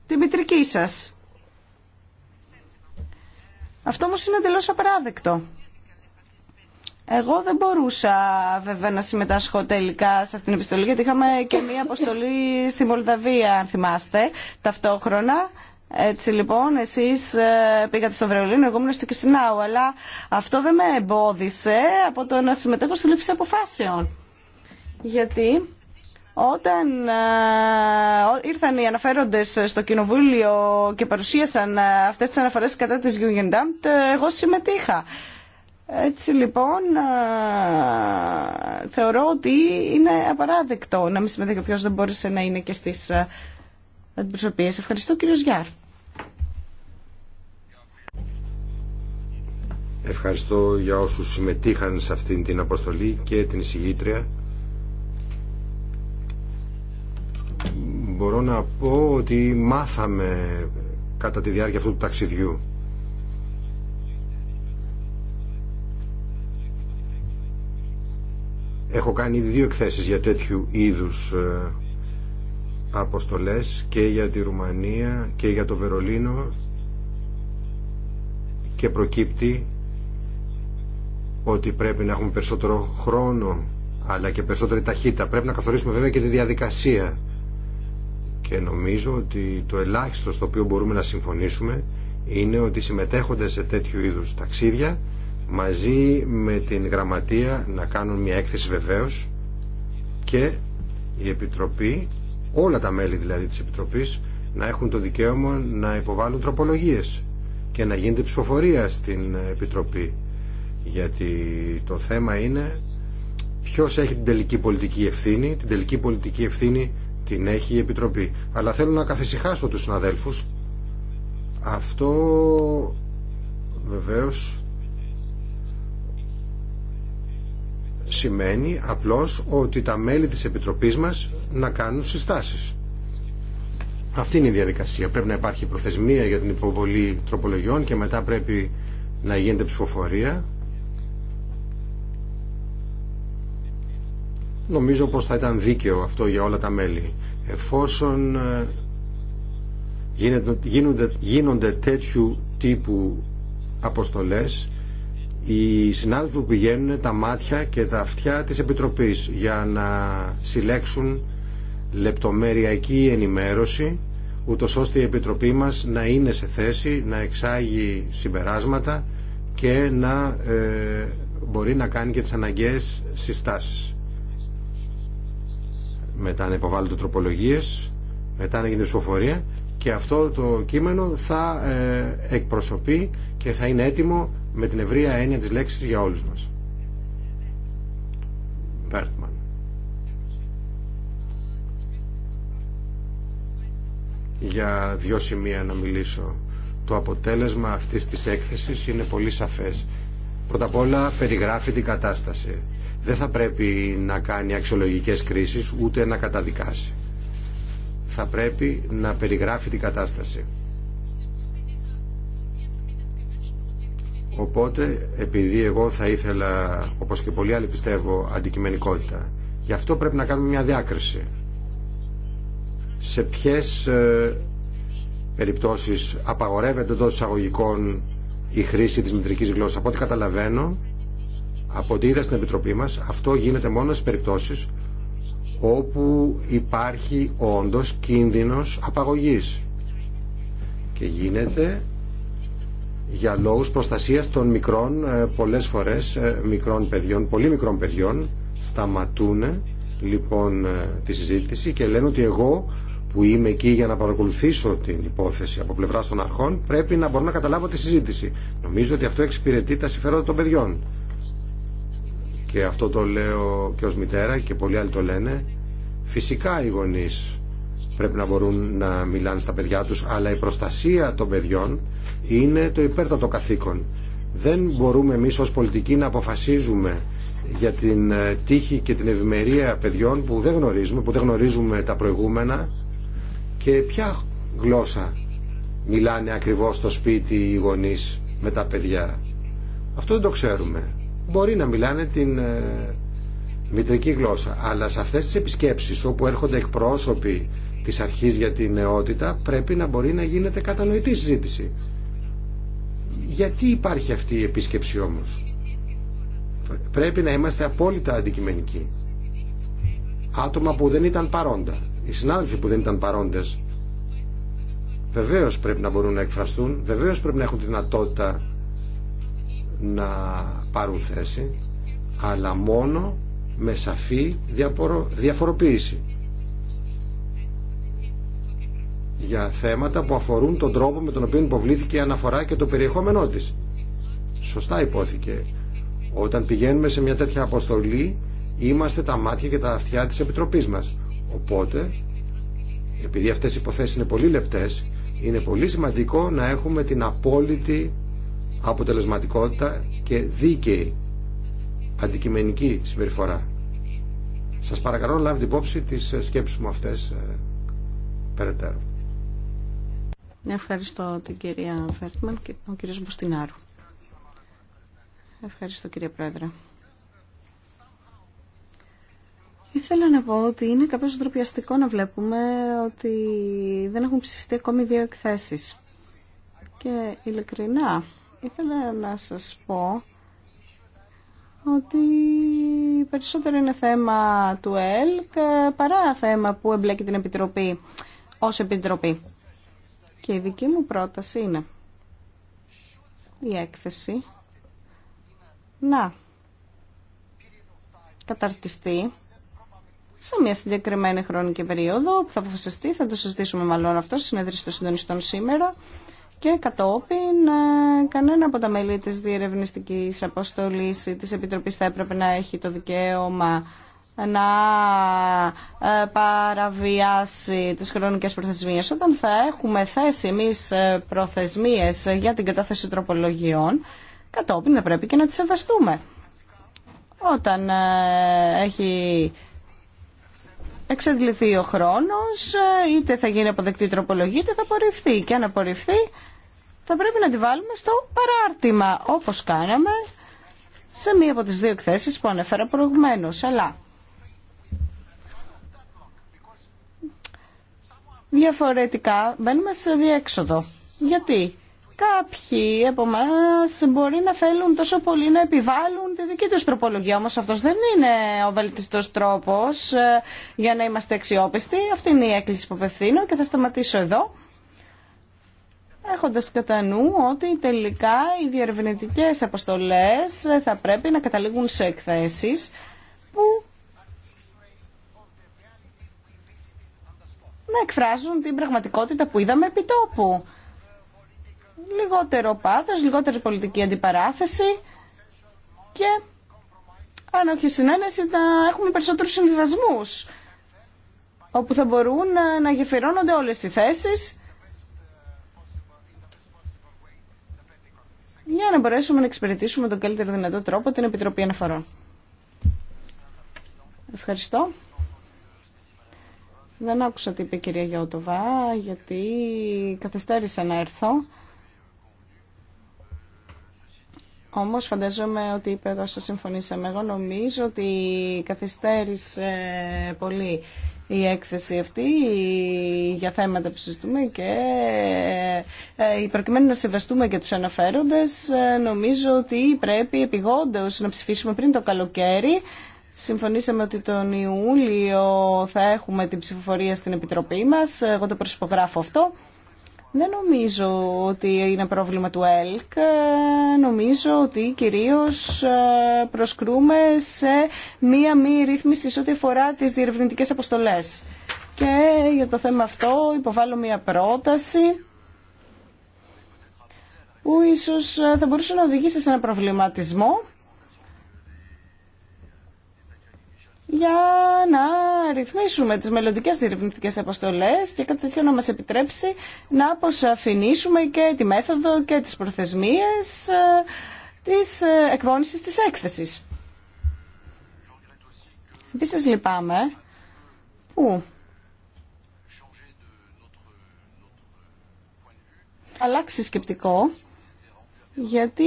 [SPEAKER 1] τη μητρική σας. Αυτό όμως είναι εντελώς απαράδεκτο. Εγώ δεν μπορούσα βέβαια να συμμετάσχω τελικά σε αυτήν την επιστολή γιατί είχαμε και μία αποστολή στη Μολδαβία αν θυμάστε ταυτόχρονα. Έτσι λοιπόν, εσεί ε, πήγατε στο Βερολίνο, εγώ ήμουν στο Κισινάου, αλλά αυτό δεν με εμπόδισε από το να συμμετέχω στη λήψη αποφάσεων. Γιατί όταν ε, ήρθαν οι αναφέροντες στο Κοινοβούλιο και παρουσίασαν ε, αυτέ τι αναφορέ κατά της Jugendamt, εγώ συμμετείχα. Έτσι λοιπόν θεωρώ ότι είναι απαράδεκτο να μην συμμετέχει ποιος δεν μπόρεσε να είναι και στις αντιπροσωπείες. Ευχαριστώ κύριο Γιάρ.
[SPEAKER 2] Ευχαριστώ για όσους συμμετείχαν σε αυτήν την αποστολή και την εισηγήτρια. Μπορώ να πω ότι μάθαμε κατά τη διάρκεια αυτού του ταξιδιού Έχω κάνει δύο εκθέσεις για τέτοιου είδους ε, αποστολές και για τη Ρουμανία και για το Βερολίνο και προκύπτει ότι πρέπει να έχουμε περισσότερο χρόνο αλλά και περισσότερη ταχύτητα. Πρέπει να καθορίσουμε βέβαια και τη διαδικασία και νομίζω ότι το ελάχιστο στο οποίο μπορούμε να συμφωνήσουμε είναι ότι συμμετέχονται σε τέτοιου είδους ταξίδια μαζί με την Γραμματεία να κάνουν μια έκθεση βεβαίως και η Επιτροπή, όλα τα μέλη δηλαδή της Επιτροπής, να έχουν το δικαίωμα να υποβάλουν τροπολογίες και να γίνεται ψηφοφορία στην Επιτροπή. Γιατί το θέμα είναι ποιος έχει την τελική πολιτική ευθύνη, την τελική πολιτική ευθύνη την έχει η Επιτροπή. Αλλά θέλω να καθησυχάσω τους συναδέλφους. Αυτό βεβαίως σημαίνει απλώς ότι τα μέλη της Επιτροπής μας να κάνουν συστάσεις. Αυτή είναι η διαδικασία. Πρέπει να υπάρχει προθεσμία για την υποβολή τροπολογιών και μετά πρέπει να γίνεται ψηφοφορία. Νομίζω πως θα ήταν δίκαιο αυτό για όλα τα μέλη. Εφόσον ε, γίνονται, γίνονται τέτοιου τύπου αποστολές οι συνάδελφοι που πηγαίνουν τα μάτια και τα αυτιά της Επιτροπής για να συλλέξουν λεπτομεριακή ενημέρωση ούτως ώστε η Επιτροπή μας να είναι σε θέση να εξάγει συμπεράσματα και να ε, μπορεί να κάνει και τις αναγκαίες συστάσεις. Μετά να υποβάλλονται τροπολογίες, μετά να γίνει ψηφοφορία και αυτό το κείμενο θα ε, εκπροσωπεί και θα είναι έτοιμο με την ευρεία έννοια της λέξης για όλους μας. Βέρτμαν. Για δύο σημεία να μιλήσω. Το αποτέλεσμα αυτής της έκθεσης είναι πολύ σαφές. Πρώτα απ' όλα περιγράφει την κατάσταση. Δεν θα πρέπει να κάνει αξιολογικές κρίσεις ούτε να καταδικάσει. Θα πρέπει να περιγράφει την κατάσταση. Οπότε, επειδή εγώ θα ήθελα, όπως και πολλοί άλλοι πιστεύω, αντικειμενικότητα, γι' αυτό πρέπει να κάνουμε μια διάκριση. Σε ποιες ε, περιπτώσεις απαγορεύεται εντό εισαγωγικών η χρήση της μητρικής γλώσσας. Από ό,τι καταλαβαίνω, από ό,τι είδα στην Επιτροπή μας, αυτό γίνεται μόνο σε περιπτώσεις όπου υπάρχει όντως κίνδυνος απαγωγής. Και γίνεται για λόγους προστασίας των μικρών, ε, πολλές φορές ε, μικρών παιδιών, πολύ μικρών παιδιών, σταματούν λοιπόν ε, τη συζήτηση και λένε ότι εγώ που είμαι εκεί για να παρακολουθήσω την υπόθεση από πλευρά των αρχών πρέπει να μπορώ να καταλάβω τη συζήτηση. Νομίζω ότι αυτό εξυπηρετεί τα συμφέροντα των παιδιών. Και αυτό το λέω και ως μητέρα και πολλοί άλλοι το λένε. Φυσικά οι γονείς πρέπει να μπορούν να μιλάνε στα παιδιά τους, αλλά η προστασία των παιδιών είναι το υπέρτατο καθήκον. Δεν μπορούμε εμείς ως πολιτικοί να αποφασίζουμε για την ε, τύχη και την ευημερία παιδιών που δεν γνωρίζουμε, που δεν γνωρίζουμε τα προηγούμενα και ποια γλώσσα μιλάνε ακριβώς στο σπίτι οι γονείς με τα παιδιά. Αυτό δεν το ξέρουμε. Μπορεί να μιλάνε την ε, μητρική γλώσσα, αλλά σε αυτές τις επισκέψεις όπου έρχονται εκπρόσωποι της αρχής για την νεότητα πρέπει να μπορεί να γίνεται κατανοητή συζήτηση. Γιατί υπάρχει αυτή η επίσκεψη όμως. Πρέπει να είμαστε απόλυτα αντικειμενικοί. Άτομα που δεν ήταν παρόντα. Οι συνάδελφοι που δεν ήταν παρόντες βεβαίως πρέπει να μπορούν να εκφραστούν, βεβαίως πρέπει να έχουν τη δυνατότητα να πάρουν θέση, αλλά μόνο με σαφή διαφοροποίηση για θέματα που αφορούν τον τρόπο με τον οποίο υποβλήθηκε η αναφορά και το περιεχόμενό της. Σωστά υπόθηκε. Όταν πηγαίνουμε σε μια τέτοια αποστολή είμαστε τα μάτια και τα αυτιά της Επιτροπής μας. Οπότε, επειδή αυτές οι υποθέσεις είναι πολύ λεπτές, είναι πολύ σημαντικό να έχουμε την απόλυτη αποτελεσματικότητα και δίκαιη αντικειμενική συμπεριφορά. Σας παρακαλώ να λάβετε υπόψη τις σκέψεις μου αυτές ε, περαιτέρω.
[SPEAKER 1] Ευχαριστώ την κυρία Φέρτμαν και τον κύριο Μπουστινάρου. Ευχαριστώ κυρία Πρόεδρε. Ήθελα να πω ότι είναι κάπως ντροπιαστικό να βλέπουμε ότι δεν έχουν ψηφιστεί ακόμη δύο εκθέσεις. Και ειλικρινά ήθελα να σας πω ότι περισσότερο είναι θέμα του ΕΛΚ παρά θέμα που εμπλέκει την Επιτροπή ως Επιτροπή. Και η δική μου πρόταση είναι η έκθεση να καταρτιστεί σε μια συγκεκριμένη χρονική περίοδο που θα αποφασιστεί, θα το συζητήσουμε μάλλον αυτό στη συνέδριση των συντονιστών σήμερα και κατόπιν ε, κανένα από τα μέλη της διερευνηστικής αποστολής ή της Επιτροπής θα έπρεπε να έχει το δικαίωμα να ε, παραβιάσει τις χρονικές προθεσμίες. Όταν θα έχουμε θέσει εμείς ε, προθεσμίες για την κατάθεση τροπολογιών, κατόπιν θα πρέπει και να τις σεβαστούμε. Όταν ε, έχει εξαντληθεί ο χρόνος, είτε θα γίνει αποδεκτή τροπολογία, είτε θα απορριφθεί. Και αν απορριφθεί, θα πρέπει να τη βάλουμε στο παράρτημα, όπως κάναμε σε μία από τις δύο εκθέσεις που ανέφερα προηγουμένως. Αλλά Διαφορετικά μπαίνουμε σε διέξοδο. Γιατί κάποιοι από εμά μπορεί να θέλουν τόσο πολύ να επιβάλλουν τη δική τους τροπολογία. Όμως αυτός δεν είναι ο βελτιστός τρόπος ε, για να είμαστε αξιόπιστοι. Αυτή είναι η έκκληση που απευθύνω και θα σταματήσω εδώ. έχοντα κατά νου ότι τελικά οι διερευνητικές αποστολέ θα πρέπει να καταλήγουν σε εκθέσει που να εκφράζουν την πραγματικότητα που είδαμε επί τόπου. Λιγότερο πάθος, λιγότερη πολιτική αντιπαράθεση και αν όχι συνένεση θα έχουμε περισσότερους συμβιβασμούς όπου θα μπορούν να γεφυρώνονται όλες οι θέσεις για να μπορέσουμε να εξυπηρετήσουμε τον καλύτερο δυνατό τρόπο την Επιτροπή Αναφορών. Ευχαριστώ. Δεν άκουσα τι είπε η κυρία Γιώτοβα, γιατί καθυστέρησα να έρθω. Όμως φανταζόμαι ότι είπε εδώ σας συμφωνήσαμε. Εγώ νομίζω ότι καθυστέρησε πολύ η έκθεση αυτή για θέματα που συζητούμε και ε, ε, προκειμένου να σεβαστούμε και τους αναφέροντες ε, νομίζω ότι πρέπει επιγόντως να ψηφίσουμε πριν το καλοκαίρι Συμφωνήσαμε ότι τον Ιούλιο θα έχουμε την ψηφοφορία στην Επιτροπή μας. Εγώ το προσυπογράφω αυτό. Δεν νομίζω ότι είναι πρόβλημα του ΕΛΚ. Νομίζω ότι κυρίως ε, προσκρούμε σε μία μη ρύθμιση σε ό,τι αφορά τις διερευνητικές αποστολές. Και για το θέμα αυτό υποβάλλω μία πρόταση που ίσως ε, θα μπορούσε να οδηγήσει σε ένα προβληματισμό για να ρυθμίσουμε τις μελλοντικέ διερευνητικές αποστολές και κάτι τέτοιο να μας επιτρέψει να αποσαφηνίσουμε και τη μέθοδο και τις προθεσμίες ε, της ε, εκπόνησης της έκθεσης. Επίσης λυπάμαι που αλλάξει σκεπτικό γιατί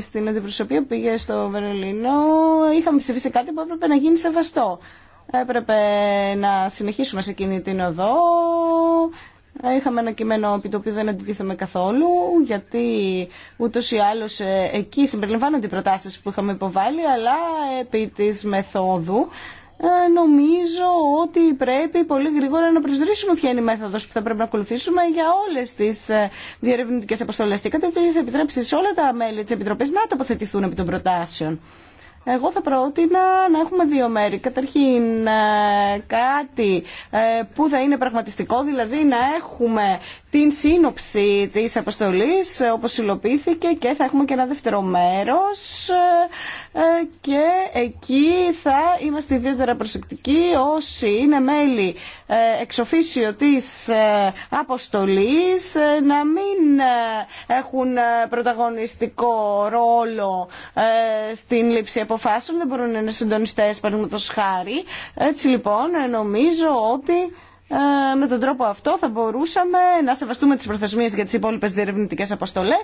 [SPEAKER 1] στην αντιπροσωπεία που πήγε στο Βερολίνο είχαμε ψηφίσει κάτι που έπρεπε να γίνει σεβαστό. Έπρεπε να συνεχίσουμε σε εκείνη την οδό. Είχαμε ένα κείμενο επί το οποίο δεν αντιτίθεμε καθόλου, γιατί ούτω ή άλλω ε, εκεί συμπεριλαμβάνονται οι προτάσει που είχαμε υποβάλει, αλλά επί τη μεθόδου ε, νομίζω ότι πρέπει πολύ γρήγορα να προσδιορίσουμε ποια είναι η μέθοδος που θα πρέπει να ακολουθήσουμε για όλες τις ε, διερευνητικές αποστολές Τι κατά θα επιτρέψει σε όλα τα μέλη της Επιτροπής να τοποθετηθούν επί των προτάσεων. Εγώ θα πρότεινα να έχουμε δύο μέρη. Καταρχήν ε, κάτι ε, που θα είναι πραγματιστικό, δηλαδή να έχουμε την σύνοψη της αποστολής ε, όπως υλοποιήθηκε και θα έχουμε και ένα δεύτερο μέρος και εκεί θα είμαστε ιδιαίτερα προσεκτικοί όσοι είναι μέλη εξοφίσιο της αποστολής να μην έχουν πρωταγωνιστικό ρόλο στην λήψη αποφάσεων, δεν μπορούν να είναι συντονιστέ, παραδείγματο χάρη. Έτσι λοιπόν, ε, νομίζω ότι ε, με τον τρόπο αυτό θα μπορούσαμε να σεβαστούμε τι προθεσμίε για τι υπόλοιπε διερευνητικέ αποστολέ.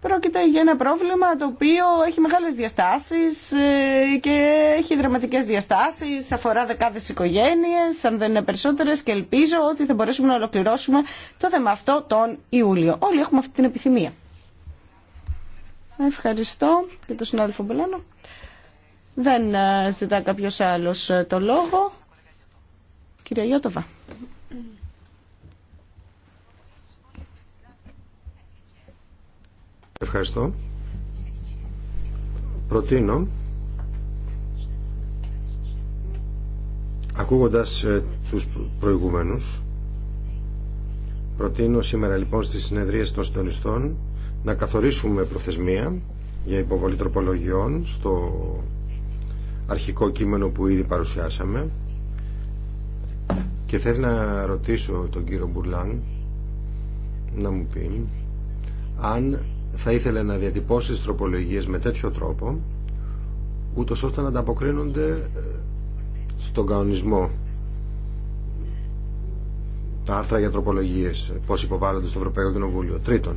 [SPEAKER 1] Πρόκειται για ένα πρόβλημα το οποίο έχει μεγάλες διαστάσεις ε, και έχει δραματικές διαστάσεις, αφορά δεκάδες οικογένειες, αν δεν είναι περισσότερες και ελπίζω ότι θα μπορέσουμε να ολοκληρώσουμε το θέμα αυτό τον Ιούλιο. Όλοι έχουμε αυτή την επιθυμία. Ευχαριστώ και τον συνάδελφο Μπολάνο. Δεν ε, ζητά κάποιο άλλος ε, το λόγο. Κυρία Γιώτοβα.
[SPEAKER 2] Ευχαριστώ. Προτείνω, ακούγοντας ε, τους προηγούμενους, προτείνω σήμερα λοιπόν στις συνεδρίες των συντονιστών να καθορίσουμε προθεσμία για υποβολή τροπολογιών στο αρχικό κείμενο που ήδη παρουσιάσαμε και θέλω να ρωτήσω τον κύριο Μπουρλάν να μου πει αν θα ήθελε να διατυπώσει τις τροπολογίες με τέτοιο τρόπο ούτως ώστε να ανταποκρίνονται ε, στον κανονισμό τα άρθρα για τροπολογίες πώς υποβάλλονται στο Ευρωπαϊκό Κοινοβούλιο. Τρίτον,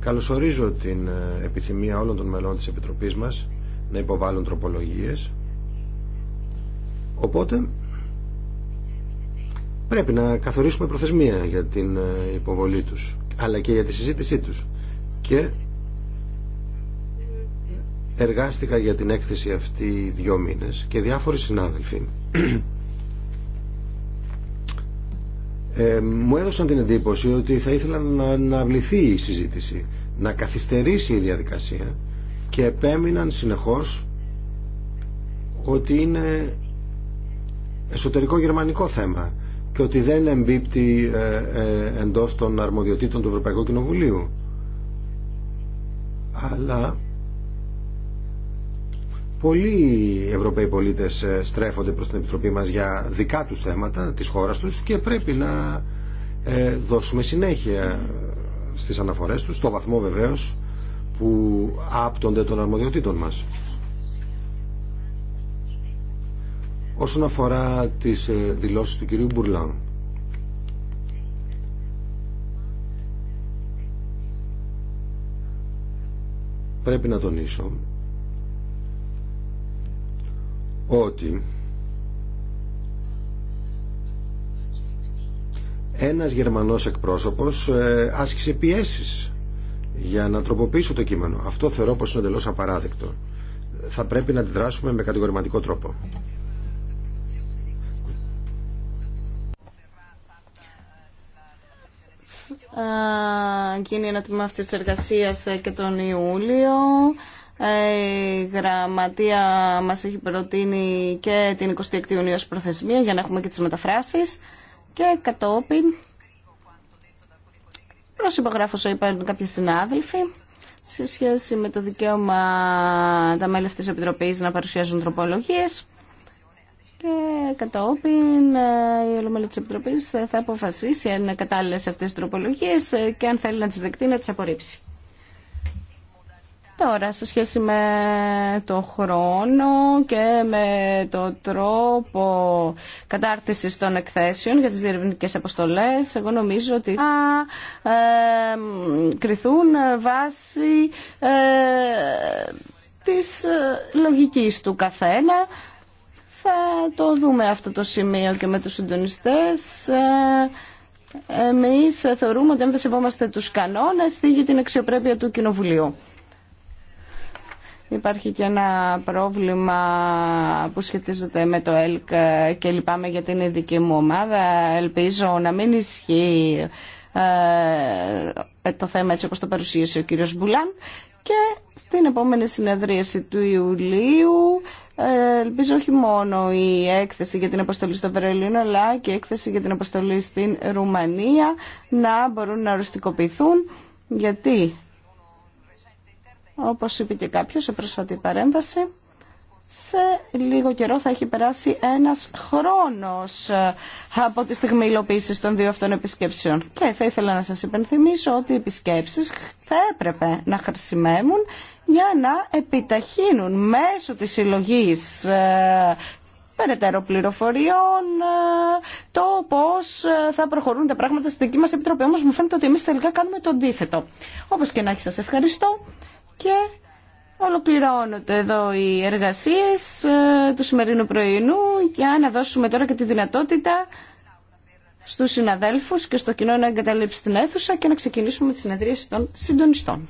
[SPEAKER 2] Καλωσορίζω την ε, επιθυμία όλων των μελών της Επιτροπής μας να υποβάλουν τροπολογίες. Οπότε πρέπει να καθορίσουμε προθεσμία για την ε, υποβολή τους, αλλά και για τη συζήτησή τους. Και εργάστηκα για την έκθεση αυτή δύο μήνες και διάφοροι συνάδελφοι ε, μου έδωσαν την εντύπωση ότι θα ήθελαν να, να η συζήτηση, να καθυστερήσει η διαδικασία και επέμειναν συνεχώς ότι είναι εσωτερικό γερμανικό θέμα και ότι δεν εμπίπτει ε, ε εντός των αρμοδιοτήτων του Ευρωπαϊκού Κοινοβουλίου. Αλλά Πολλοί Ευρωπαίοι πολίτες ε, στρέφονται προς την Επιτροπή μας για δικά τους θέματα, της χώρας τους και πρέπει να ε, δώσουμε συνέχεια ε, στις αναφορές τους, στο βαθμό βεβαίως που άπτονται των αρμοδιοτήτων μας. Όσον αφορά τις δηλώσεις του κυρίου Μπουρλάν, πρέπει να τονίσω ότι ένας Γερμανός εκπρόσωπος ε, άσκησε πιέσεις για να τροποποιήσω το κείμενο. Αυτό θεωρώ πως είναι εντελώς απαράδεκτο. Θα πρέπει να αντιδράσουμε με κατηγορηματικό τρόπο.
[SPEAKER 1] γίνει ένα τμήμα αυτής της εργασίας ε, και τον Ιούλιο. Ε, η γραμματεία μας έχει προτείνει και την 26η Ιουνίου ως προθεσμία για να έχουμε και τις μεταφράσεις και κατόπιν προσυπογράφω όσο είπαν κάποιοι συνάδελφοι σε σχέση με το δικαίωμα τα μέλη αυτής της Επιτροπής να παρουσιάζουν τροπολογίες και κατόπιν ε, η Ολομέλη της Επιτροπής θα αποφασίσει αν είναι κατάλληλες αυτές τις τροπολογίες ε, και αν θέλει να τις δεκτεί να τις απορρίψει. Τώρα, σε σχέση με το χρόνο και με το τρόπο κατάρτισης των εκθέσεων για τις διερευνητικές αποστολές, εγώ νομίζω ότι θα κριθούν βάσει ε, της ε, λογικής του καθένα. Θα το δούμε αυτό το σημείο και με τους συντονιστές. Ε, εμείς θεωρούμε ότι αν δεν σεβόμαστε τους κανόνες, θίγει την αξιοπρέπεια του Κοινοβουλίου. Υπάρχει και ένα πρόβλημα που σχετίζεται με το ΕΛΚ και λυπάμαι για την ειδική μου ομάδα. Ελπίζω να μην ισχύει ε, το θέμα έτσι όπως το παρουσίασε ο κύριος Μπουλάν και στην επόμενη συνεδρίαση του Ιουλίου ε, ελπίζω όχι μόνο η έκθεση για την αποστολή στο Βερολίνο αλλά και η έκθεση για την αποστολή στην Ρουμανία να μπορούν να οριστικοποιηθούν γιατί όπως είπε και κάποιος σε πρόσφατη παρέμβαση, σε λίγο καιρό θα έχει περάσει ένας χρόνος ε, από τη στιγμή υλοποίηση των δύο αυτών επισκέψεων. Και θα ήθελα να σας υπενθυμίσω ότι οι επισκέψεις θα έπρεπε να χρησιμεύουν για να επιταχύνουν μέσω της συλλογή ε, περαιτέρω πληροφοριών, ε, το πώς θα προχωρούν τα πράγματα στην δική μα επιτροπή. Όμως, μου φαίνεται ότι εμείς τελικά κάνουμε το αντίθετο. Όπω και να έχει, σας ευχαριστώ και ολοκληρώνονται εδώ οι εργασίες ε, του σημερινού πρωινού για να δώσουμε τώρα και τη δυνατότητα στους συναδέλφους και στο κοινό να εγκαταλείψει την αίθουσα και να ξεκινήσουμε τη συνεδρίαση των συντονιστών.